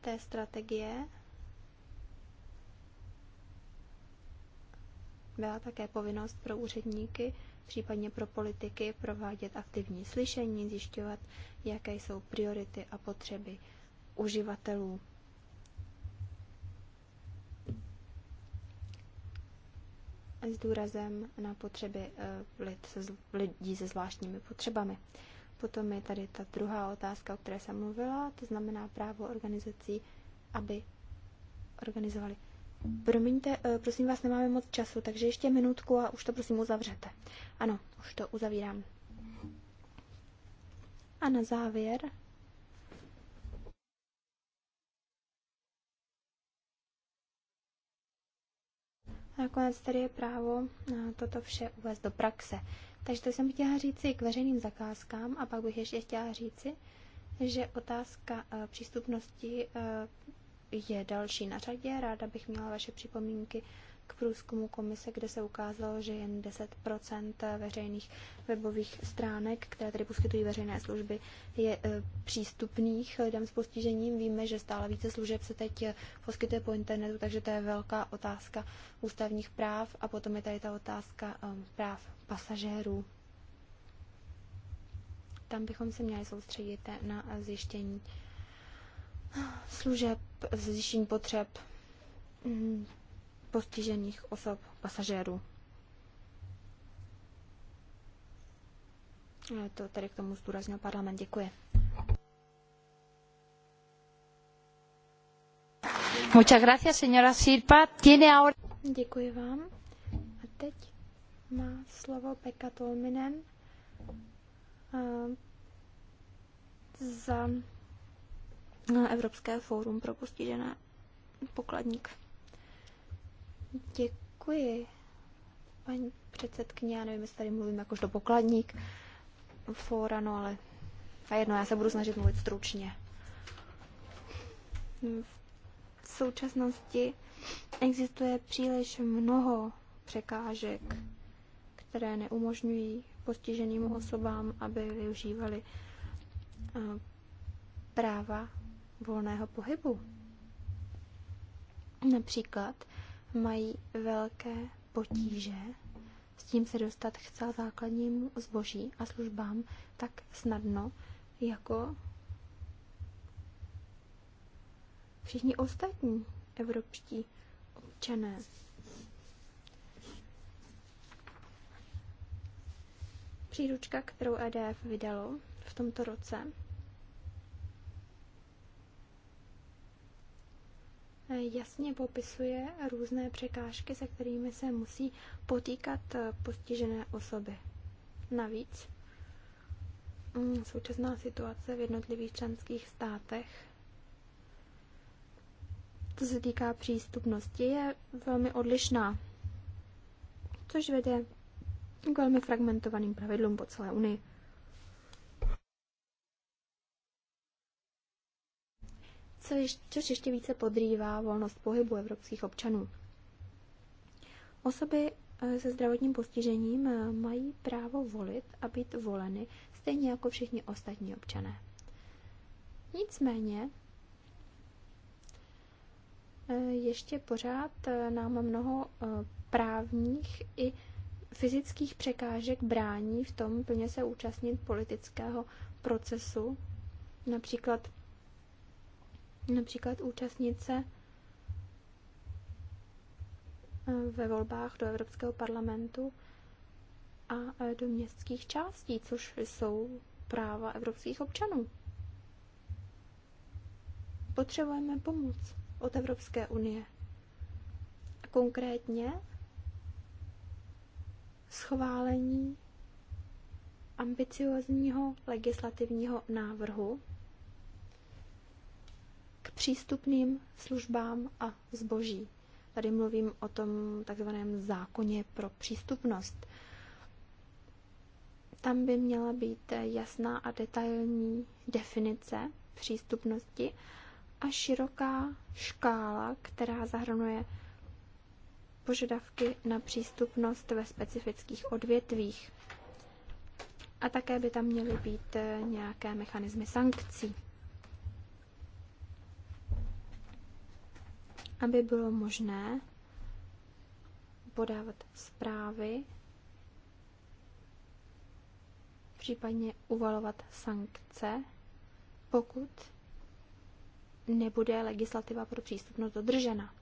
té strategie byla také povinnost pro úředníky, případně pro politiky, provádět aktivní slyšení, zjišťovat, jaké jsou priority a potřeby uživatelů. S důrazem na potřeby eh, lidí se zvláštními potřebami. Potom je tady ta druhá otázka, o které jsem mluvila, to znamená právo organizací, aby organizovali. Promiňte, eh, prosím vás, nemáme moc času, takže ještě minutku a už to prosím uzavřete. Ano, už to uzavírám. A na závěr Nakonec tady je právo eh, toto vše uvést do praxe. Takže to jsem chtěla říci k veřejným zakázkám a pak bych ještě chtěla říci, že otázka e, přístupnosti e, je další na řadě. Ráda bych měla vaše připomínky k průzkumu komise, kde se ukázalo, že jen 10 veřejných webových stránek, které tedy poskytují veřejné služby, je e, přístupných lidem s postižením. Víme, že stále více služeb se teď e, poskytuje po internetu, takže to je velká otázka ústavních práv a potom je tady ta otázka e, práv pasažérů. Tam bychom se měli soustředit na zjištění služeb, zjištění potřeb mm postižených osob, pasažérů. Eh, to tady k tomu zdůraznil parlament. Děkuji. Muchas gracias, señora Sirpa. Tiene ahora... Děkuji vám. A teď má slovo Pekka Tolminen eh, za eh, Evropské fórum pro postižené pokladník. Děkuji, paní předsedkyně. Já nevím, jestli tady mluvím do pokladník fóra, no ale a jedno, já se budu snažit mluvit stručně. V současnosti existuje příliš mnoho překážek, které neumožňují postiženým osobám, aby využívali eh, práva volného pohybu. Například mají velké potíže s tím se dostat k celá základnímu zboží a službám tak snadno, jako všichni ostatní evropští občané. Příručka, kterou EDF vydalo v tomto roce, Eh, jasně popisuje různé překážky, se kterými se musí potýkat eh, postižené osoby. Navíc mm, současná situace v jednotlivých členských státech, co se týká přístupnosti, je velmi odlišná, což vede k velmi fragmentovaným pravidlům po celé Unii. což ještě více podrývá volnost pohybu evropských občanů. Osoby eh, se zdravotním postižením eh, mají právo volit a být voleny stejně jako všichni ostatní občané. Nicméně eh, ještě pořád nám mnoho právních i fyzických překážek brání v tom plně se účastnit politického procesu. Například například účastnit se eh, ve volbách do Evropského parlamentu a eh, do městských částí, což jsou práva evropských občanů. Potřebujeme pomoc od Evropské unie. konkrétně schválení ambiciozního legislativního návrhu, přístupným službám a zboží. Tady mluvím o tom takzvaném zákoně pro přístupnost. Tam by měla být jasná a detailní definice přístupnosti a široká škála, která zahrnuje požadavky na přístupnost ve specifických odvětvích. A také by tam měly být nějaké mechanismy sankcí. aby bylo možné podávat zprávy, případně uvalovat sankce, pokud nebude legislativa pro přístupnost dodržena.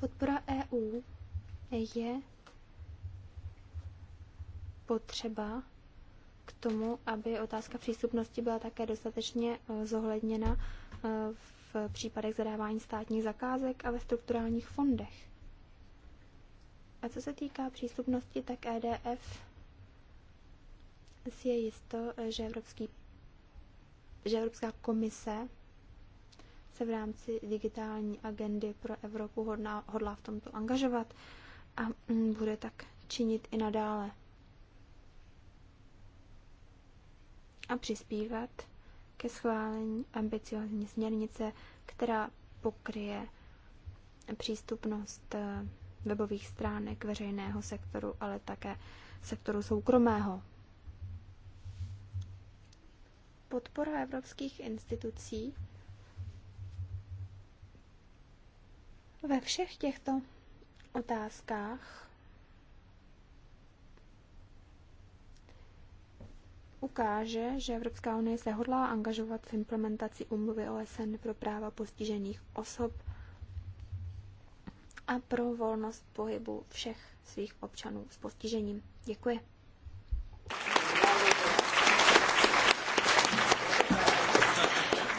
Podpora EU je potřeba k tomu, aby otázka přístupnosti byla také dostatečně eh, zohledněna v případech zadávání státních zakázek a ve strukturálních fondech. A co se týká přístupnosti, tak EDF si je jisto, že, Evropský, že Evropská komise se v rámci digitální agendy pro Evropu hodná, hodlá v tomto angažovat a mm, bude tak činit i nadále. A přispívat ke schválení ambiciozní směrnice, která pokryje přístupnost eh, webových stránek veřejného sektoru, ale také sektoru soukromého. Podpora evropských institucí ve všech těchto otázkách ukáže, že Evropská unie se hodlá angažovat v implementaci umluvy OSN pro práva postižených osob a pro volnost pohybu všech svých občanů s postižením. Děkuji.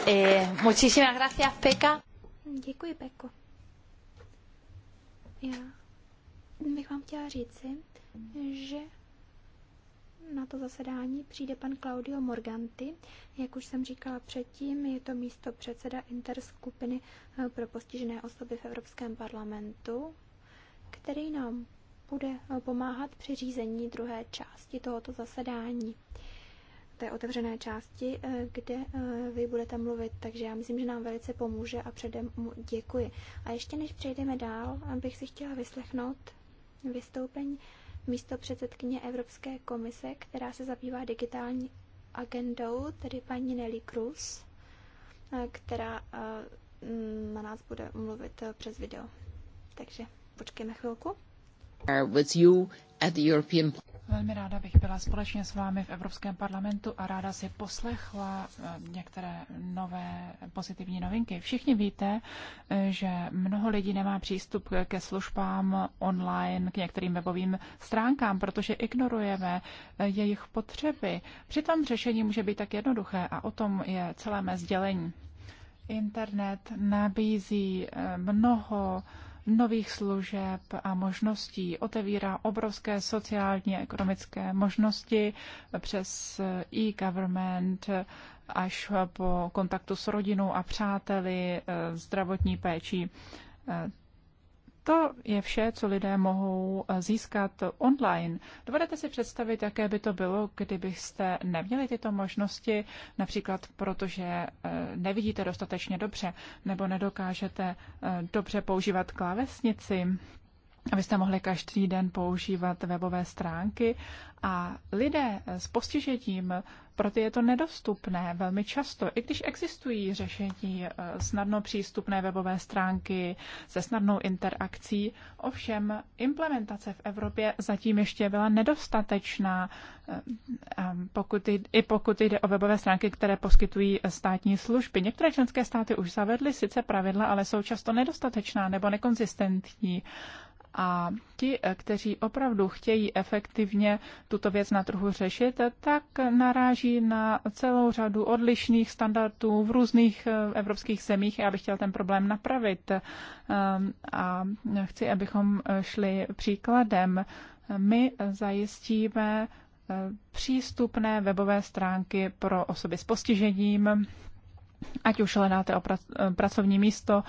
Eh, muchísimas gracias, Peka. Děkuji, Peko. Já bych vám chtěla říci, že na to zasedání přijde pan Claudio Morganti. Jak už jsem říkala předtím, je to místo předseda interskupiny eh, pro postižené osoby v Evropském parlamentu, který nám bude eh, pomáhat při řízení druhé části tohoto zasedání té otevřené části, eh, kde vy budete mluvit, takže já myslím, že nám velice pomůže a předem mu děkuji. A ještě než přejdeme dál, bych si chtěla vyslechnout vystoupení místo předsedkyně Evropské komise, která se zabývá digitální agendou, tedy paní Nelly Cruz, eh, která eh, na nás bude mluvit eh, přes video. Takže počkejme chvilku. With you at the European... Velmi ráda bych byla společně s vámi v Evropském parlamentu a ráda si poslechla eh, některé nové pozitivní novinky. Všichni víte, eh, že mnoho lidí nemá přístup ke službám online, k některým webovým stránkám, protože ignorujeme eh, jejich potřeby. Přitom řešení může být tak jednoduché a o tom je celé mé sdělení. Internet nabízí mnoho nových služeb a možností. Otevírá obrovské sociální a ekonomické možnosti přes e-government až po kontaktu s rodinou a přáteli, e, zdravotní péčí. E, to je vše, co lidé mohou eh, získat online. Dovedete si představit, jaké by to bylo, kdybyste neměli tyto možnosti, například protože eh, nevidíte dostatečně dobře nebo nedokážete eh, dobře používat klávesnici abyste mohli každý den používat webové stránky. A lidé s postižením, pro ty je to nedostupné velmi často, i když existují řešení eh, snadno přístupné webové stránky se snadnou interakcí, ovšem implementace v Evropě zatím ještě byla nedostatečná, eh, pokud, i pokud jde o webové stránky, které poskytují státní služby. Některé členské státy už zavedly sice pravidla, ale jsou často nedostatečná nebo nekonzistentní. A ti, eh, kteří opravdu chtějí efektivně tuto věc na trhu řešit, eh, tak naráží na celou řadu odlišných standardů v různých eh, evropských zemích. Já bych chtěl ten problém napravit a chci, abychom šli příkladem. My zajistíme přístupné webové stránky pro osoby s postižením, ať už hledáte o pracovní místo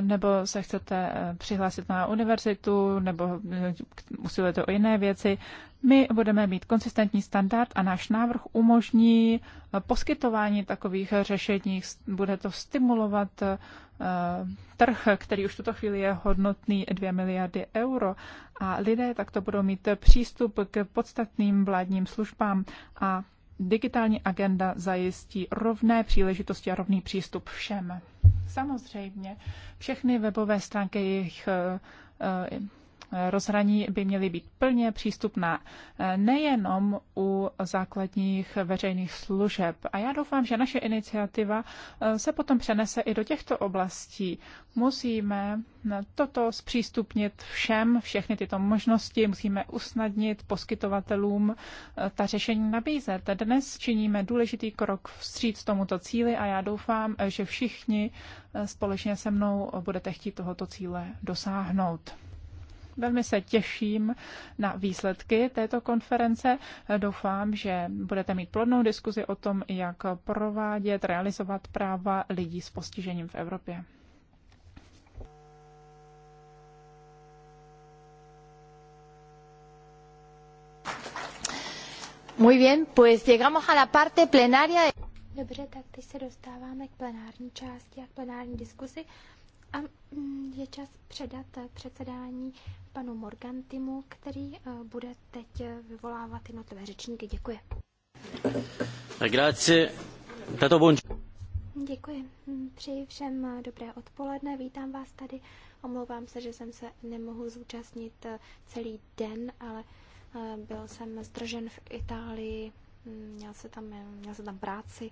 nebo se chcete eh, přihlásit na univerzitu, nebo eh, usilujete o jiné věci. My budeme mít konsistentní standard a náš návrh umožní eh, poskytování takových řešení. Bude to stimulovat trh, který už v tuto chvíli je hodnotný 2 miliardy euro a lidé takto budou mít přístup k podstatným vládním službám a digitální agenda zajistí rovné příležitosti a rovný přístup všem. Samozřejmě, všechny webové stránky jejich eh, eh, rozhraní by měly být plně přístupná eh, nejenom u základních veřejných služeb. A já doufám, že naše iniciativa eh, se potom přenese i do těchto oblastí. Musíme eh, toto zpřístupnit všem, všechny tyto možnosti, musíme usnadnit poskytovatelům ta řešení nabízet. Dnes činíme důležitý krok vstříc tomuto cíli a já doufám, že všichni společně se mnou budete chtít tohoto cíle dosáhnout. Velmi se těším na výsledky této konference. Doufám, že budete mít plodnou diskuzi o tom, jak provádět, realizovat práva lidí s postižením v Evropě. Muy bien, pues llegamos a la parte plenaria. Dobře, tak teď se dostáváme k plenární části a k plenární diskusi. A mm, je čas předat eh, předsedání panu Morgantimu, který eh, bude teď eh, vyvolávat jednotlivé řečníky. Děkuji. Grazie. Tato Děkuji. Mm, přeji všem dobré odpoledne. Vítám vás tady. Omlouvám se, že jsem se nemohu zúčastnit celý den, ale byl jsem zdržen v Itálii. Mm, měl se tam, měl se tam práci.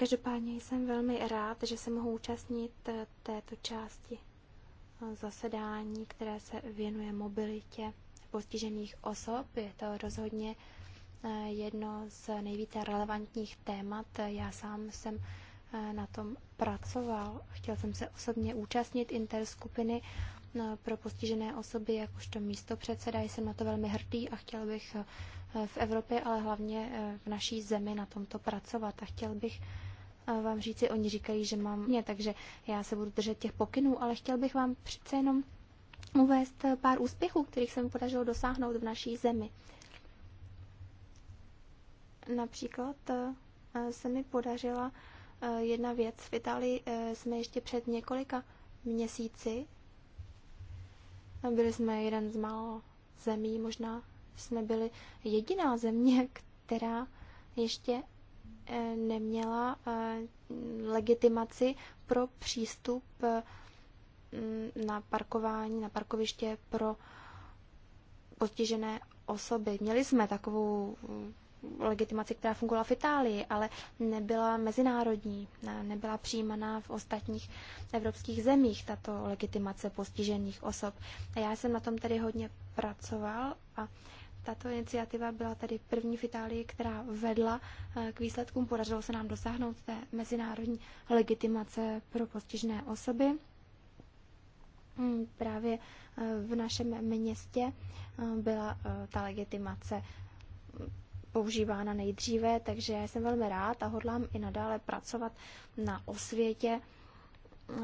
Každopádně jsem velmi rád, že se mohu účastnit eh, této části eh, zasedání, které se věnuje mobilitě postižených osob. Je to rozhodně eh, jedno z nejvíce relevantních témat. Já sám jsem na tom pracoval. Chtěl jsem se osobně účastnit interskupiny pro postižené osoby jakožto místo předseda. Jsem na to velmi hrdý a chtěl bych v Evropě, ale hlavně v naší zemi na tomto pracovat. A chtěl bych vám říci, oni říkají, že mám mě, takže já se budu držet těch pokynů, ale chtěl bych vám přece jenom uvést pár úspěchů, kterých se mi podařilo dosáhnout v naší zemi. Například eh, se mi podařila eh, jedna věc. V Itálii eh, jsme ještě před několika měsíci byli jsme jeden z málo zemí, možná jsme byli jediná země, která ještě neměla eh, legitimaci pro přístup eh, mm, na parkování, na parkoviště pro postižené osoby. Měli jsme takovou mm, legitimaci, která fungovala v Itálii, ale nebyla mezinárodní, nebyla přijímaná v ostatních evropských zemích tato legitimace postižených osob. A já jsem na tom tedy hodně pracoval a tato iniciativa byla tedy první v Itálii, která vedla eh, k výsledkům. Podařilo se nám dosáhnout té mezinárodní legitimace pro postižené osoby. Hmm, právě eh, v našem městě eh, byla ta legitimace mm, používána nejdříve, takže já jsem velmi rád a hodlám i nadále pracovat na osvětě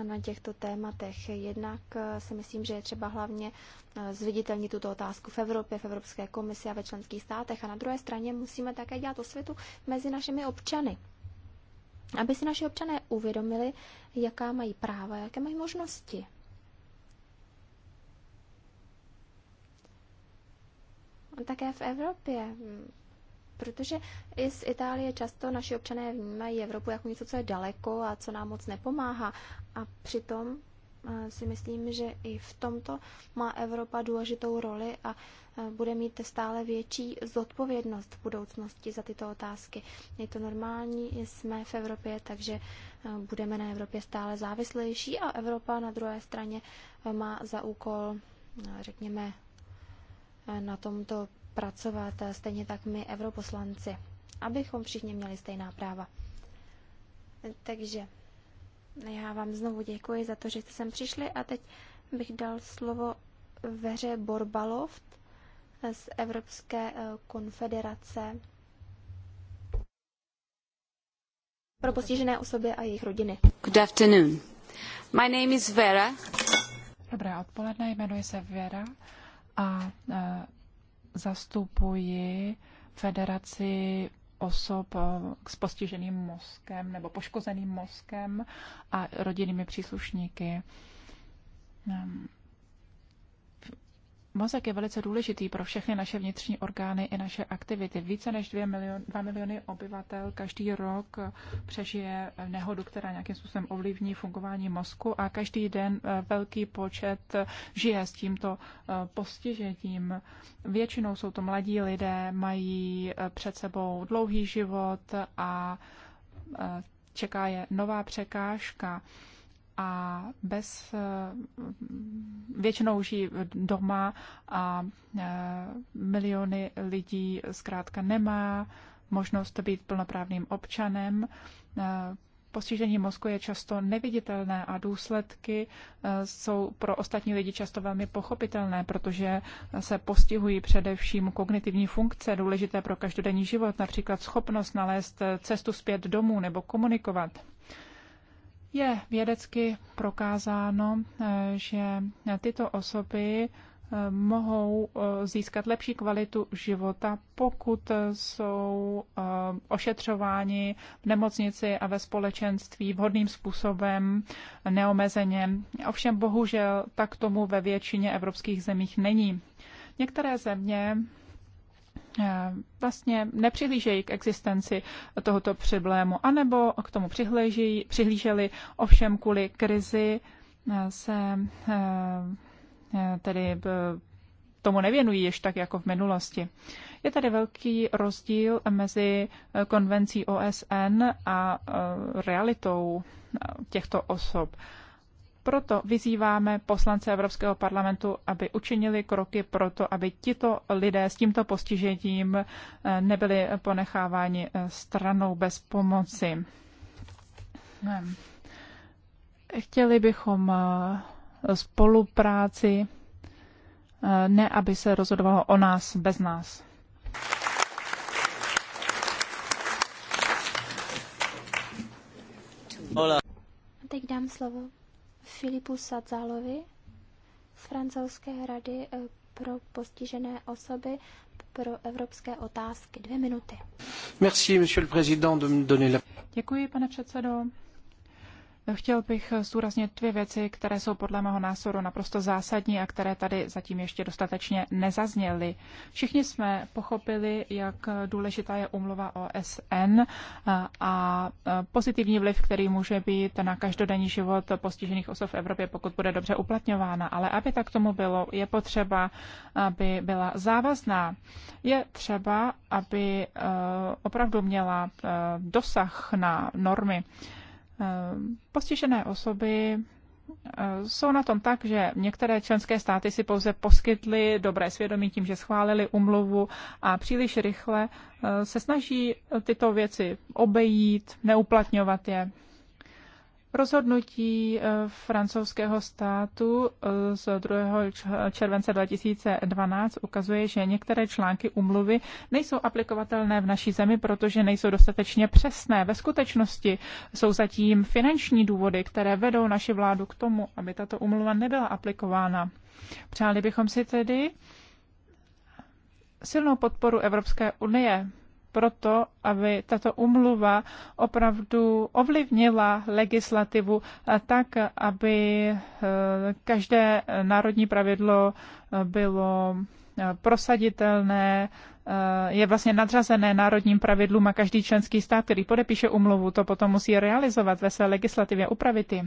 na těchto tématech. Jednak eh, si myslím, že je třeba hlavně eh, zviditelnit tuto otázku v Evropě, v Evropské komisi a ve členských státech. A na druhé straně musíme také dělat osvětu mezi našimi občany. Aby si naši občané uvědomili, jaká mají práva, jaké mají možnosti. Také v Evropě hm, Protože i z Itálie často naši občané vnímají Evropu jako něco, co je daleko a co nám moc nepomáhá. A přitom eh, si myslím, že i v tomto má Evropa důležitou roli a eh, bude mít stále větší zodpovědnost v budoucnosti za tyto otázky. Je to normální, jsme v Evropě, takže eh, budeme na Evropě stále závislejší a Evropa na druhé straně má za úkol, řekněme, na tomto pracovat, eh, stejně tak my, europoslanci, abychom všichni měli stejná práva. Takže já vám znovu děkuji za to, že jste sem přišli a teď bych dal slovo Veře Borbalovt z Evropské eh, konfederace pro postižené osoby a jejich rodiny. Good afternoon. My name is Vera. Dobré odpoledne, jmenuji se Vera a eh, zastupuji Federaci osob eh, s postiženým mozkem nebo poškozeným mozkem a rodinnými příslušníky. Ehm, Mozek je velice důležitý pro všechny naše vnitřní orgány i naše aktivity. Více než 2 miliony, 2 miliony obyvatel každý rok přežije nehodu, která nějakým způsobem ovlivní fungování mozku a každý den eh, velký počet eh, žije s tímto eh, postižením. Většinou jsou to mladí lidé, mají před sebou dlouhý život a čeká je nová překážka a bez eh, většinou žijí doma a eh, miliony lidí zkrátka nemá možnost být plnoprávným občanem. Eh, postižení mozku je často neviditelné a důsledky jsou pro ostatní lidi často velmi pochopitelné, protože se postihují především kognitivní funkce důležité pro každodenní život, například schopnost nalézt cestu zpět domů nebo komunikovat. Je vědecky prokázáno, eh, že tyto osoby eh, mohou eh, získat lepší kvalitu života, pokud jsou ošetřováni v nemocnici a ve společenství vhodným způsobem, neomezeně. Ovšem bohužel tak tomu ve většině evropských zemích není. Některé země Eh, vlastně nepřihlížejí k existenci tohoto problému, anebo k tomu přihlížejí, přihlíželi, ovšem kvůli krizi eh, se eh, tedy tomu nevěnují ještě tak jako v minulosti. Je tady velký rozdíl mezi konvencí OSN a realitou těchto osob. Proto vyzýváme poslance Evropského parlamentu, aby učinili kroky pro to, aby tito lidé s tímto postižením eh, nebyli ponecháváni eh, stranou bez pomoci. Eh, chtěli bychom spolupráci, ne aby se rozhodovalo o nás bez nás. Hola. Teď dám slovo Filipu Sadzalovi, francouzské rady eh, pro postižené osoby pro evropské otázky. Dvě minuty. Merci, monsieur le président, de me donner la... Děkuji, pane předsedo, Chtěl bych zúraznit dvě věci, které jsou podle mého názoru naprosto zásadní a které tady zatím ještě dostatečně nezazněly. Všichni jsme pochopili, jak důležitá je umluva OSN a pozitivní vliv, který může být na každodenní život postižených osob v Evropě, pokud bude dobře uplatňována. Ale aby tak tomu bylo, je potřeba, aby byla závazná. Je třeba, aby eh, opravdu měla eh, dosah na normy. Eh, postižené osoby eh, jsou na tom tak, že některé členské státy si pouze poskytly dobré svědomí tím, že schválili umluvu a příliš rychle eh, se snaží tyto věci obejít, neuplatňovat je. Rozhodnutí eh, francouzského státu eh, z 2. července 2012 ukazuje, že některé články umluvy nejsou aplikovatelné v naší zemi, protože nejsou dostatečně přesné. Ve skutečnosti jsou zatím finanční důvody, které vedou naši vládu k tomu, aby tato umluva nebyla aplikována. Přáli bychom si tedy silnou podporu Evropské unie proto, aby tato umluva opravdu ovlivnila legislativu tak, aby eh, každé národní pravidlo eh, bylo eh, prosaditelné, je vlastně nadřazené národním pravidlům a každý členský stát, který podepíše umluvu, to potom musí realizovat ve své legislativě, upravit ji.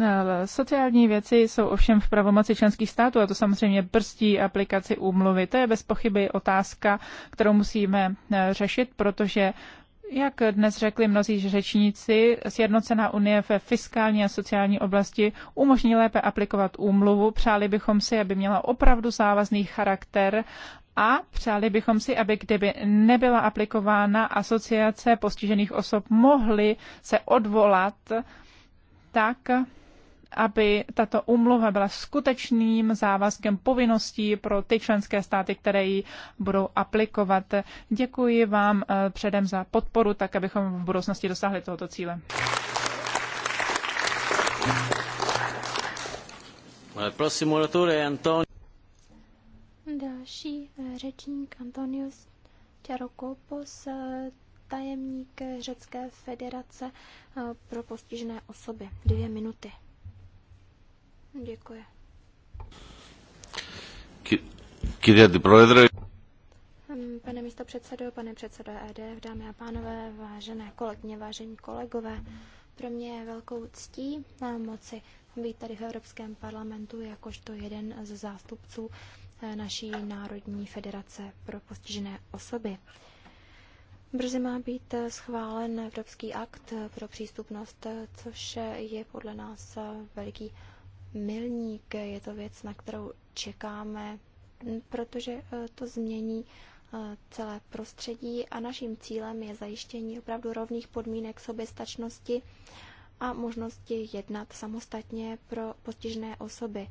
Eh, sociální věci jsou ovšem v pravomoci členských států a to samozřejmě brzdí aplikaci úmluvy. To je bez pochyby otázka, kterou musíme eh, řešit, protože jak dnes řekli mnozí řečníci, sjednocená unie ve fiskální a sociální oblasti umožní lépe aplikovat úmluvu. Přáli bychom si, aby měla opravdu závazný charakter a přáli bychom si, aby kdyby nebyla aplikována asociace postižených osob, mohly se odvolat tak, aby tato umluva byla skutečným závazkem povinností pro ty členské státy, které ji budou aplikovat. Děkuji vám eh, předem za podporu, tak abychom v budoucnosti dosáhli tohoto cíle. Další eh, řečník Antonius Čarokopos, eh, tajemník Řecké federace eh, pro postižené osoby. Dvě minuty. Děkuji. Hm, pane místo předsedo, pane předsedo EDF, dámy a pánové, vážené kolegyně, vážení kolegové, pro mě je velkou ctí na moci být tady v Evropském parlamentu jakožto jeden z zástupců eh, naší Národní federace pro postižené osoby. Brzy má být eh, schválen Evropský akt eh, pro přístupnost, eh, což je podle nás veliký milník. Je to věc, na kterou čekáme, protože to změní celé prostředí a naším cílem je zajištění opravdu rovných podmínek soběstačnosti a možnosti jednat samostatně pro postižené osoby.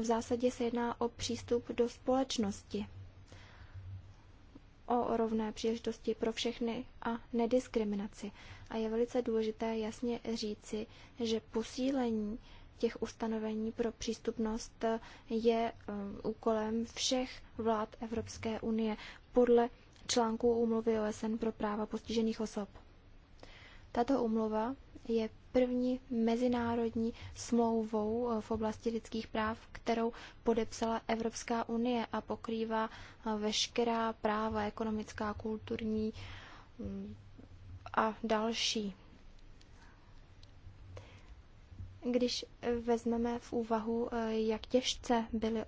V zásadě se jedná o přístup do společnosti o rovné příležitosti pro všechny a nediskriminaci. A je velice důležité jasně říci, že posílení těch ustanovení pro přístupnost je eh, úkolem všech vlád Evropské unie podle článku úmluvy OSN pro práva postižených osob. Tato úmluva je první mezinárodní smlouvou eh, v oblasti lidských práv, kterou podepsala Evropská unie a pokrývá eh, veškerá práva ekonomická, kulturní mm, a další. Když eh, vezmeme v úvahu, jak těžce byly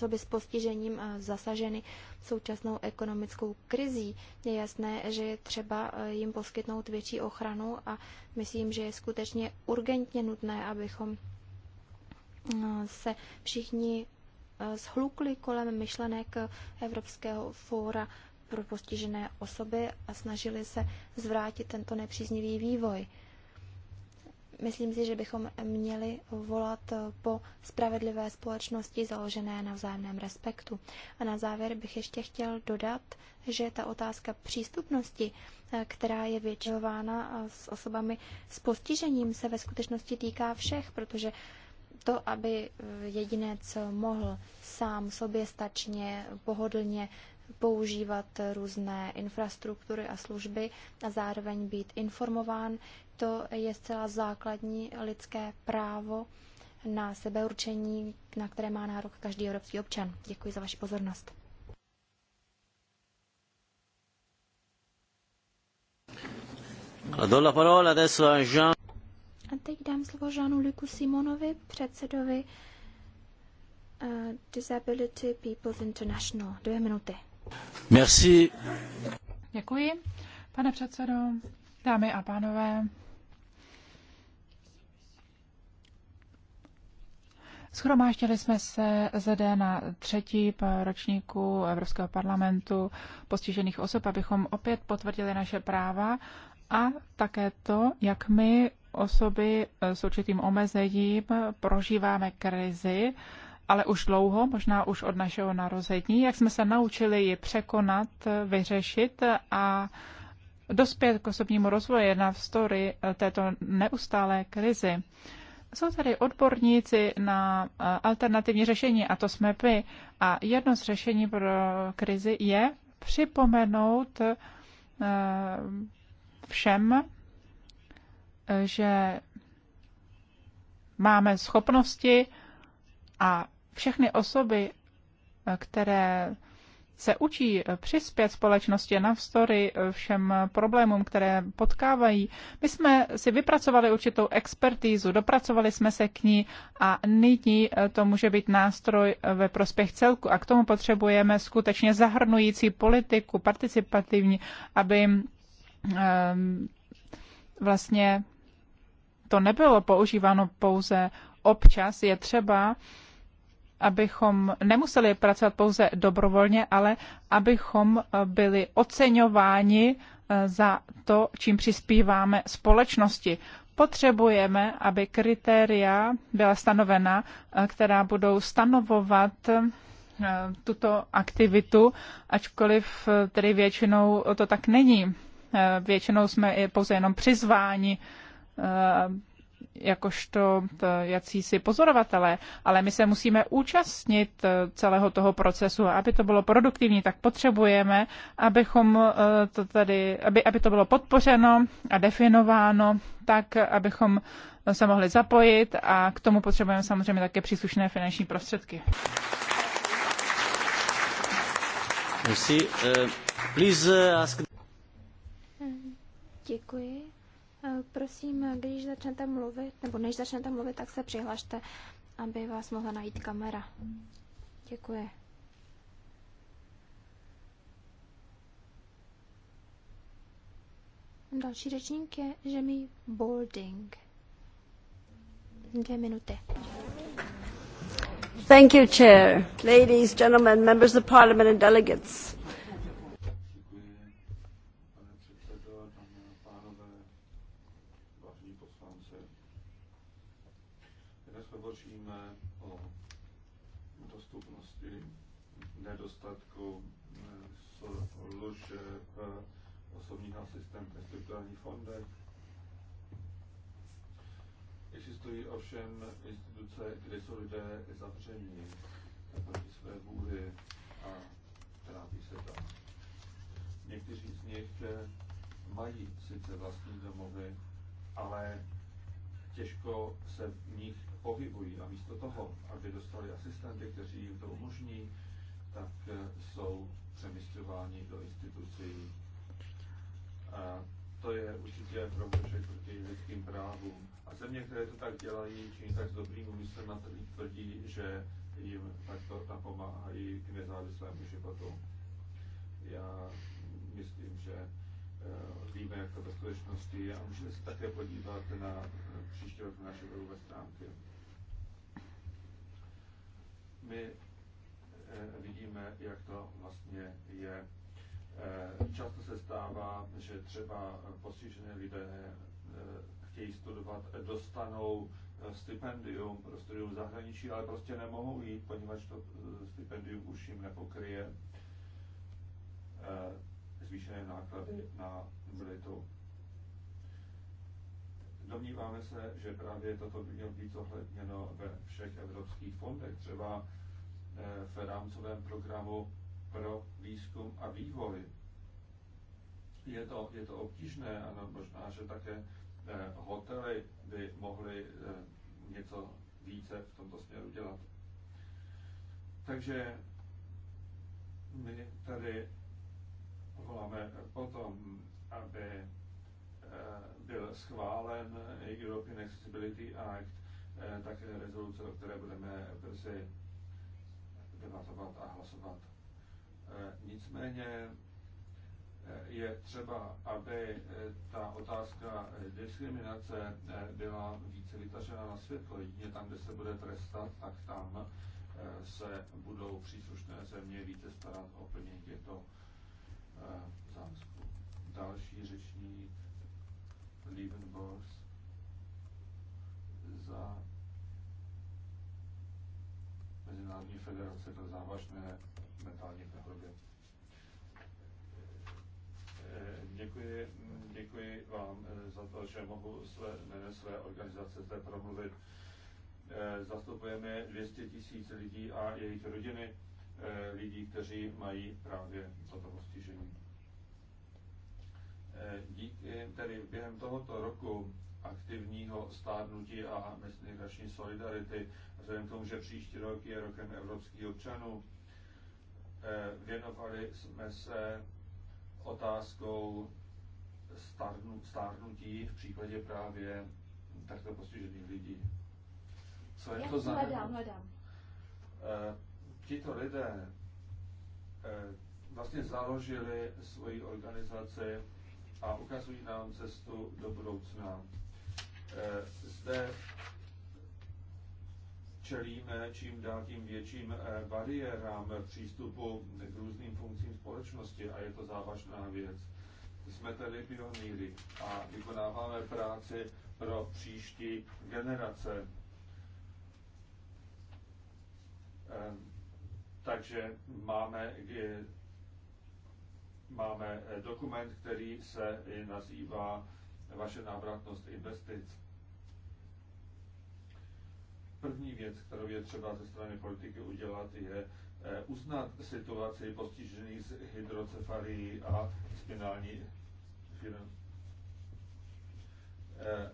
osoby s postižením eh, zasaženy současnou ekonomickou krizí. Je jasné, že je třeba eh, jim poskytnout větší ochranu a myslím, že je skutečně urgentně nutné, abychom eh, se všichni zhlukli kolem myšlenek Evropského fóra pro postižené osoby a snažili se zvrátit tento nepříznivý vývoj. Myslím si, že bychom měli volat eh, po spravedlivé společnosti založené na vzájemném respektu. A na závěr bych ještě chtěl dodat, že ta otázka přístupnosti, eh, která je většinována eh, s osobami s postižením, se ve skutečnosti týká všech, protože to, aby jedinec mohl sám sobě stačně, pohodlně používat různé infrastruktury a služby a zároveň být informován, to je zcela základní lidské právo na sebeurčení, na které má nárok každý evropský občan. Děkuji za vaši pozornost. A teď dám slovo Žánu Luku Simonovi, předsedovi uh, Disability People's International. Dvě minuty. Merci. Děkuji, pane předsedo, dámy a pánové. Schromáždili jsme se zde na třetí ročníku Evropského parlamentu postižených osob, abychom opět potvrdili naše práva a také to, jak my osoby s určitým omezením prožíváme krizi, ale už dlouho, možná už od našeho narození, jak jsme se naučili ji překonat, vyřešit a dospět k osobnímu rozvoji na vstory této neustálé krizi. Jsou tady odborníci na eh, alternativní řešení, a to jsme my. A jedno z řešení pro krizi je připomenout eh, všem, že máme schopnosti a všechny osoby, eh, které se učí eh, přispět společnosti navzdory eh, všem eh, problémům, které potkávají. My jsme si vypracovali určitou expertízu, dopracovali jsme se k ní a nyní to může být nástroj ve prospěch celku. A k tomu potřebujeme skutečně zahrnující politiku, participativní, aby ehm, vlastně to nebylo používáno pouze občas. Je třeba abychom nemuseli pracovat pouze dobrovolně, ale abychom eh, byli oceňováni eh, za to, čím přispíváme společnosti. Potřebujeme, aby kritéria byla stanovena, eh, která budou stanovovat tuto aktivitu, ačkoliv tedy většinou to tak není. Většinou jsme pouze jenom přizváni jakožto eh, si pozorovatelé, ale my se musíme účastnit eh, celého toho procesu. Aby to bylo produktivní, tak potřebujeme, abychom eh, to tady, aby, aby to bylo podpořeno a definováno tak, abychom se mohli zapojit a k tomu potřebujeme samozřejmě také příslušné finanční prostředky. Děkuji. Eh, prosím, když začnete mluvit, nebo než začnete mluvit, tak se přihlašte, aby vás mohla najít kamera. Děkuji. Další řečník je Jimmy Bolding. Dvě minuty. Thank you, Chair. Ladies, gentlemen, members of parliament and delegates. existují ovšem instituce, kde jsou lidé zavření proti své vůli a trápí se tam. Někteří z nich eh, mají sice vlastní domovy, ale těžko se v nich pohybují a místo toho, aby dostali asistenty, kteří jim to umožní, tak eh, jsou přemysťováni do institucí. A to je určitě pro proti lidským právům. A země, které to tak dělají, činí tak s dobrým úmyslem na tvrdí, že jim takto napomáhají k nezávislému životu. Já myslím, že eh, víme, jak to ve skutečnosti je a můžete se také podívat na eh, příští rok naše webové stránky. My eh, vidíme, jak to vlastně je. Často se stává, že třeba postižené lidé chtějí studovat, dostanou eh, stipendium pro studium v zahraničí, ale prostě nemohou jít, poněvadž to eh, stipendium už jim nepokryje eh, zvýšené náklady na mobilitu. Domníváme se, že právě toto by mělo být zohledněno ve všech evropských fondech, třeba v rámcovém programu pro výzkum a vývoj. Je to, je to obtížné, ano, možná, že také Eh, hotely by mohly eh, něco více v tomto směru dělat. Takže my tady voláme potom, aby eh, byl schválen European Accessibility Act, také rezoluce, o které budeme brzy debatovat a hlasovat. Nicméně je třeba, aby eh, ta otázka eh, diskriminace eh, byla více vytažena na světlo. Jedině tam, kde se bude trestat, tak tam se budou příslušné země více starat o plnění těchto závazků. Další řečník Bors, za Mezinárodní federace pro závažné mentální choroby. Eh, děkuji, děkuji vám eh, za to, že mohu své, jménem své organizace zde promluvit. Eh, zastupujeme 200 tisíc lidí a jejich rodiny, lidí, kteří mají právě toto postižení. Díky, tedy během tohoto roku aktivního stárnutí a mezinárodní solidarity, vzhledem k tomu, že příští rok je rokem evropských občanů, věnovali jsme se otázkou stárnu, stárnutí v případě právě takto postižených lidí. Co je Já to za hledám, hledám. Eh, tito lidé eh, vlastně založili svoji organizaci a ukazují nám cestu do budoucna. Eh, zde čelíme čím dál tím větším eh, bariérám přístupu k různým funkcím společnosti a je to závažná věc. Jsme tedy pionýry a vykonáváme práci pro příští generace. Ehm, takže máme, máme eh, dokument, který se nazývá Vaše návratnost investic První věc, kterou je třeba ze strany politiky udělat, je eh, uznat situaci postižených z hydrocefalií a spinální firm. Eh,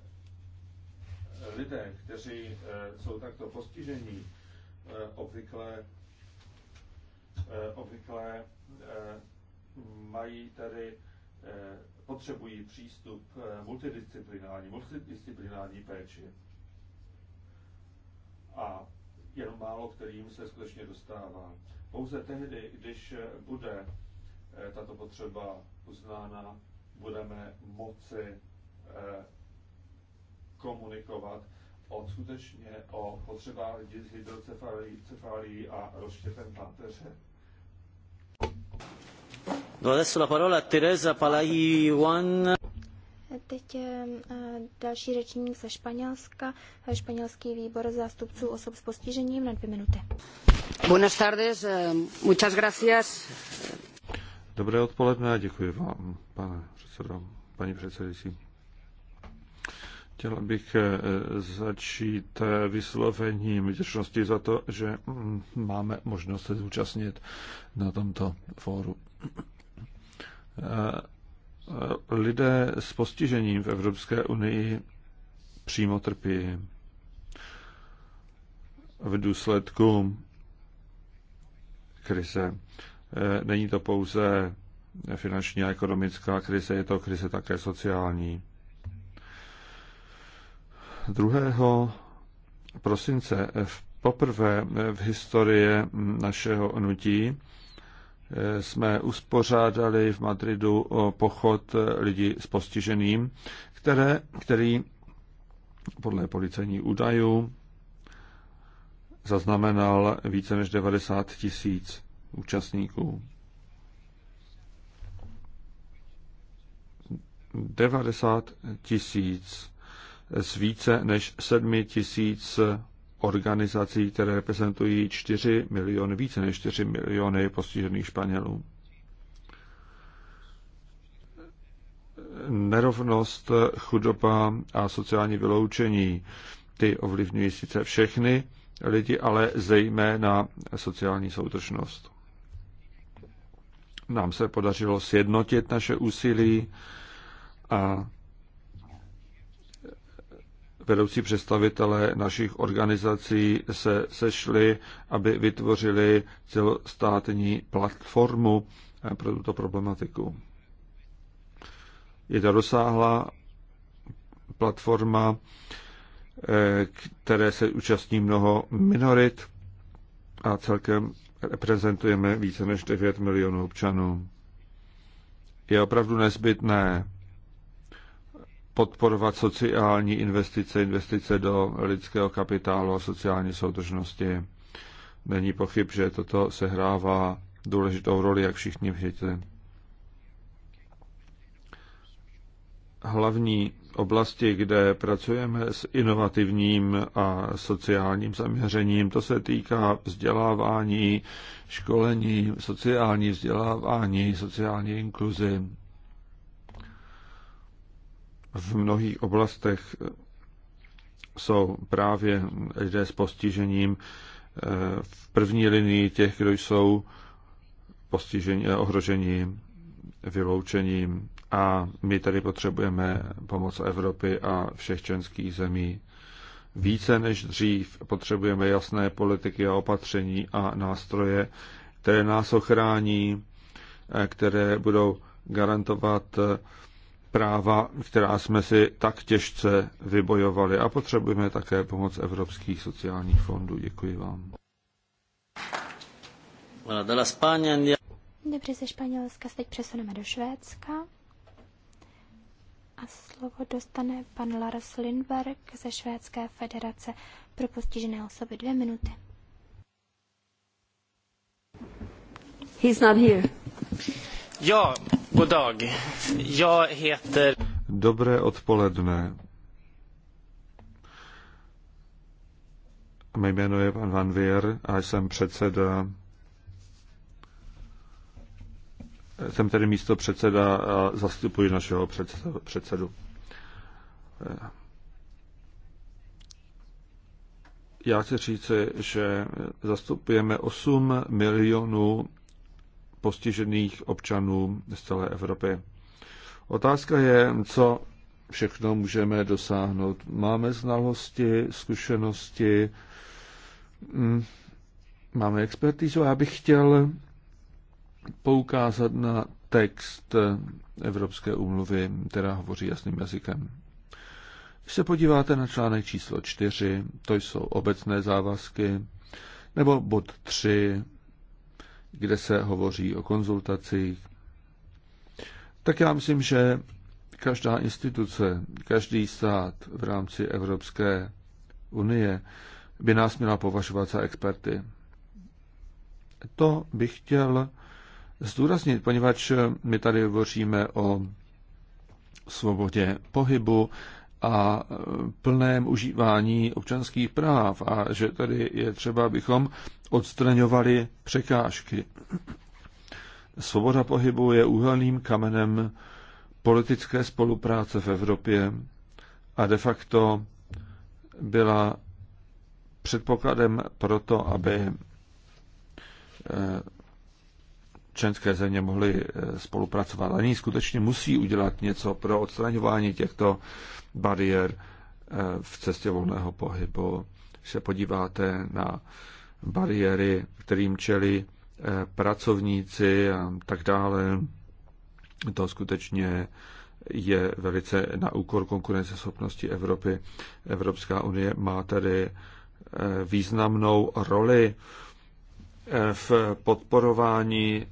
lidé, kteří eh, jsou takto postižení, obvykle, obvykle mají tady potřebují přístup multidisciplinární, multidisciplinární péči a jenom málo kterým se skutečně dostává. Pouze tehdy, když bude eh, tato potřeba uznána, budeme moci eh, komunikovat o skutečně o potřebách lidí s hydrocefálií a rozštěpem páteře. Do no, adesso la parola a Teresa Palaiwan. Teď eh, další řečník ze Španělska, španělský výbor zástupců osob s postižením na dvě minuty. Buenas tardes, eh, muchas gracias. Dobré odpoledne, děkuji vám, pane předsedo, paní předsedající. Chtěl bych eh, začít vyslovením vděčnosti za to, že hm, máme možnost se zúčastnit na tomto fóru lidé s postižením v Evropské unii přímo trpí v důsledku krize. Není to pouze finanční a ekonomická krize, je to krize také sociální. 2. prosince v poprvé v historii našeho hnutí jsme uspořádali v Madridu o pochod lidí s postiženým, které, který podle policejních údajů zaznamenal více než 90 tisíc účastníků. 90 tisíc z více než 7 tisíc organizací, které reprezentují 4 miliony, více než 4 miliony postižených Španělů. Nerovnost, chudoba a sociální vyloučení, ty ovlivňují sice všechny lidi, ale zejména sociální soudržnost. Nám se podařilo sjednotit naše úsilí a vedoucí představitelé našich organizací se sešli, aby vytvořili celostátní platformu eh, pro tuto problematiku. Je to rozsáhlá platforma, eh, které se účastní mnoho minorit a celkem reprezentujeme více než 9 milionů občanů. Je opravdu nezbytné podporovat sociální investice, investice do lidského kapitálu a sociální soudržnosti. Není pochyb, že toto sehrává důležitou roli, jak všichni vědíte. Hlavní oblasti, kde pracujeme s inovativním a sociálním zaměřením, to se týká vzdělávání, školení, sociální vzdělávání, sociální inkluzi, v mnohých oblastech jsou právě lidé s postižením eh, v první linii těch, kdo jsou postižení, eh, ohrožení vyloučením. A my tady potřebujeme pomoc Evropy a všech členských zemí. Více než dřív potřebujeme jasné politiky a opatření a nástroje, které nás ochrání, eh, které budou garantovat práva, která jsme si tak těžce vybojovali a potřebujeme také pomoc evropských sociálních fondů. Děkuji vám. Dobře, ze Španělska se teď přesuneme do Švédska. A slovo dostane pan Lars Lindberg ze Švédské federace pro postižené osoby. Dvě minuty. He's not here. Jo, God dag. Jag heter... Dobré odpoledne. Mé jméno je Van Van Vier a jsem předseda jsem tedy místo předseda a zastupuji našeho předsedu. Já chci říci, že zastupujeme 8 milionů postižených občanů z celé Evropy. Otázka je, co všechno můžeme dosáhnout. Máme znalosti, zkušenosti, mm, máme expertizu. Já bych chtěl poukázat na text Evropské úmluvy, která hovoří jasným jazykem. Když se podíváte na článek číslo 4, to jsou obecné závazky, nebo bod 3, kde se hovoří o konzultacích. Tak já myslím, že každá instituce, každý stát v rámci Evropské unie by nás měla považovat za experty. To bych chtěl zdůraznit, poněvadž my tady hovoříme o svobodě pohybu, a e, plném užívání občanských práv a že tady je třeba, abychom odstraňovali překážky. Svoboda pohybu je úhelným kamenem politické spolupráce v Evropě a de facto byla předpokladem pro to, aby e, členské země mohly eh, spolupracovat. Ani skutečně musí udělat něco pro odstraňování těchto bariér eh, v cestě volného pohybu. Když se podíváte na bariéry, kterým čelí eh, pracovníci a tak dále, to skutečně je velice na úkor konkurenceschopnosti Evropy. Evropská unie má tedy významnou roli v podporování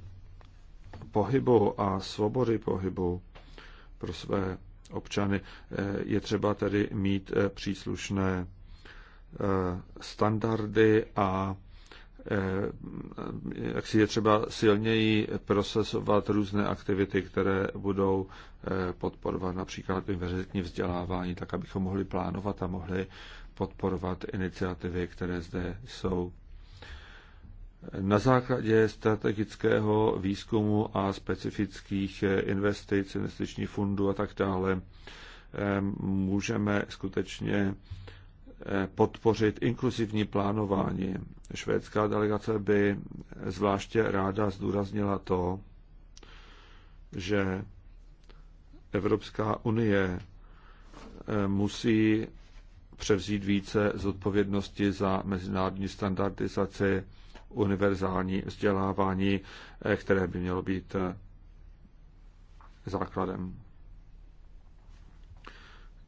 pohybu a svobody pohybu pro své občany eh, je třeba tedy mít eh, příslušné eh, standardy a jak si je třeba silněji procesovat různé aktivity, které budou podporovat například univerzitní vzdělávání, tak abychom mohli plánovat a mohli podporovat iniciativy, které zde jsou. Na základě strategického výzkumu a specifických investic, investičních fundů a tak dále, eh, můžeme skutečně eh, podpořit inkluzivní plánování. Švédská delegace by zvláště ráda zdůraznila to, že Evropská unie eh, musí převzít více zodpovědnosti za mezinárodní standardizaci univerzální vzdělávání, eh, které by mělo být eh, základem.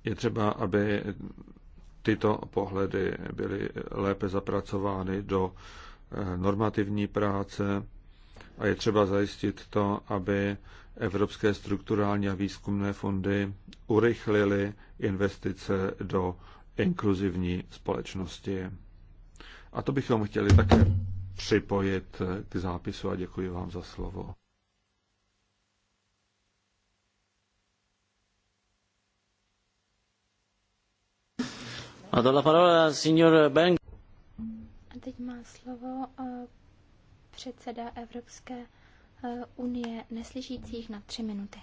Je třeba, aby tyto pohledy byly lépe zapracovány do eh, normativní práce a je třeba zajistit to, aby evropské strukturální a výzkumné fondy urychlily investice do inkluzivní společnosti. A to bychom chtěli také připojit eh, k zápisu a děkuji vám za slovo. A la teď má slovo eh, předseda Evropské eh, unie neslyšících na tři minuty.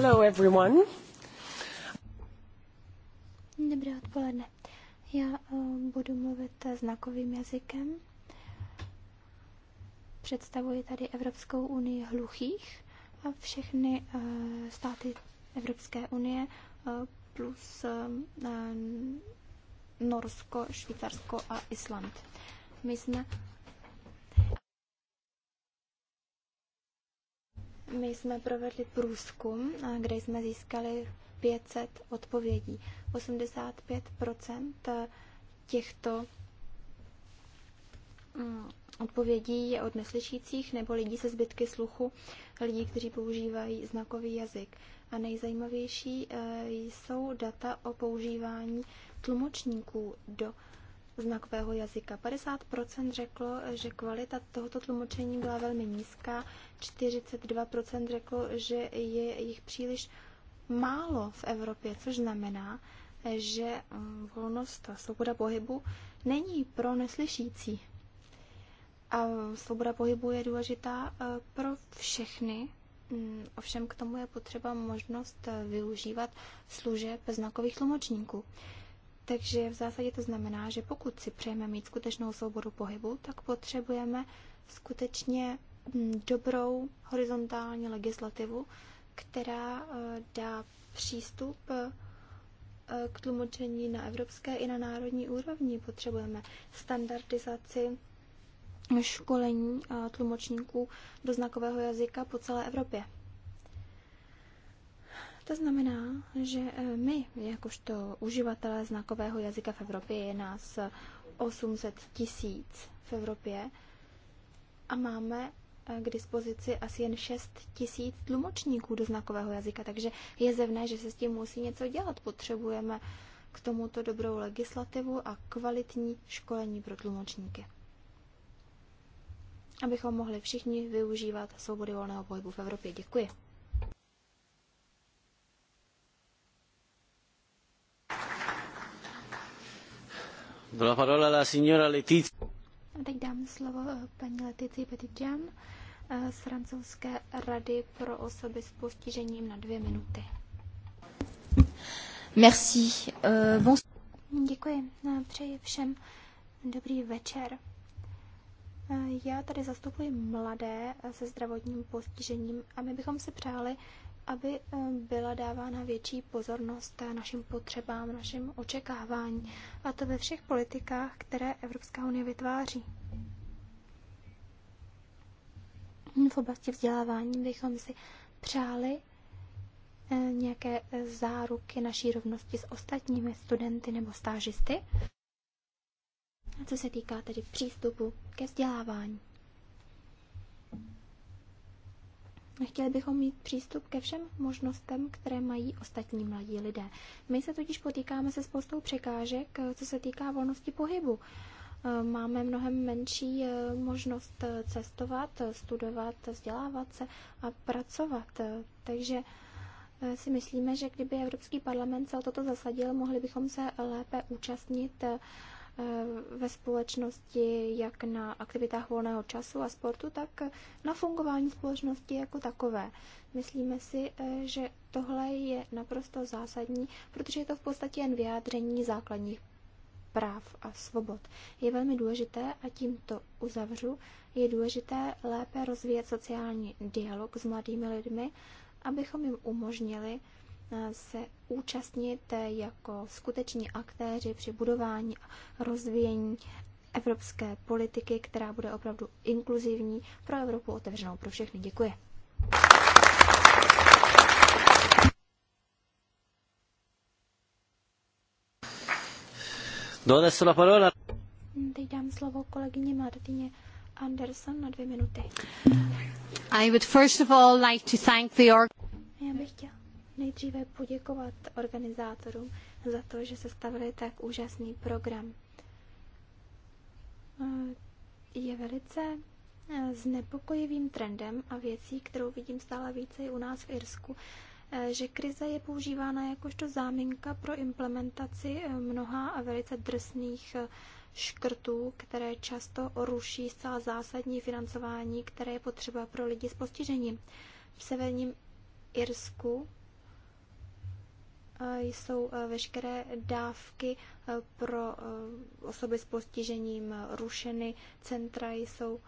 Hello everyone. Dobré odpoledne. Já uh, budu mluvit znakovým jazykem. Představuji tady Evropskou unii hluchých a všechny uh, státy Evropské unie uh, plus Norsko, Švýcarsko a Island. My jsme My jsme provedli průzkum, kde jsme získali 500 odpovědí. 85 těchto mm, odpovědí je od neslyšících nebo lidí se zbytky sluchu, lidí, kteří používají znakový jazyk. A nejzajímavější e, jsou data o používání tlumočníků do znakového jazyka. 50% řeklo, že kvalita tohoto tlumočení byla velmi nízká, 42% řeklo, že je jich příliš málo v Evropě, což znamená, že mm, volnost a svoboda pohybu není pro neslyšící. A svoboda pohybu je důležitá e, pro všechny, mm, ovšem k tomu je potřeba možnost e, využívat služeb znakových tlumočníků. Takže v zásadě to znamená, že pokud si přejeme mít skutečnou svobodu pohybu, tak potřebujeme skutečně mm, dobrou horizontální legislativu, která eh, dá přístup eh, k tlumočení na evropské i na národní úrovni. Potřebujeme standardizaci školení eh, tlumočníků do znakového jazyka po celé Evropě. To znamená, že eh, my, jakožto uživatelé znakového jazyka v Evropě, je nás 800 tisíc v Evropě a máme eh, k dispozici asi jen 6 tisíc tlumočníků do znakového jazyka, takže je zevné, že se s tím musí něco dělat. Potřebujeme k tomuto dobrou legislativu a kvalitní školení pro tlumočníky. Abychom mohli všichni využívat svobody volného pohybu v Evropě. Děkuji. La parola la signora Letizia. Teď dám slovo eh, paní Letici Petitjan eh, z francouzské rady pro osoby s postižením na dvě minuty. Merci. Uh, eh, bon... Děkuji. Přeji všem dobrý večer. Já tady zastupuji mladé se zdravotním postižením a my bychom si přáli aby eh, byla dávána větší pozornost eh, našim potřebám, našim očekávání, a to ve všech politikách, které Evropská unie vytváří. V oblasti vzdělávání bychom si přáli eh, nějaké záruky naší rovnosti s ostatními studenty nebo stážisty. Co se týká tedy přístupu ke vzdělávání. Chtěli bychom mít přístup ke všem možnostem, které mají ostatní mladí lidé. My se totiž potýkáme se spoustou překážek, eh, co se týká volnosti pohybu. Eh, máme mnohem menší eh, možnost cestovat, studovat, vzdělávat se a pracovat. Takže si myslíme, že kdyby Evropský parlament se o toto zasadil, mohli bychom se lépe účastnit ve společnosti, jak na aktivitách volného času a sportu, tak na fungování společnosti jako takové. Myslíme si, eh, že tohle je naprosto zásadní, protože je to v podstatě jen vyjádření základních práv a svobod. Je velmi důležité, a tím to uzavřu, je důležité lépe rozvíjet sociální dialog s mladými lidmi, abychom jim umožnili se účastnit jako skuteční aktéři při budování a rozvíjení evropské politiky, která bude opravdu inkluzivní pro Evropu otevřenou pro všechny. Děkuji. Teď dám slovo kolegyně Martině Anderson na dvě minuty. I would first of all like to thank the org- Já bych chtěla nejdříve poděkovat organizátorům za to, že se stavili tak úžasný program. Eh, je velice eh, znepokojivým trendem a věcí, kterou vidím stále více i u nás v Irsku, eh, že krize je používána jakožto záminka pro implementaci mnoha a velice drsných škrtů, které často ruší zcela zásadní financování, které je potřeba pro lidi s postižením. V severním Irsku jsou eh, veškeré dávky eh, pro eh, osoby s postižením rušeny, centra jsou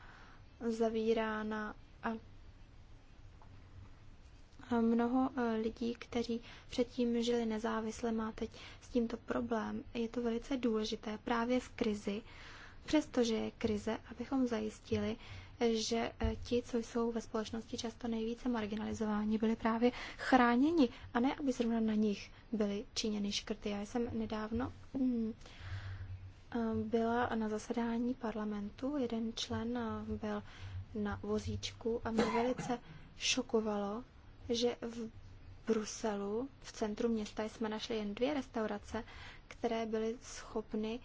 zavírána a mnoho lidí, kteří předtím žili nezávisle, má teď s tímto problém. Je to velice důležité právě v krizi, přestože je krize, abychom zajistili, že ti, co jsou ve společnosti často nejvíce marginalizováni, byli právě chráněni a ne, aby zrovna na nich byly činěny škrty. Já jsem nedávno mm, eh, byla na zasedání parlamentu, jeden člen eh, byl na vozíčku a mě velice šokovalo, že v Bruselu, v centru města, jsme našli jen dvě restaurace, které byly schopny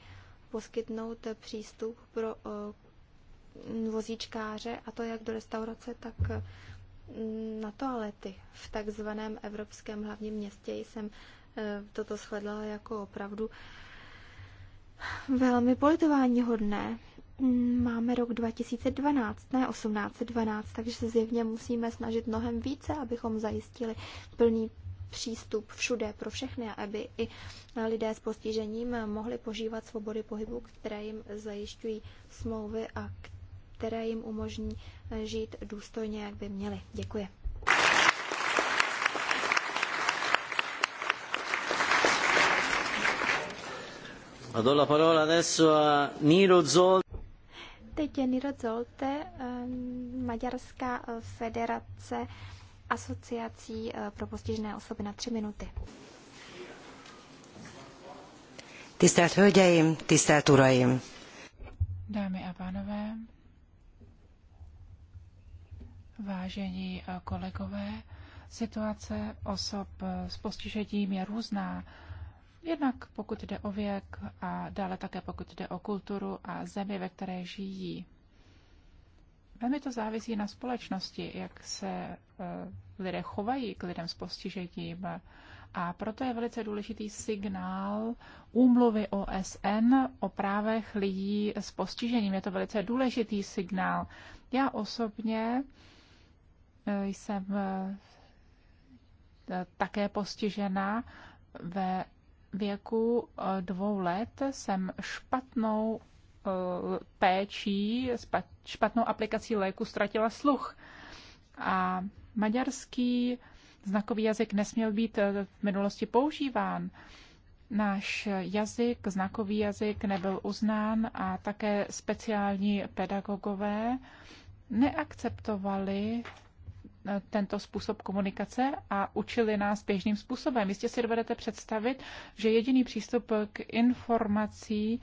poskytnout přístup pro eh, vozíčkáře, a to jak do restaurace, tak na toalety v takzvaném evropském hlavním městě jsem eh, toto shledala jako opravdu velmi politováníhodné. Máme rok 2012, ne 1812, takže se zjevně musíme snažit mnohem více, abychom zajistili plný přístup všude pro všechny, aby i lidé s postižením mohli požívat svobody pohybu, které jim zajišťují smlouvy a které které jim umožní eh, žít důstojně, jak by měli. Děkuji. Teď je Niro Zolte, ehm, Maďarská eh, federace asociací eh, pro postižené osoby na tři minuty. Tisztelt Hölgyeim, tisztelt Uraim! Dámy a pánové, Vážení eh, kolegové, situace osob eh, s postižením je různá. Jednak pokud jde o věk a dále také pokud jde o kulturu a zemi, ve které žijí. Velmi to závisí na společnosti, jak se eh, lidé chovají k lidem s postižením. A proto je velice důležitý signál úmluvy OSN o právech lidí s postižením. Je to velice důležitý signál. Já osobně jsem eh, také postižena ve věku eh, dvou let jsem špatnou eh, péčí, špatnou aplikací léku ztratila sluch. A maďarský znakový jazyk nesměl být v minulosti používán. Náš jazyk, znakový jazyk nebyl uznán a také speciální pedagogové neakceptovali tento způsob komunikace a učili nás běžným způsobem. Jistě si dovedete představit, že jediný přístup k informacím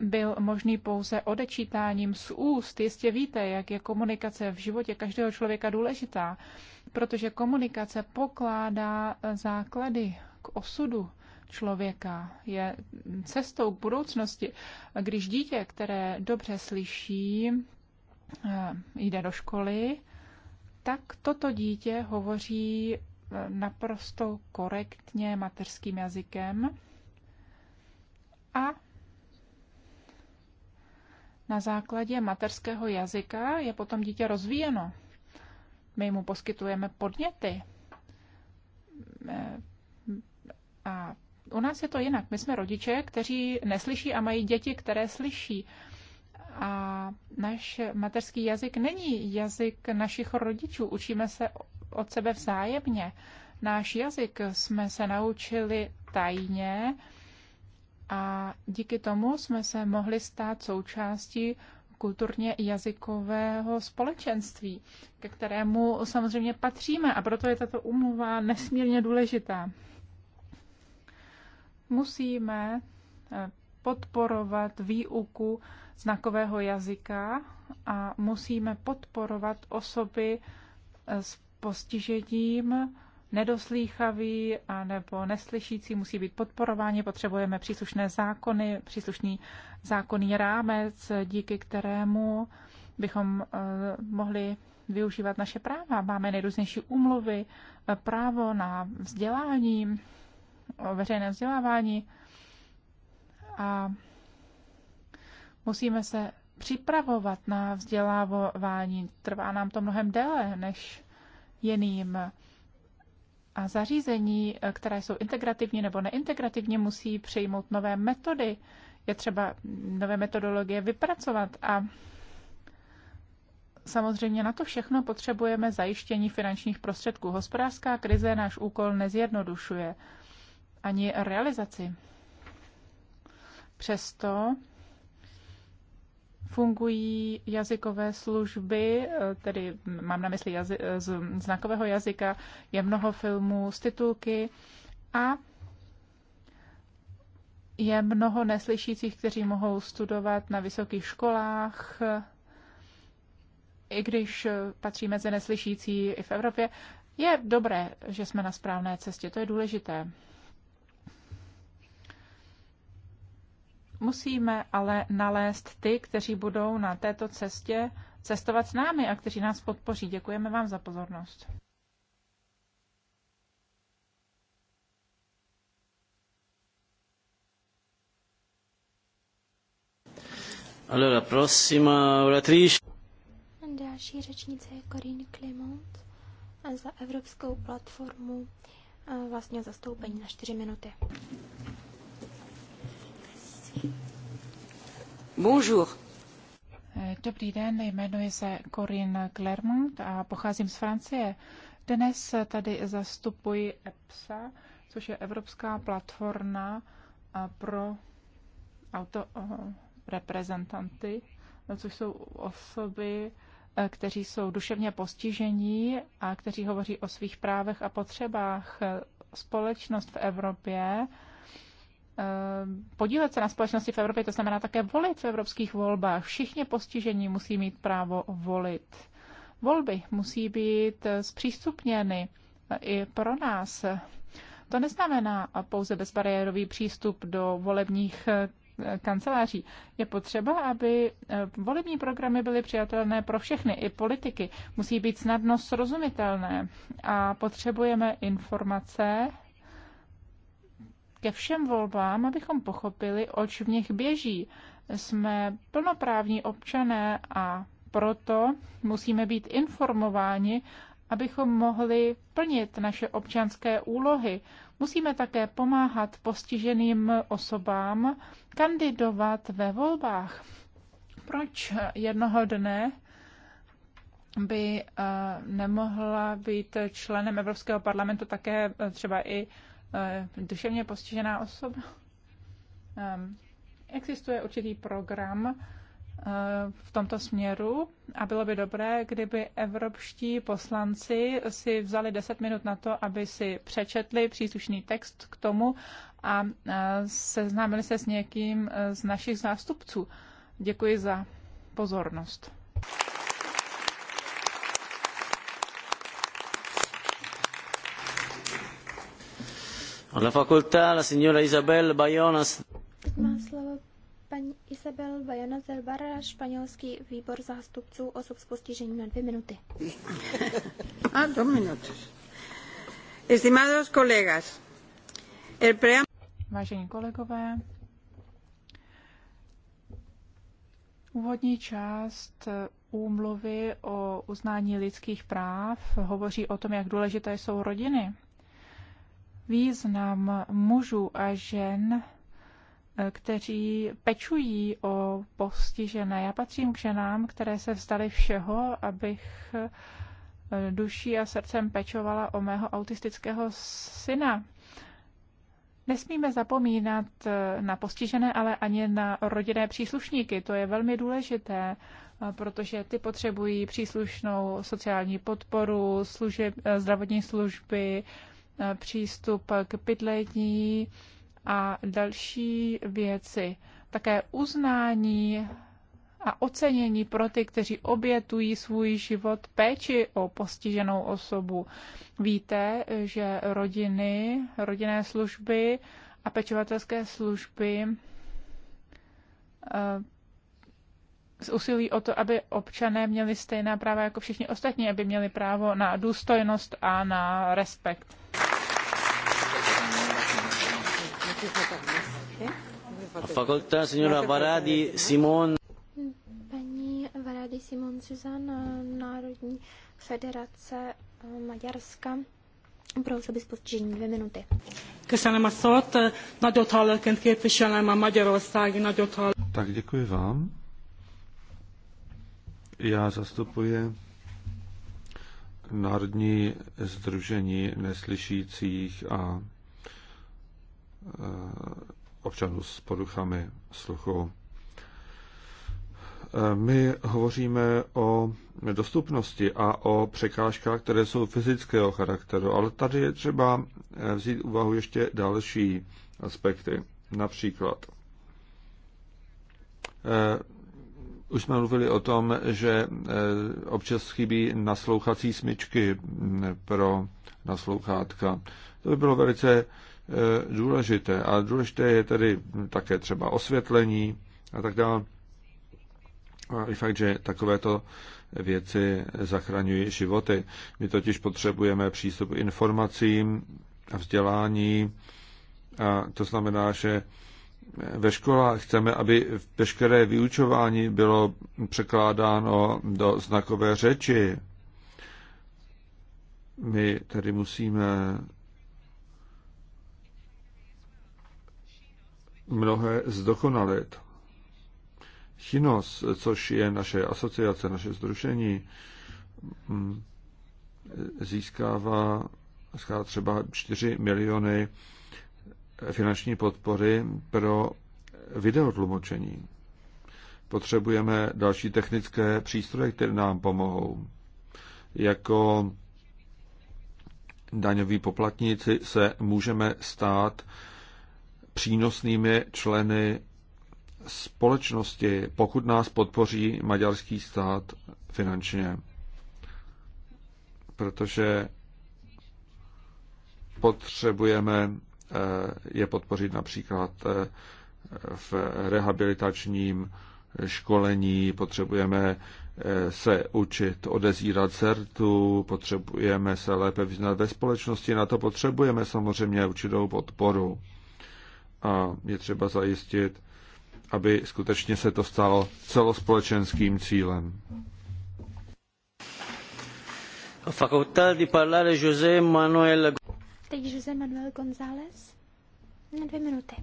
byl možný pouze odečítáním z úst. Jistě víte, jak je komunikace v životě každého člověka důležitá, protože komunikace pokládá základy k osudu člověka, je cestou k budoucnosti. Když dítě, které dobře slyší, eh, jde do školy, tak toto dítě hovoří eh, naprosto korektně mateřským jazykem a na základě mateřského jazyka je potom dítě rozvíjeno. My mu poskytujeme podněty. Eh, a u nás je to jinak. My jsme rodiče, kteří neslyší a mají děti, které slyší. A náš mateřský jazyk není jazyk našich rodičů. Učíme se od sebe vzájemně. Náš jazyk jsme se naučili tajně a díky tomu jsme se mohli stát součástí kulturně jazykového společenství, ke kterému samozřejmě patříme a proto je tato umluva nesmírně důležitá. Musíme eh, podporovat výuku znakového jazyka a musíme podporovat osoby eh, s postižením, nedoslýchavý a nebo neslyšící musí být podporováni. Potřebujeme příslušné zákony, příslušný zákonný rámec, díky kterému bychom eh, mohli využívat naše práva. Máme nejrůznější úmluvy, eh, právo na vzdělání, veřejné vzdělávání, a musíme se připravovat na vzdělávání. Trvá nám to mnohem déle než jiným. A zařízení, která jsou integrativní nebo neintegrativní, musí přijmout nové metody. Je třeba nové metodologie vypracovat a Samozřejmě na to všechno potřebujeme zajištění finančních prostředků. Hospodářská krize náš úkol nezjednodušuje ani realizaci Přesto fungují jazykové služby, eh, tedy mám na mysli jazy, eh, z znakového jazyka, je mnoho filmů z titulky a je mnoho neslyšících, kteří mohou studovat na vysokých školách, i když eh, patří mezi neslyšící i v Evropě. Je dobré, že jsme na správné cestě, to je důležité. Musíme ale nalézt ty, kteří budou na této cestě cestovat s námi a kteří nás podpoří. Děkujeme vám za pozornost. Allora, prossima oratrice. Další řečnice je Corinne Clement za Evropskou platformu vlastně zastoupení na 4 minuty. Bonjour. Dobrý den, jmenuji se Corinne Clermont a pocházím z Francie. Dnes tady zastupuji EPSA, což je Evropská platforma pro auto reprezentanty, no, což jsou osoby, e, kteří jsou duševně postižení a kteří hovoří o svých právech a potřebách. Společnost v Evropě Eh, podílet se na společnosti v Evropě, to znamená také volit v evropských volbách. Všichni postižení musí mít právo volit. Volby musí být eh, zpřístupněny eh, i pro nás. To neznamená pouze bezbariérový přístup do volebních kanceláří. Je potřeba, aby volební programy byly přijatelné pro všechny, i politiky. Musí být snadno srozumitelné a potřebujeme informace ke všem volbám, abychom pochopili, oč v nich běží. Jsme plnoprávní občané a proto musíme být informováni, abychom mohli plnit naše občanské úlohy. Musíme také pomáhat postiženým osobám kandidovat ve volbách. Proč jednoho dne by eh, nemohla být členem Evropského parlamentu také eh, třeba i Eh, duševně postižená osoba. Ehm, existuje určitý program eh, v tomto směru a bylo by dobré, kdyby evropští poslanci si vzali 10 minut na to, aby si přečetli příslušný text k tomu a eh, seznámili se s někým z našich zástupců. Děkuji za pozornost. La facoltà la signora Isabel Bayonas. Má slovo paní Isabel Bayonas Zerbara, španělský výbor zástupců osob s postižením na dvě minuty. A ah, dos minutos. Estimados colegas, el pream... Vážení kolegové, Úvodní část úmluvy o uznání lidských práv hovoří o tom, jak důležité jsou rodiny význam mužů a žen, eh, kteří pečují o postižené. Já patřím k ženám, které se vzdali všeho, abych eh, duší a srdcem pečovala o mého autistického syna. Nesmíme zapomínat eh, na postižené, ale ani na rodinné příslušníky. To je velmi důležité, protože ty potřebují příslušnou sociální podporu, služeb, zdravotní služby, Eh, přístup k bydlení a další věci. Také uznání a ocenění pro ty, kteří obětují svůj život péči o postiženou osobu. Víte, že rodiny, rodinné služby a pečovatelské služby eh, usilují o to, aby občané měli stejná práva jako všichni ostatní, aby měli právo na důstojnost a na respekt. Fakulta signora Varadi Simon. Paní Varadi Simon Suzan, Národní federace eh, Maďarska. Pro osoby s dvě minuty. Köszönöm a szót. Nagyot hallóként képviselem a Magyarországi nagyot hall... Tak děkuji vám. Já zastupuji Národní združení neslyšících a Eh, občanů s poruchami sluchu. Eh, my hovoříme o dostupnosti a o překážkách, které jsou fyzického charakteru, ale tady je třeba eh, vzít úvahu ještě další aspekty. Například, už jsme mluvili o tom, že občas chybí naslouchací smyčky mm, pro naslouchátka. To by bylo velice Eh, důležité. A důležité je tedy také třeba osvětlení a tak dále. A i fakt, že takovéto věci zachraňují životy. My totiž potřebujeme přístup k informacím a vzdělání. A to znamená, že ve školách chceme, aby veškeré vyučování bylo překládáno do znakové řeči. My tedy musíme mnohé zdokonalit. Chinos, což je naše asociace, naše združení, mm, získává třeba 4 miliony finanční podpory pro videotlumočení. Potřebujeme další technické přístroje, které nám pomohou. Jako daňoví poplatníci se můžeme stát přínosnými členy společnosti, pokud nás podpoří maďarský stát finančně. Protože potřebujeme eh, je podpořit například eh, v rehabilitačním školení, potřebujeme eh, se učit odezírat certu, potřebujeme se lépe vyznat ve společnosti, na to potřebujeme samozřejmě určitou podporu a je třeba zajistit, aby skutečně se to stalo celospolečenským cílem. Facultad di parlare José Manuel. Teď José Manuel González na dvě minuty.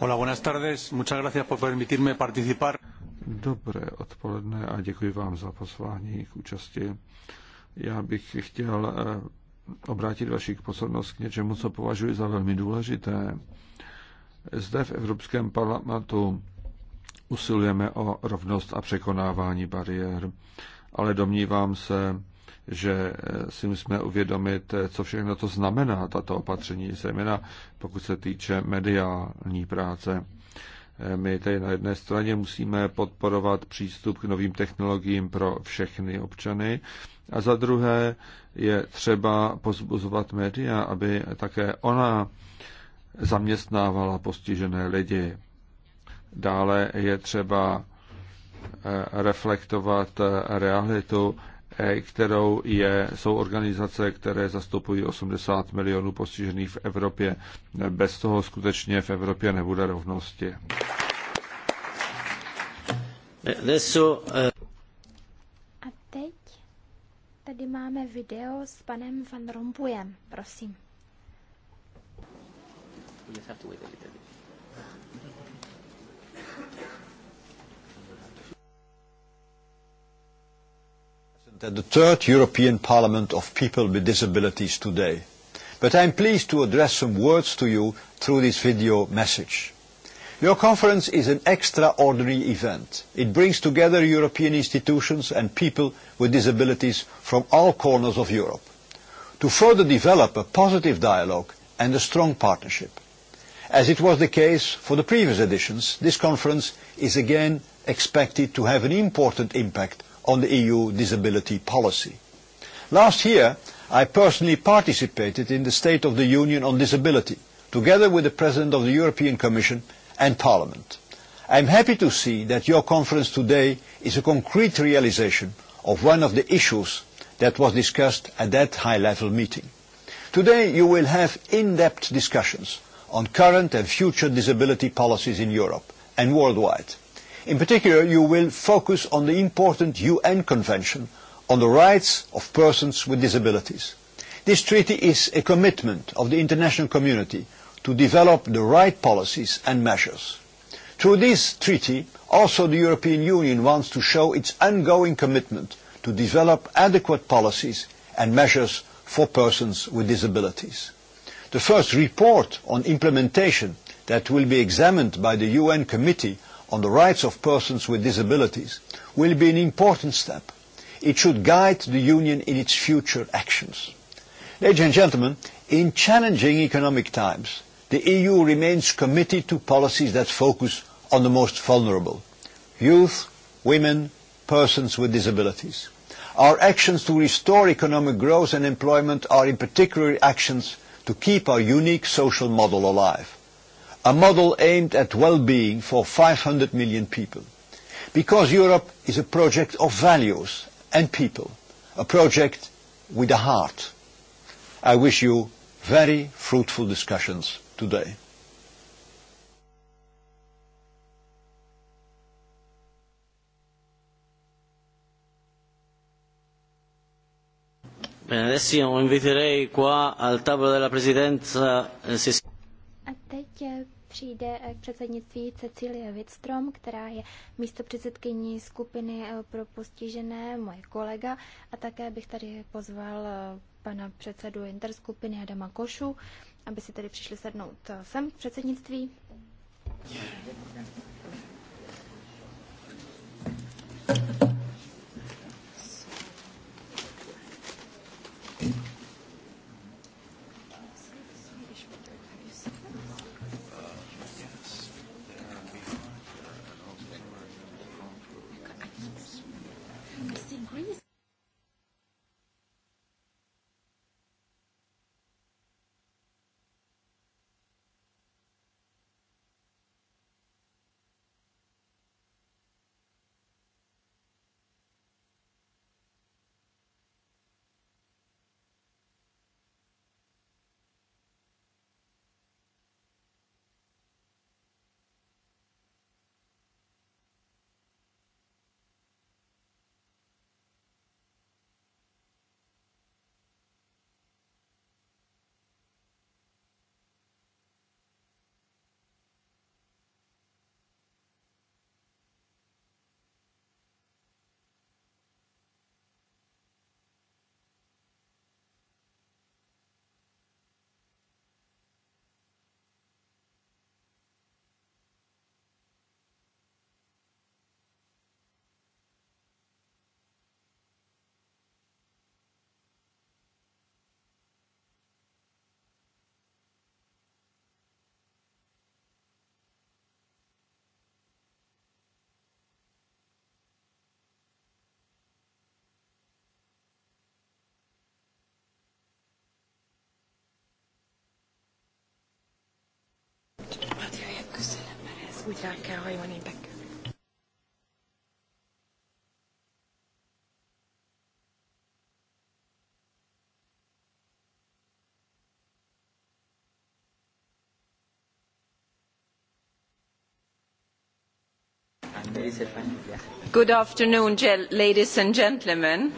Hola, buenas tardes. Muchas gracias por permitirme participar. Dobré odpoledne a děkuji vám za pozvání k účasti. Já bych chtěl eh, obrátit vaši pozornost k něčemu, co považuji za velmi důležité. Zde v Evropském parlamentu usilujeme o rovnost a překonávání bariér, ale domnívám se, že si musíme uvědomit, co všechno to znamená, tato opatření, zejména pokud se týče mediální práce. My tady na jedné straně musíme podporovat přístup k novým technologiím pro všechny občany a za druhé je třeba pozbuzovat média, aby také ona zaměstnávala postižené lidi. Dále je třeba eh, reflektovat eh, realitu, eh, kterou je, jsou organizace, které zastupují 80 milionů postižených v Evropě. Bez toho skutečně v Evropě nebude rovnosti. Adesso, tady máme video s panem Van Rompuyem. Prosím. At the third European Parliament of People with Disabilities today. But I'm pleased to address some words to you through this video message. Your conference is an extraordinary event. It brings together European institutions and people with disabilities from all corners of Europe to further develop a positive dialogue and a strong partnership. As it was the case for the previous editions, this conference is again expected to have an important impact on the EU disability policy. Last year, I personally participated in the State of the Union on Disability, together with the President of the European Commission and Parliament. I am happy to see that your conference today is a concrete realization of one of the issues that was discussed at that high-level meeting. Today you will have in-depth discussions on current and future disability policies in Europe and worldwide. In particular, you will focus on the important UN Convention on the Rights of Persons with Disabilities. This treaty is a commitment of the international community to develop the right policies and measures. Through this treaty, also the European Union wants to show its ongoing commitment to develop adequate policies and measures for persons with disabilities. The first report on implementation that will be examined by the UN Committee on the Rights of Persons with Disabilities will be an important step. It should guide the Union in its future actions. Ladies and gentlemen, in challenging economic times, the EU remains committed to policies that focus on the most vulnerable youth, women, persons with disabilities. Our actions to restore economic growth and employment are in particular actions to keep our unique social model alive, a model aimed at well-being for 500 million people. Because Europe is a project of values and people, a project with a heart. I wish you very fruitful discussions today. Eh, A teď eh, přijde k eh, předsednictví Cecilie Wittstrom, která je místopředsedkyní skupiny pro postižené, moje kolega. A také bych tady pozval pana předsedu interskupiny Adama Košu, aby si tedy přišli sednout sem v předsednictví. وذاك حيواني بك Good afternoon, ladies and gentlemen.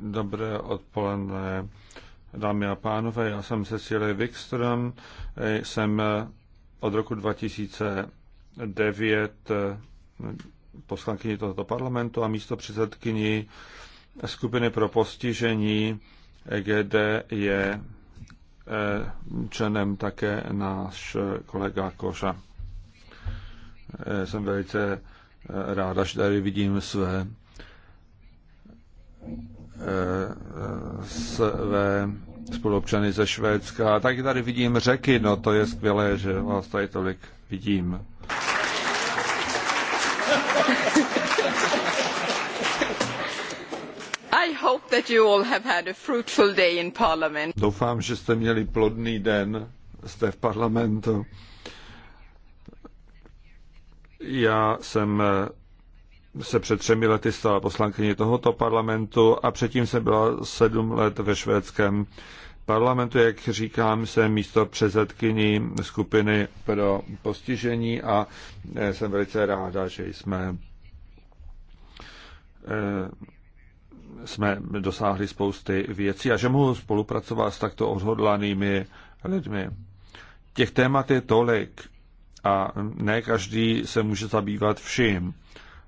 Dobré odpoledne, dámy a pánové. Já jsem Cecilie Wikström, jsem od roku 2009 eh, poslankyni tohoto parlamentu a místo předsedkyni skupiny pro postižení EGD je eh, členem také náš kolega Koša. Eh, jsem velice ráda, že tady vidím své své spolupčany ze Švédska. A taky tady vidím řeky, no to je skvělé, že vás tady tolik vidím. I hope that you all have had a fruitful day in parliament. Doufám, že jste měli plodný den, jste v parlamentu. Já jsem eh, se před třemi lety stala poslankyní tohoto parlamentu a předtím jsem byla sedm let ve švédském parlamentu, jak říkám, jsem místo předsedkyní skupiny pro postižení a eh, jsem velice ráda, že jsme eh, jsme dosáhli spousty věcí a že mohu spolupracovat s takto odhodlanými lidmi. Těch témat je tolik a ne každý se může zabývat vším.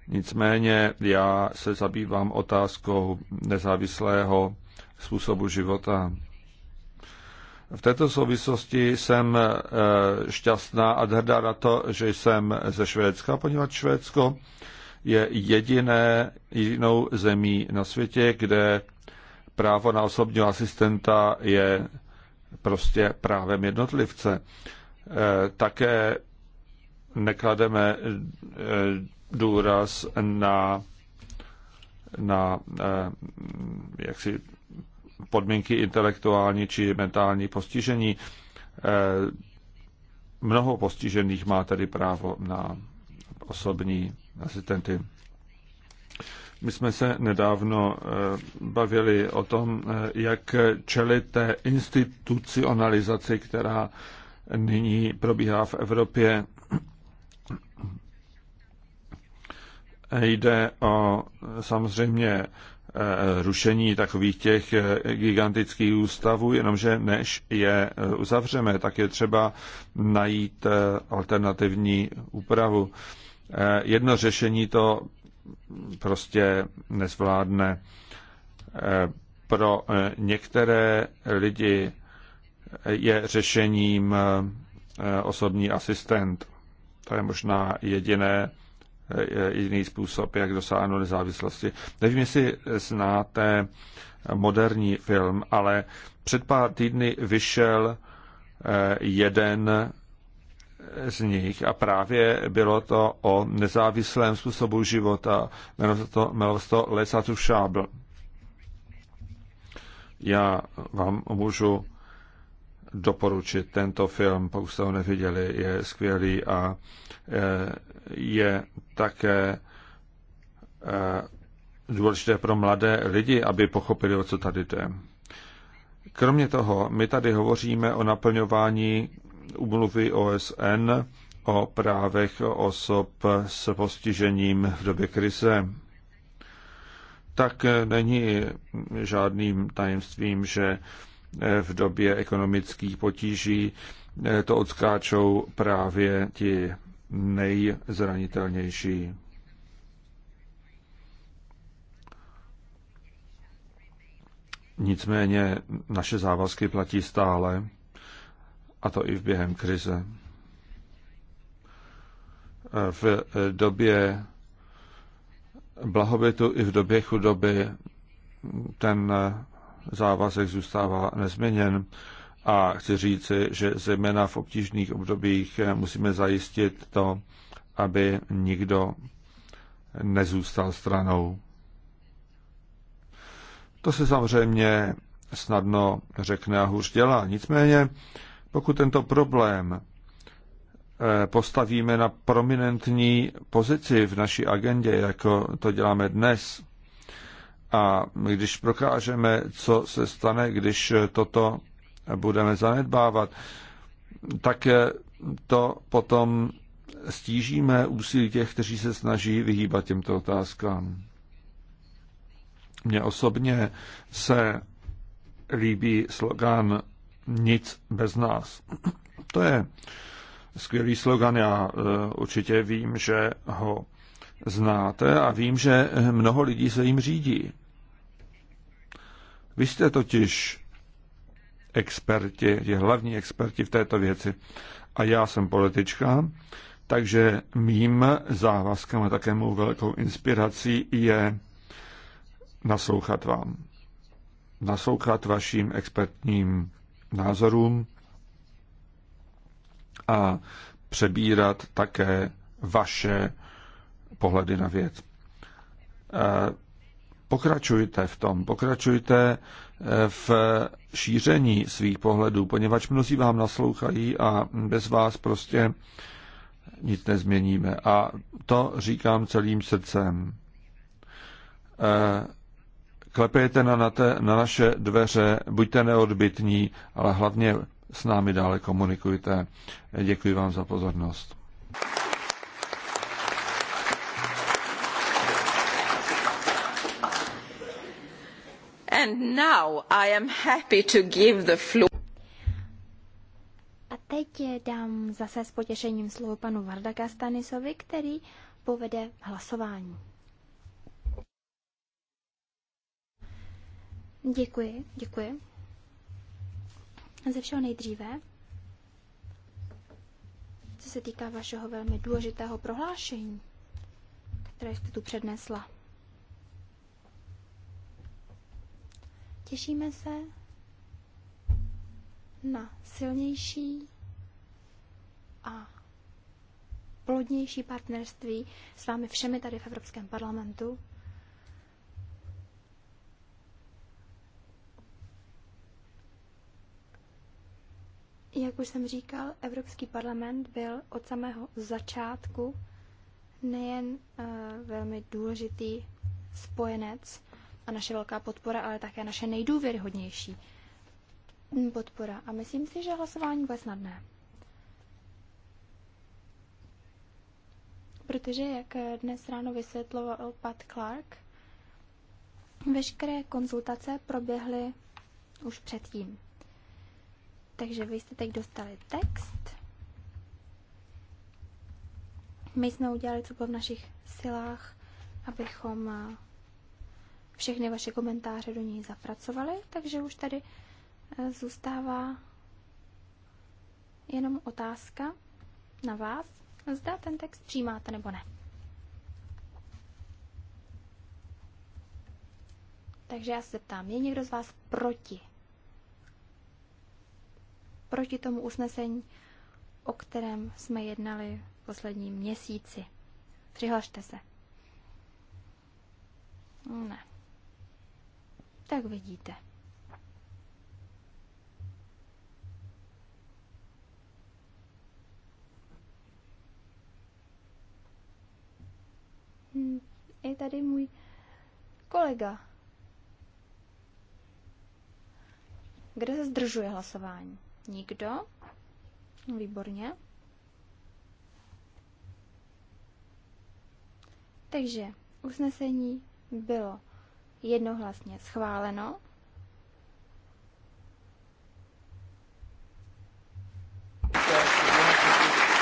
Nicméně já se zabývám otázkou nezávislého způsobu života. V této souvislosti jsem eh, šťastná a hrdá na to, že jsem ze Švédska, poněvadž Švédsko je jediné, jedinou zemí na světě, kde právo na osobního asistenta je prostě právem jednotlivce. Eh, také neklademe eh, důraz na, na eh, jaksi podmínky intelektuální či mentální postižení. Eh, mnoho postižených má tedy právo na osobní asistenty. My jsme se nedávno eh, bavili o tom, jak čelit té institucionalizaci, která nyní probíhá v Evropě Jde o samozřejmě e, rušení takových těch e, gigantických ústavů, jenomže než je e, uzavřeme, tak je třeba najít alternativní úpravu. Jedno řešení to prostě nezvládne. Pro některé lidi je řešením osobní asistent. To je možná jediné jediný způsob, jak dosáhnout nezávislosti. Nevím, jestli znáte moderní film, ale před pár týdny vyšel eh, jeden z nich a právě bylo to o nezávislém způsobu života. Jmenovalo se to Lesatu Šábl. Já vám můžu doporučit tento film, pokud jste ho neviděli, je skvělý a eh, je také eh, důležité pro mladé lidi, aby pochopili, o co tady jde. Kromě toho, my tady hovoříme o naplňování umluvy OSN o právech osob s postižením v době krize. Tak není žádným tajemstvím, že v době ekonomických potíží to odskáčou právě ti nejzranitelnější. Nicméně naše závazky platí stále, a to i v během krize. V době blahobytu i v době chudoby ten závazek zůstává nezměněn. A chci říci, že zejména v obtížných obdobích eh, musíme zajistit to, aby nikdo nezůstal stranou. To se samozřejmě snadno řekne a hůř dělá. Nicméně, pokud tento problém eh, postavíme na prominentní pozici v naší agendě, jako to děláme dnes, a když prokážeme, co se stane, když toto budeme zanedbávat, tak to potom stížíme úsilí těch, kteří se snaží vyhýbat těmto otázkám. Mně osobně se líbí slogan Nic bez nás. To je skvělý slogan, já e, určitě vím, že ho znáte a vím, že mnoho lidí se jim řídí. Vy jste totiž experti, ti hlavní experti v této věci. A já jsem politička, takže mým závazkem a také mou velkou inspirací je naslouchat vám. Naslouchat vašim expertním názorům a přebírat také vaše pohledy na věc pokračujte v tom, pokračujte eh, v šíření svých pohledů, poněvadž mnozí vám naslouchají a bez vás prostě nic nezměníme. A to říkám celým srdcem. Eh, klepejte na, na, te, na naše dveře, buďte neodbitní, ale hlavně s námi dále komunikujte. Děkuji vám za pozornost. A teď dám zase s potěšením slovo panu Vardaka Stanisovi, který povede hlasování. Děkuji, děkuji. Ze všeho nejdříve, co se týká vašeho velmi důležitého prohlášení, které jste tu přednesla. Těšíme se na silnější a plodnější partnerství s vámi všemi tady v Evropském parlamentu. Jak už jsem říkal, Evropský parlament byl od samého začátku nejen uh, velmi důležitý spojenec a naše velká podpora, ale také naše nejdůvěryhodnější podpora. A myslím si, že hlasování bude snadné. Protože, jak dnes ráno vysvětloval Pat Clark, veškeré konzultace proběhly už předtím. Takže vy jste teď dostali text. My jsme udělali, co bylo v našich silách, abychom všechny vaše komentáře do něj zapracovali, takže už tady eh, zůstává jenom otázka na vás, zda ten text přijímáte nebo ne. Takže já se zeptám, je někdo z vás proti? Proti tomu usnesení, o kterém jsme jednali v posledním měsíci. Přihlašte se. Ne tak vidíte. Hmm, je tady můj kolega. Kde se zdržuje hlasování? Nikdo? Výborně. Takže usnesení bylo Jednohlasně schváleno.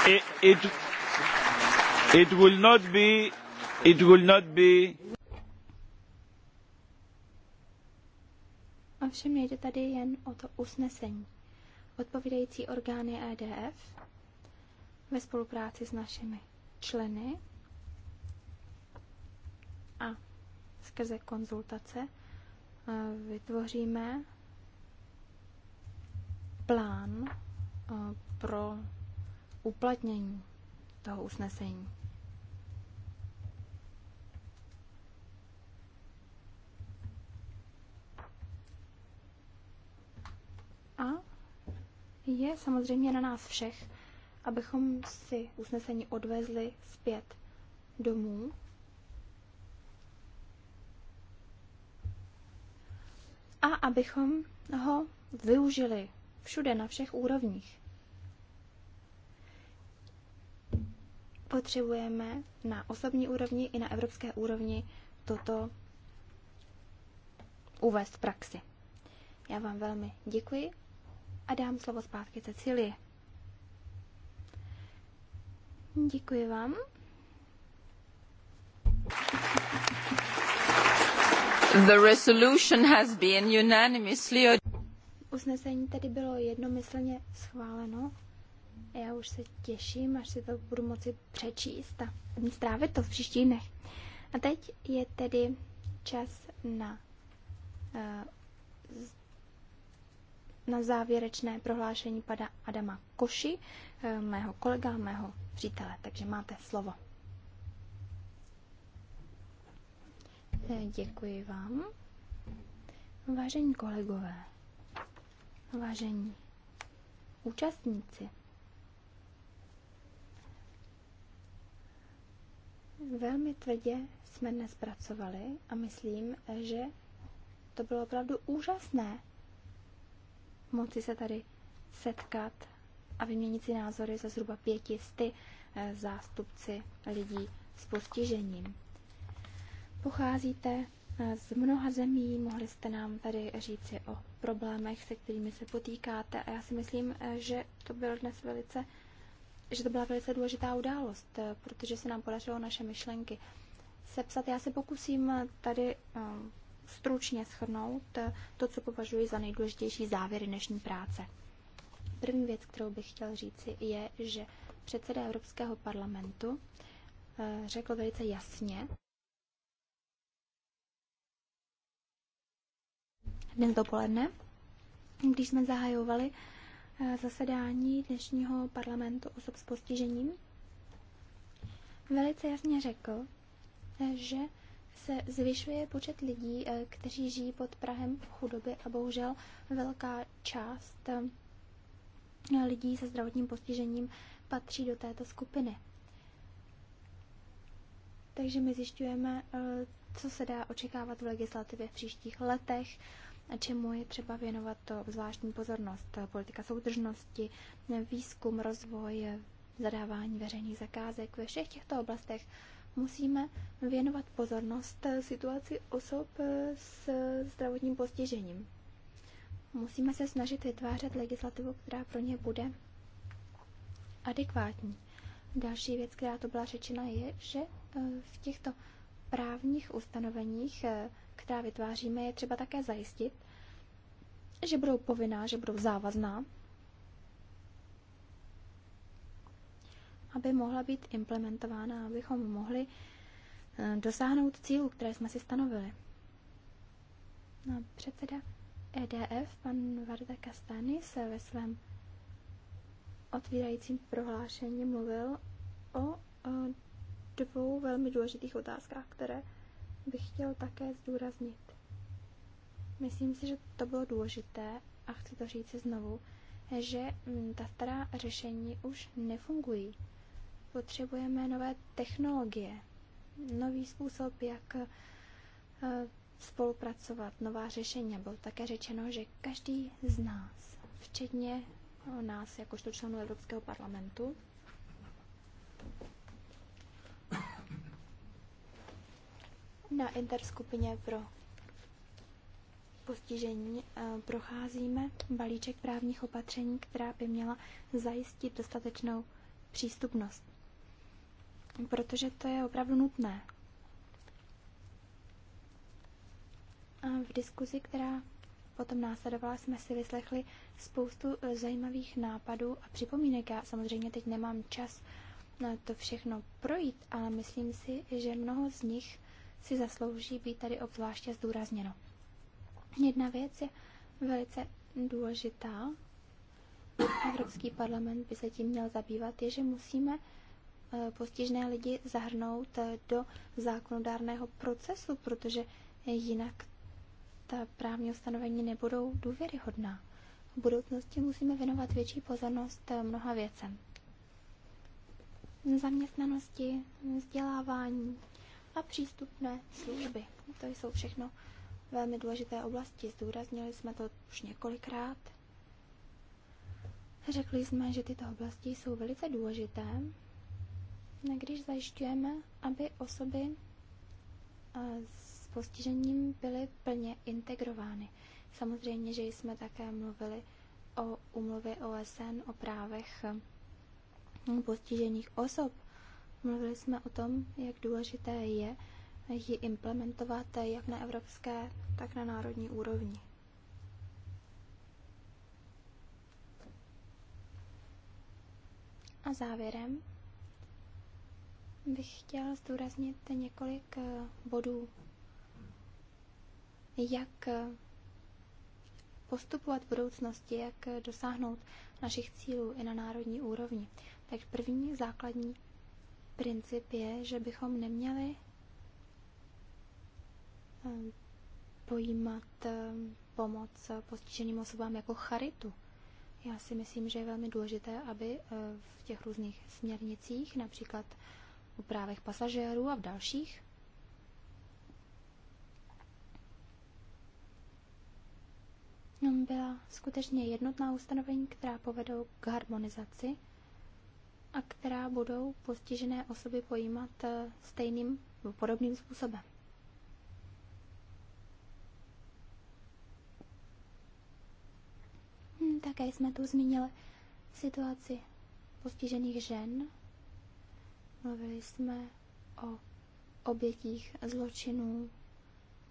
It, it, it will not be, it will not be. Ovšem jde tady jen o to usnesení. Odpovídající orgány EDF ve spolupráci s našimi členy skrze konzultace eh, vytvoříme plán eh, pro uplatnění toho usnesení. A je samozřejmě na nás všech, abychom si usnesení odvezli zpět domů a abychom ho využili všude na všech úrovních. Potřebujeme na osobní úrovni i na evropské úrovni toto uvést v praxi. Já vám velmi děkuji a dám slovo zpátky Cecilie. Děkuji vám. Usnesení tedy bylo jednomyslně schváleno. Já už se těším, až si to budu moci přečíst a strávit to v příštích dnech. A teď je tedy čas na, eh, na závěrečné prohlášení pada Adama Koši, eh, mého kolega, mého přítele. Takže máte slovo. Děkuji vám. Vážení kolegové, vážení účastníci, velmi tvrdě jsme dnes pracovali a myslím, že to bylo opravdu úžasné moci se tady setkat a vyměnit si názory za zhruba pětisty eh, zástupci lidí s postižením. Pocházíte eh, z mnoha zemí, mohli jste nám tady říci o problémech, se kterými se potýkáte a já si myslím, eh, že to byl dnes velice že to byla velice důležitá událost, eh, protože se nám podařilo naše myšlenky sepsat. Já se pokusím tady stručně shrnout to, co považuji za nejdůležitější závěry dnešní práce. První věc, kterou bych chtěl říci, je, že předseda Evropského parlamentu řekl velice jasně, dnes dopoledne, když jsme zahajovali eh, zasedání dnešního parlamentu osob s postižením, velice jasně řekl, že se zvyšuje počet lidí, eh, kteří žijí pod Prahem chudoby a bohužel velká část eh, lidí se zdravotním postižením patří do této skupiny. Takže my zjišťujeme, co se dá očekávat v legislativě v příštích letech, čemu je třeba věnovat zvláštní pozornost. Politika soudržnosti, výzkum, rozvoj, zadávání veřejných zakázek. Ve všech těchto oblastech musíme věnovat pozornost situaci osob s zdravotním postižením. Musíme se snažit vytvářet legislativu, která pro ně bude adekvátní. Další věc, která to byla řečena, je, že eh, v těchto právních ustanoveních eh, která vytváříme, je třeba také zajistit, že budou povinná, že budou závazná, aby mohla být implementována, abychom mohli eh, dosáhnout cílů, které jsme si stanovili. No, předseda EDF, pan Varda Kastany, se ve svém otvírajícím prohlášení mluvil o, o eh, dvou velmi důležitých otázkách, které bych chtěl také zdůraznit. Myslím si, že to bylo důležité a chci to říct si znovu, že mm, ta stará řešení už nefungují. Potřebujeme nové technologie, nový způsob, jak eh, spolupracovat, nová řešení. Bylo také řečeno, že každý z nás, včetně eh, nás, jakožto členů Evropského parlamentu, na interskupině pro postižení eh, procházíme balíček právních opatření, která by měla zajistit dostatečnou přístupnost. Protože to je opravdu nutné. A v diskuzi, která potom následovala, jsme si vyslechli spoustu eh, zajímavých nápadů a připomínek. Já samozřejmě teď nemám čas na eh, to všechno projít, ale myslím si, že mnoho z nich si zaslouží být tady obzvláště zdůrazněno. Jedna věc je velice důležitá, Evropský parlament by se tím měl zabývat, je, že musíme eh, postižné lidi zahrnout eh, do zákonodárného procesu, protože jinak ta právní ustanovení nebudou důvěryhodná. V budoucnosti musíme věnovat větší pozornost eh, mnoha věcem. Zaměstnanosti, vzdělávání, a přístupné služby. To jsou všechno velmi důležité oblasti. Zdůraznili jsme to už několikrát. Řekli jsme, že tyto oblasti jsou velice důležité, když zajišťujeme, aby osoby s postižením byly plně integrovány. Samozřejmě, že jsme také mluvili o umluvě OSN o právech postižených osob Mluvili jsme o tom, jak důležité je ji implementovat jak na evropské, tak na národní úrovni. A závěrem bych chtěla zdůraznit několik eh, bodů, jak eh, postupovat v budoucnosti, jak eh, dosáhnout našich cílů i na národní úrovni. Tak první základní princip je, že bychom neměli ehm, pojímat ehm, pomoc eh, postiženým osobám jako charitu. Já si myslím, že je velmi důležité, aby eh, v těch různých směrnicích, například u právech pasažérů a v dalších, ehm, byla skutečně jednotná ustanovení, která povedou k harmonizaci a která budou postižené osoby pojímat eh, stejným podobným způsobem. Hm, také jsme tu zmínili situaci postižených žen. Mluvili jsme o obětích zločinů,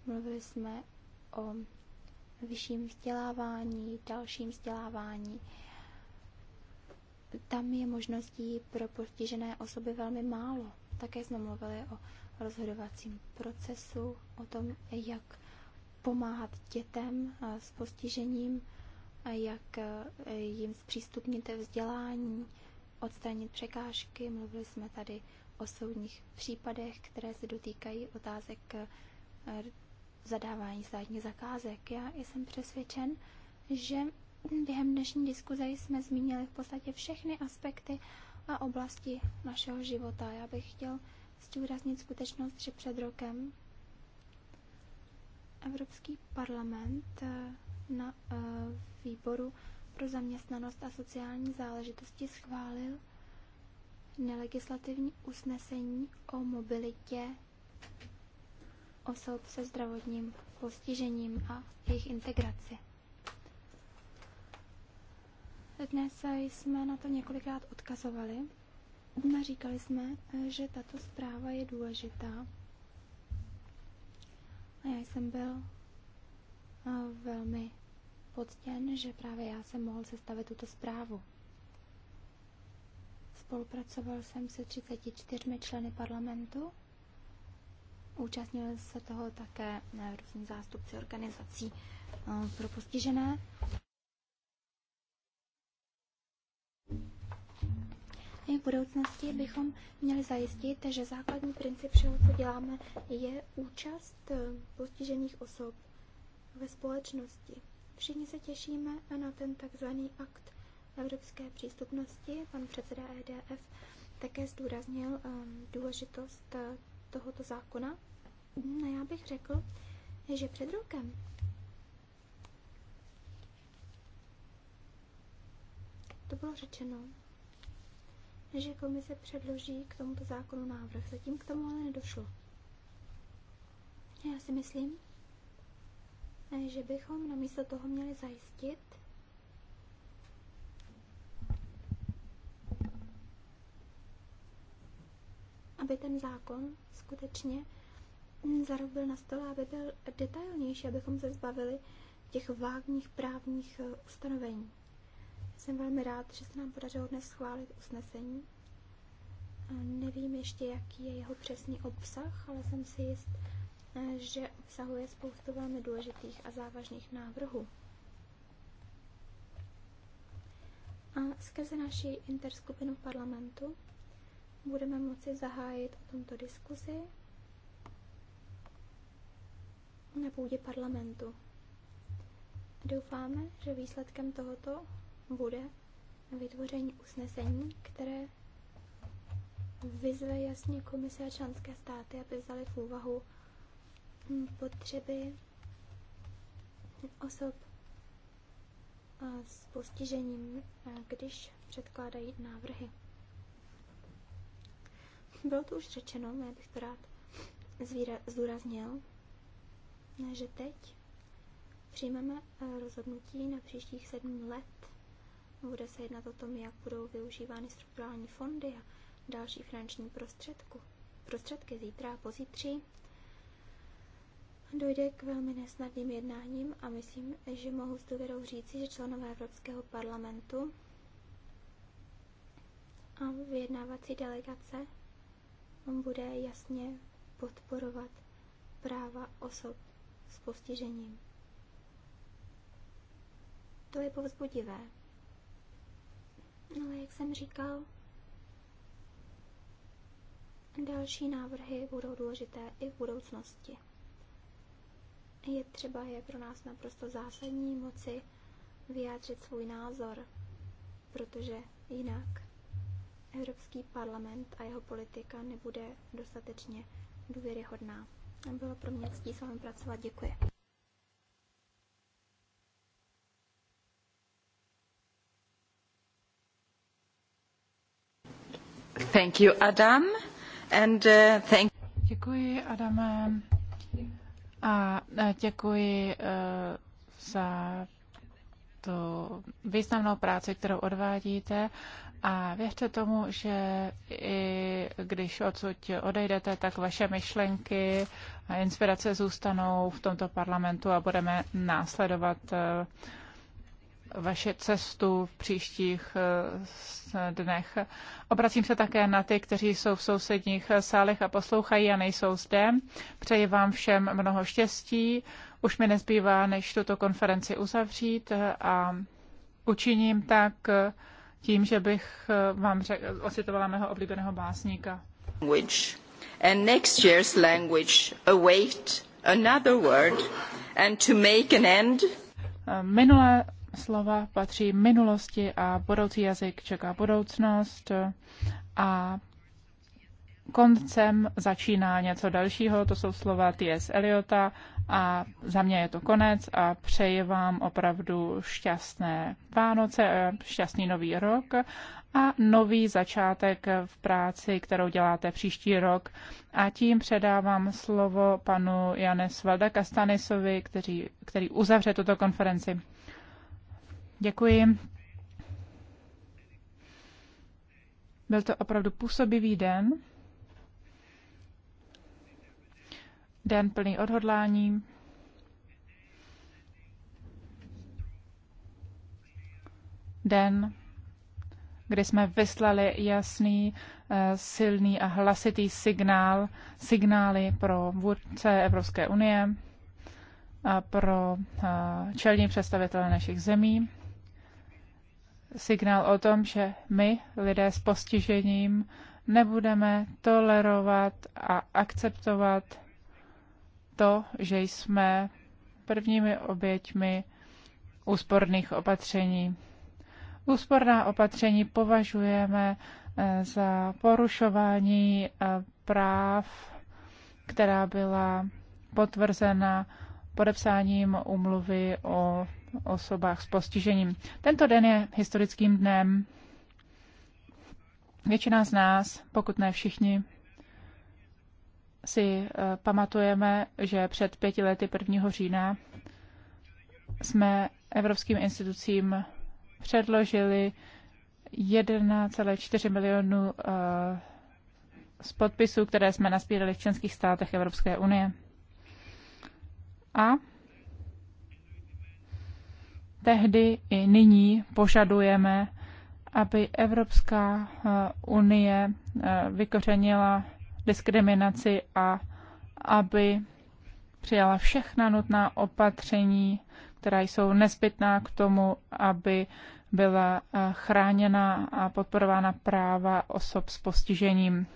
mluvili jsme o vyšším vzdělávání, dalším vzdělávání tam je možností pro postižené osoby velmi málo. Také jsme mluvili o rozhodovacím procesu, o tom, jak pomáhat dětem eh, s postižením, jak eh, jim zpřístupnit vzdělání, odstranit překážky. Mluvili jsme tady o soudních případech, které se dotýkají otázek eh, zadávání státních zakázek. Já jsem přesvědčen, že Během dnešní diskuze jsme zmínili v podstatě všechny aspekty a oblasti našeho života. Já bych chtěl zdůraznit skutečnost, že před rokem Evropský parlament eh, na eh, výboru pro zaměstnanost a sociální záležitosti schválil nelegislativní usnesení o mobilitě osob se zdravotním postižením a jejich integraci. Dnes jsme na to několikrát odkazovali. Naříkali jsme, že tato zpráva je důležitá. A já jsem byl velmi poctěn, že právě já jsem mohl sestavit tuto zprávu. Spolupracoval jsem se 34 členy parlamentu. Účastnil se toho také eh, různí zástupci organizací eh, pro postižené. i v budoucnosti bychom měli zajistit, že základní princip všeho, co děláme, je účast eh, postižených osob ve společnosti. Všichni se těšíme na ten takzvaný akt evropské přístupnosti. Pan předseda EDF také zdůraznil eh, důležitost eh, tohoto zákona. No já bych řekl, že před rokem to bylo řečeno, že komise předloží k tomuto zákonu návrh. Zatím k tomu ale nedošlo. Já si myslím, že bychom namísto toho měli zajistit, aby ten zákon skutečně zarobil na stole, aby byl detailnější, abychom se zbavili těch vágních právních eh, ustanovení. Jsem velmi rád, že se nám podařilo dnes schválit usnesení. Nevím ještě, jaký je jeho přesný obsah, ale jsem si jist, eh, že obsahuje spoustu velmi důležitých a závažných návrhů. A skrze naší interskupinu parlamentu budeme moci zahájit o tomto diskuzi na půdě parlamentu. Doufáme, že výsledkem tohoto bude vytvoření usnesení, které vyzve jasně komise a členské státy, aby vzali v úvahu potřeby osob s postižením, když předkládají návrhy. Bylo to už řečeno, já bych to rád zdůraznil, že teď přijmeme eh, rozhodnutí na příštích sedm let bude se jednat o tom, jak budou využívány strukturální fondy a další finanční prostředku. prostředky zítra a pozítří. Dojde k velmi nesnadným jednáním a myslím, že mohu s důvěrou říci, že členové Evropského parlamentu a vyjednávací delegace bude jasně podporovat práva osob s postižením. To je povzbudivé. Ale no, jak jsem říkal, další návrhy budou důležité i v budoucnosti. Je třeba, je pro nás naprosto zásadní moci vyjádřit svůj názor, protože jinak Evropský parlament a jeho politika nebude dostatečně důvěryhodná. Bylo pro mě ctí s vámi pracovat. Děkuji. Adam. Uh, děkuji, Adame. A děkuji e, za tu významnou práci, kterou odvádíte. A věřte tomu, že i když odsud odejdete, tak vaše myšlenky a inspirace zůstanou v tomto parlamentu a budeme následovat uh, vaši cestu v příštích eh, dnech. Obracím se také na ty, kteří jsou v sousedních eh, sálech a poslouchají a nejsou zde. Přeji vám všem mnoho štěstí. Už mi nezbývá, než tuto konferenci uzavřít eh, a učiním tak tím, že bych vám řek, ocitovala mého oblíbeného básníka. Language. And next year's language await another word and to make an end Minulé slova patří minulosti a budoucí jazyk čeká budoucnost a koncem začíná něco dalšího, to jsou slova T.S. Eliota a za mě je to konec a přeji vám opravdu šťastné Vánoce, eh, šťastný nový rok a nový začátek v práci, kterou děláte příští rok. A tím předávám slovo panu Janes Valda Kastanisovi, který, který uzavře tuto konferenci. Děkuji. Byl to opravdu působivý den. Den plný odhodlání. Den, kdy jsme vyslali jasný, eh, silný a hlasitý signál, signály pro vůdce Evropské unie a pro eh, čelní představitele našich zemí signál o tom, že my, lidé s postižením, nebudeme tolerovat a akceptovat to, že jsme prvními oběťmi úsporných opatření. Úsporná opatření považujeme eh, za porušování eh, práv, která byla potvrzena podepsáním umluvy o osobách s postižením. Tento den je historickým dnem. Většina z nás, pokud ne všichni, si eh, pamatujeme, že před pěti lety 1. října jsme evropským institucím předložili 1,4 milionu eh, z podpisů, které jsme naspírali v členských státech Evropské unie. A tehdy i nyní požadujeme, aby Evropská eh, unie eh, vykořenila diskriminaci a aby přijala všechna nutná opatření, která jsou nezbytná k tomu, aby byla eh, chráněna a podporována práva osob s postižením.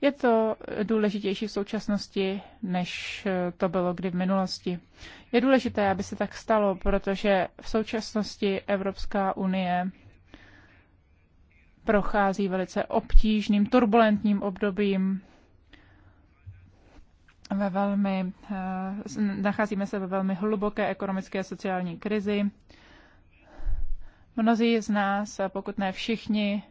Je to důležitější v současnosti, než to bylo kdy v minulosti. Je důležité, aby se tak stalo, protože v současnosti Evropská unie prochází velice obtížným, turbulentním obdobím. Ve velmi, eh, nacházíme se ve velmi hluboké ekonomické a sociální krizi. Mnozí z nás, pokud ne všichni,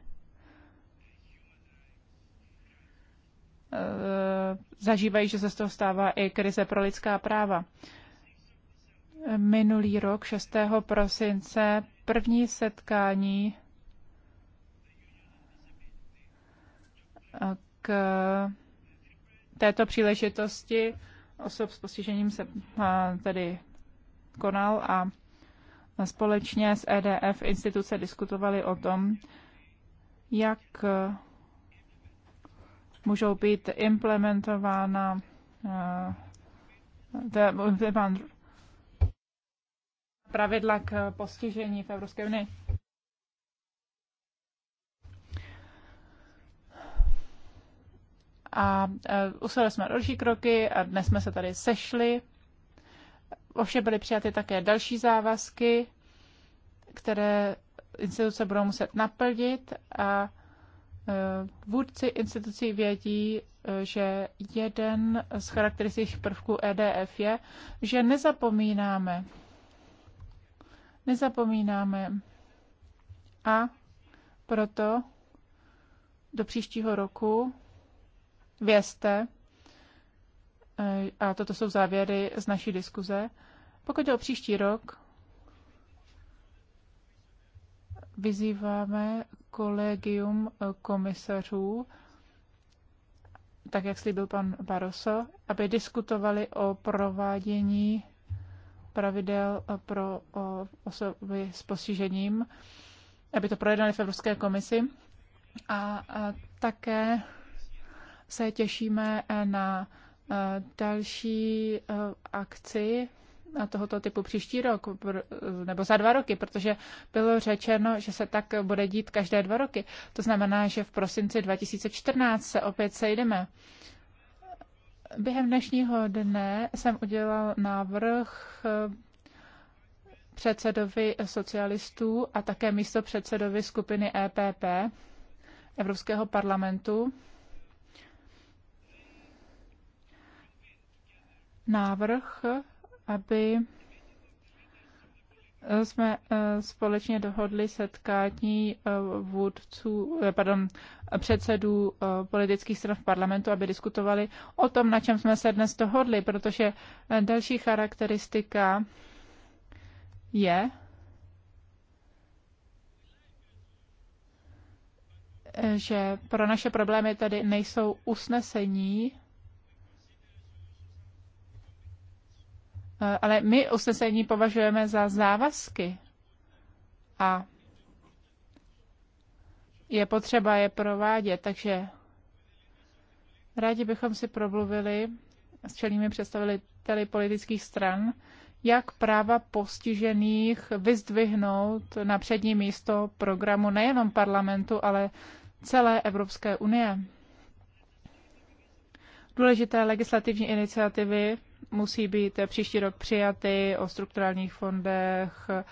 Eh, zažívají, že se z toho stává i krize pro lidská práva. Minulý rok, 6. prosince, první setkání eh, k této příležitosti osob s postižením se eh, tedy konal a společně s EDF instituce diskutovali o tom, jak můžou být implementována eh, pravidla k postižení v Evropské unii. A eh, usadili jsme další kroky a dnes jsme se tady sešli. Ovšem byly přijaty také další závazky, které instituce budou muset naplnit a Eh, vůdci institucí vědí, eh, že jeden z charakteristických prvků EDF je, že nezapomínáme. Nezapomínáme. A proto do příštího roku vězte, eh, a toto jsou závěry z naší diskuze, pokud je o příští rok, vyzýváme kolegium eh, komisařů, tak jak slíbil pan Barroso, aby diskutovali o provádění pravidel eh, pro osoby s postižením, aby to projednali v Evropské komisi. A, a také se těšíme eh, na další akci tohoto typu příští rok nebo za dva roky, protože bylo řečeno, že se tak bude dít každé dva roky. To znamená, že v prosinci 2014 se opět sejdeme. Během dnešního dne jsem udělal návrh eh, předsedovi socialistů a také místo předsedovi skupiny EPP Evropského parlamentu návrh aby eh, jsme eh, společně dohodli setkání eh, vůdců, pardon, předsedů politických stran v parlamentu, aby diskutovali o tom, na čem jsme se dnes dohodli, protože další charakteristika je, že pro naše problémy tady nejsou usnesení, Eh, ale my usnesení považujeme za závazky a je potřeba je provádět, takže rádi bychom si promluvili s čelními představiteli politických stran, jak práva postižených vyzdvihnout na přední místo programu nejenom parlamentu, ale celé Evropské unie. Důležité legislativní iniciativy musí být příští rok přijaty o strukturálních fondech, eh,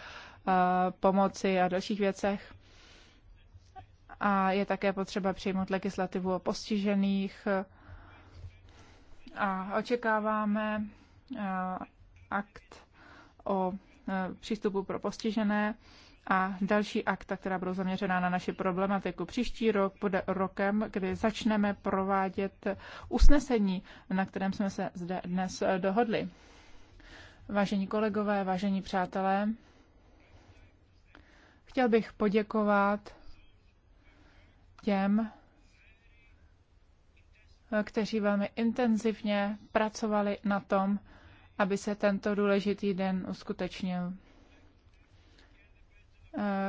pomoci a dalších věcech. A je také potřeba přijmout legislativu o postižených. A očekáváme eh, akt o eh, přístupu pro postižené a další akta, která budou zaměřená na naši problematiku. Příští rok bude rokem, kdy začneme provádět usnesení, na kterém jsme se zde dnes dohodli. Vážení kolegové, vážení přátelé, chtěl bych poděkovat těm, kteří velmi intenzivně pracovali na tom, aby se tento důležitý den uskutečnil.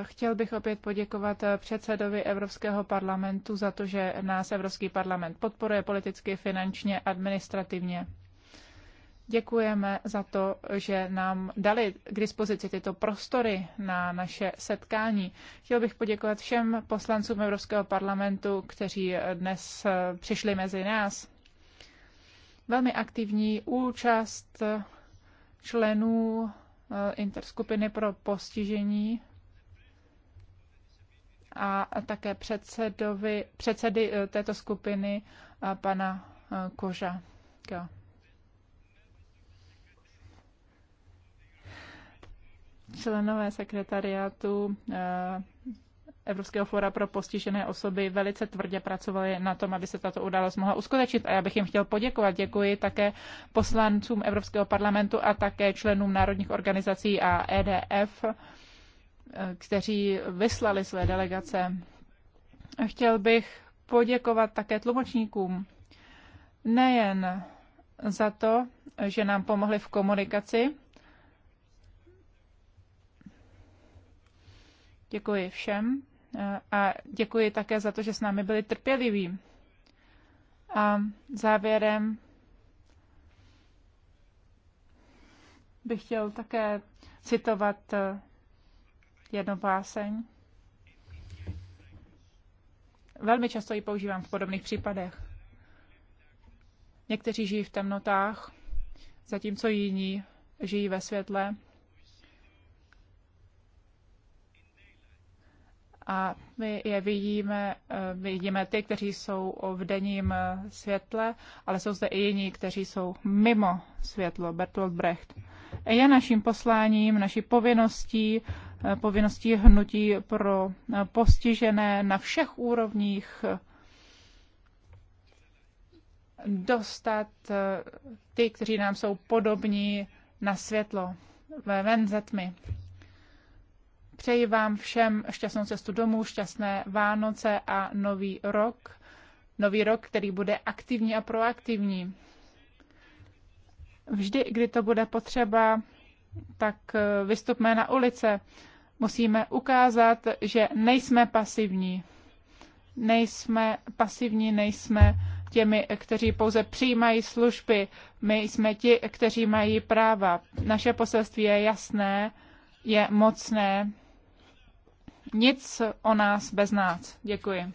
Chtěl bych opět poděkovat eh, předsedovi Evropského parlamentu za to, že nás Evropský parlament podporuje politicky, finančně, administrativně. Děkujeme za to, že nám dali k dispozici tyto prostory na naše setkání. Chtěl bych poděkovat všem poslancům Evropského parlamentu, kteří eh, dnes eh, přišli mezi nás. Velmi aktivní účast členů interskupiny pro postižení a také předsedovi, předsedy eh, této skupiny eh, pana eh, Koža. Členové sekretariátu Evropského fóra pro postižené osoby velice tvrdě pracovali na tom, aby se tato událost mohla uskutečnit. A já bych jim chtěl poděkovat. Děkuji také poslancům Evropského parlamentu a také členům národních organizací a EDF kteří vyslali své delegace. Chtěl bych poděkovat také tlumočníkům, nejen za to, že nám pomohli v komunikaci. Děkuji všem a děkuji také za to, že s námi byli trpěliví. A závěrem bych chtěl také citovat Jedno páseň. Velmi často ji používám v podobných případech. Někteří žijí v temnotách, zatímco jiní žijí ve světle. A my je vidíme, eh, vidíme ty, kteří jsou v denním eh, světle, ale jsou zde i jiní, kteří jsou mimo světlo. Bertolt Brecht je naším posláním, naší povinností, eh, povinností hnutí pro eh, postižené na všech úrovních eh, dostat ty, kteří nám jsou podobní, na světlo, ven ze tmy. Přeji vám všem šťastnou cestu domů, šťastné Vánoce a nový rok. Nový rok, který bude aktivní a proaktivní. Vždy, kdy to bude potřeba, tak eh, vystupme na ulice. Musíme ukázat, že nejsme pasivní. Nejsme pasivní, nejsme těmi, kteří pouze přijímají služby. My jsme ti, kteří mají práva. Naše poselství je jasné, je mocné. Nic o nás bez nás. Děkuji.